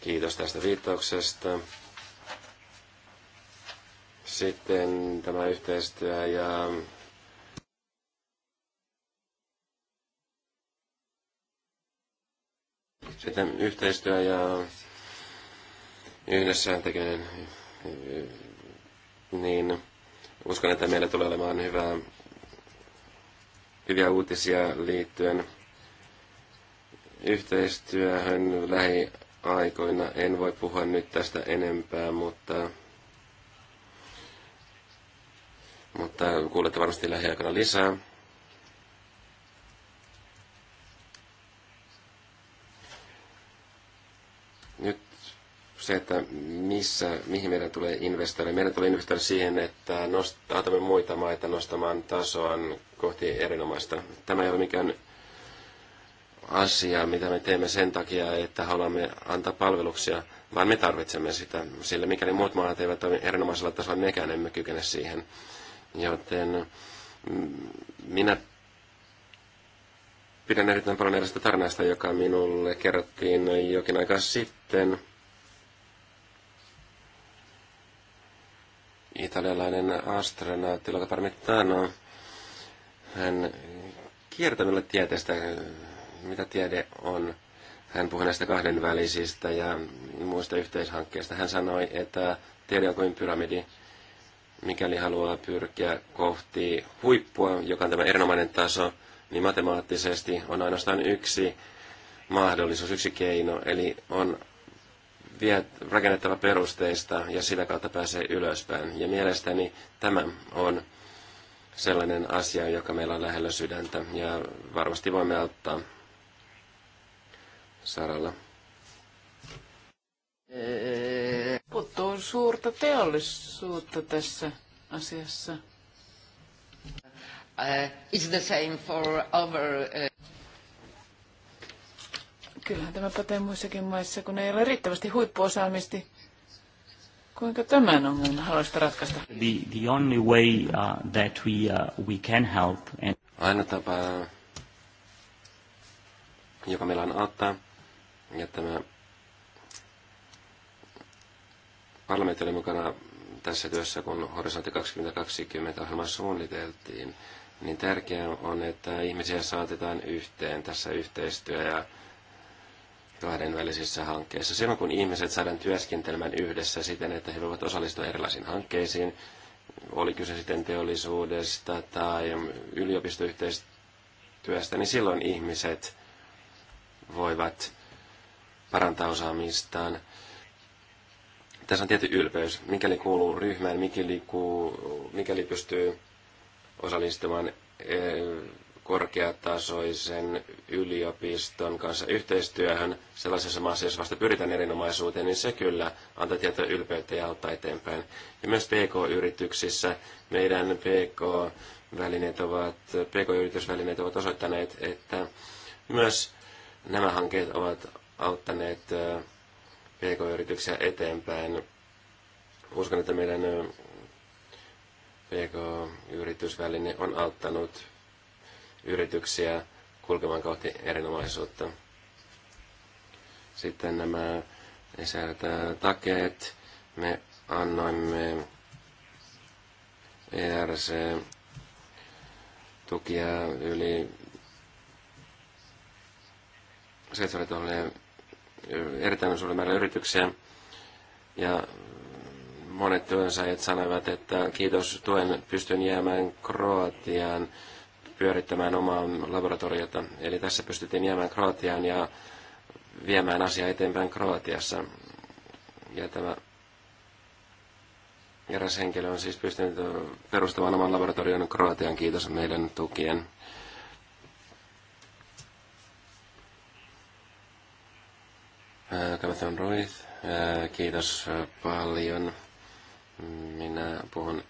Kiitos tästä viittauksesta. Sitten tämä yhteistyö ja Sitten yhteistyö ja yhdessä tekeminen, niin uskon, että meillä tulee olemaan hyvää, hyviä uutisia liittyen yhteistyöhön lähiaikoina. En voi puhua nyt tästä enempää, mutta, mutta kuulette varmasti lähiaikoina lisää. se, että missä, mihin meidän tulee investoida. Meidän tulee investoida siihen, että autamme muita maita nostamaan tasoaan kohti erinomaista. Tämä ei ole mikään asia, mitä me teemme sen takia, että haluamme antaa palveluksia, vaan me tarvitsemme sitä, sillä mikäli muut maat eivät ole erinomaisella tasolla, mekään emme kykene siihen. Joten mm, minä pidän erittäin paljon erästä tarinasta, joka minulle kerrottiin jokin aika sitten – italialainen astronautti Luca Parmitano. Hän minulle tieteestä, mitä tiede on. Hän puhui näistä kahdenvälisistä ja muista yhteishankkeista. Hän sanoi, että tiede on kuin pyramidi, mikäli haluaa pyrkiä kohti huippua, joka on tämä erinomainen taso, niin matemaattisesti on ainoastaan yksi mahdollisuus, yksi keino, eli on vie rakennettava perusteista ja sitä kautta pääsee ylöspäin. Ja mielestäni tämä on sellainen asia, joka meillä on lähellä sydäntä ja varmasti voimme auttaa saralla. Puuttuu suurta teollisuutta tässä asiassa. Uh, it's the same for our, uh... Kyllähän tämä pätee muissakin maissa, kun ei ole riittävästi huippuosaamista. Kuinka tämän on mun ratkaista? The, the only way uh, that we, uh, we can help and... Aina tapa, joka meillä on auttaa, ja tämä parlamentti oli mukana tässä työssä, kun Horisontti 2020 ohjelma suunniteltiin, niin tärkeää on, että ihmisiä saatetaan yhteen tässä yhteistyö ja kahdenvälisissä hankkeissa. Silloin kun ihmiset saadaan työskentelemään yhdessä siten, että he voivat osallistua erilaisiin hankkeisiin, oli kyse sitten teollisuudesta tai yliopistoyhteistyöstä, niin silloin ihmiset voivat parantaa osaamistaan. Tässä on tietty ylpeys. Mikäli kuuluu ryhmään, mikäli, kuuluu, mikäli pystyy osallistumaan eh, korkeatasoisen yliopiston kanssa yhteistyöhön sellaisessa maassa, jos vasta pyritään erinomaisuuteen, niin se kyllä antaa tietoa ylpeyttä ja auttaa eteenpäin. Ja myös PK-yrityksissä meidän PK-välineet ovat, PK-yritysvälineet ovat osoittaneet, että myös nämä hankkeet ovat auttaneet PK-yrityksiä eteenpäin. Uskon, että meidän PK-yritysväline on auttanut yrityksiä kulkemaan kohti erinomaisuutta. Sitten nämä takeet. Me annoimme ERC tukia yli 7000 erittäin suuri määrä yrityksiä. Ja monet työnsäjät sanoivat, että kiitos tuen pystyn jäämään Kroatiaan pyörittämään omaa laboratoriota. Eli tässä pystyttiin jäämään Kroatiaan ja viemään asia eteenpäin Kroatiassa. Ja tämä eräs henkilö on siis pystynyt perustamaan oman laboratorion Kroatian, kiitos meidän tukien. Kavathon Roith, kiitos paljon. Minä puhun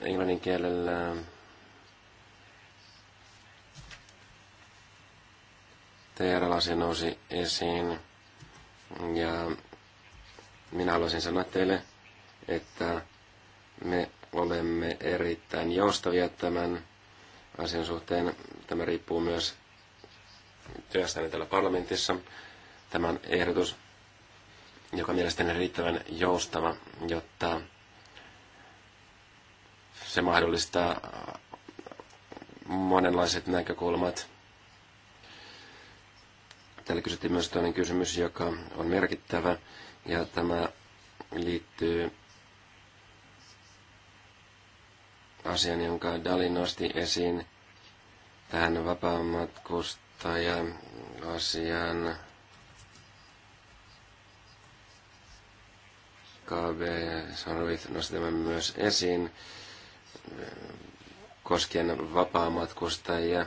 englannin kielellä TRL-asia nousi esiin. Ja minä haluaisin sanoa teille, että me olemme erittäin joustavia tämän asian suhteen. Tämä riippuu myös työstäni täällä parlamentissa. Tämä on ehdotus, joka mielestäni on riittävän joustava, jotta se mahdollistaa äh, monenlaiset näkökulmat. Täällä kysyttiin myös toinen kysymys, joka on merkittävä, ja tämä liittyy asian, jonka Dali nosti esiin tähän vapaamatkustajan asian KB Sanrovit nosti tämän myös esiin koskien vapaamatkustajia.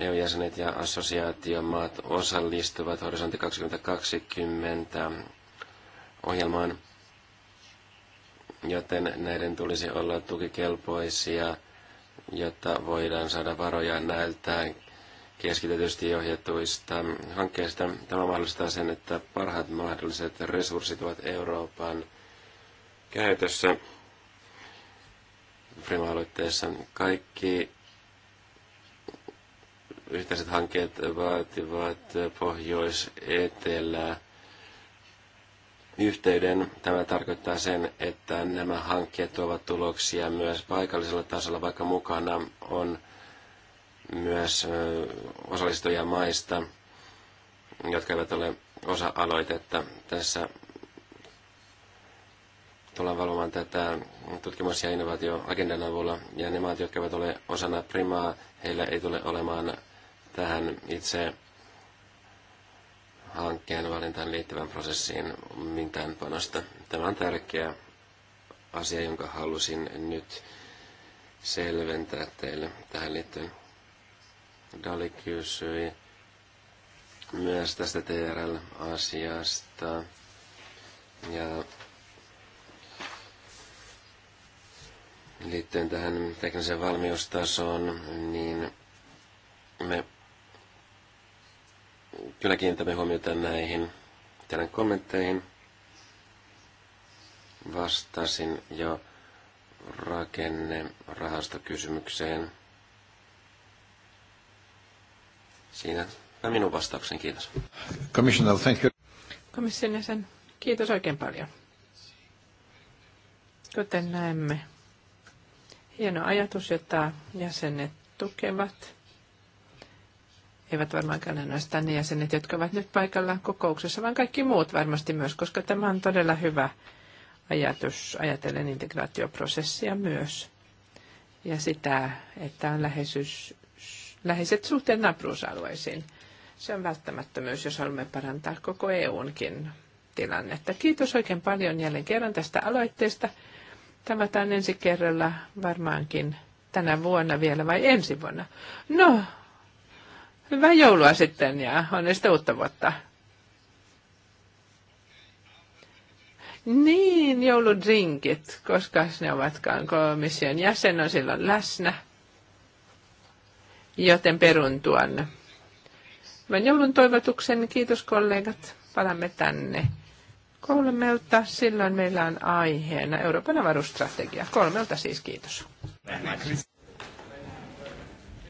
EU-jäsenet ja assosiaatiomaat osallistuvat Horisontti 2020 ohjelmaan, joten näiden tulisi olla tukikelpoisia, jotta voidaan saada varoja näiltä keskitetysti ohjatuista hankkeista. Tämä mahdollistaa sen, että parhaat mahdolliset resurssit ovat Euroopan käytössä Prima-aloitteessa kaikki yhteiset hankkeet vaativat pohjois-etelää yhteyden. Tämä tarkoittaa sen, että nämä hankkeet tuovat tuloksia myös paikallisella tasolla, vaikka mukana on myös osallistujamaista, jotka eivät ole osa aloitetta. Tässä tullaan valvomaan tätä tutkimus- ja innovaatioagendan avulla. Ja ne maat, jotka eivät ole osana primaa, heillä ei tule olemaan tähän itse hankkeen valintaan liittyvän prosessiin mitään panosta. Tämä on tärkeä asia, jonka halusin nyt selventää teille tähän liittyen. Dali kysyi myös tästä TRL-asiasta. Ja liittyen tähän teknisen valmiustasoon, niin me kyllä kiinnitämme huomiota näihin teidän kommentteihin. Vastasin jo rakenne rahastokysymykseen. Siinä Tämä minun vastauksen, kiitos. Commissioner, thank you. Komission jäsen, kiitos oikein paljon. Kuten näemme, hieno ajatus, jota jäsenet tukevat. Eivät varmaankaan ainoastaan ne jäsenet, jotka ovat nyt paikallaan kokouksessa, vaan kaikki muut varmasti myös, koska tämä on todella hyvä ajatus ajatellen integraatioprosessia myös. Ja sitä, että on läheisyys, läheiset suhteen naapuruusalueisiin. Se on välttämättömyys, jos haluamme parantaa koko EUnkin tilannetta. Kiitos oikein paljon jälleen kerran tästä aloitteesta. Tavataan ensi kerralla varmaankin tänä vuonna vielä vai ensi vuonna. No, hyvää joulua sitten ja onnesta uutta vuotta. Niin, jouludrinkit, koska ne ovatkaan komission jäsen on silloin läsnä. Joten perun tuon. joulun toivotuksen. Kiitos kollegat. Palamme tänne. Kolmelta, silloin meillä on aiheena Euroopan avaruusstrategia. Kolmelta siis kiitos.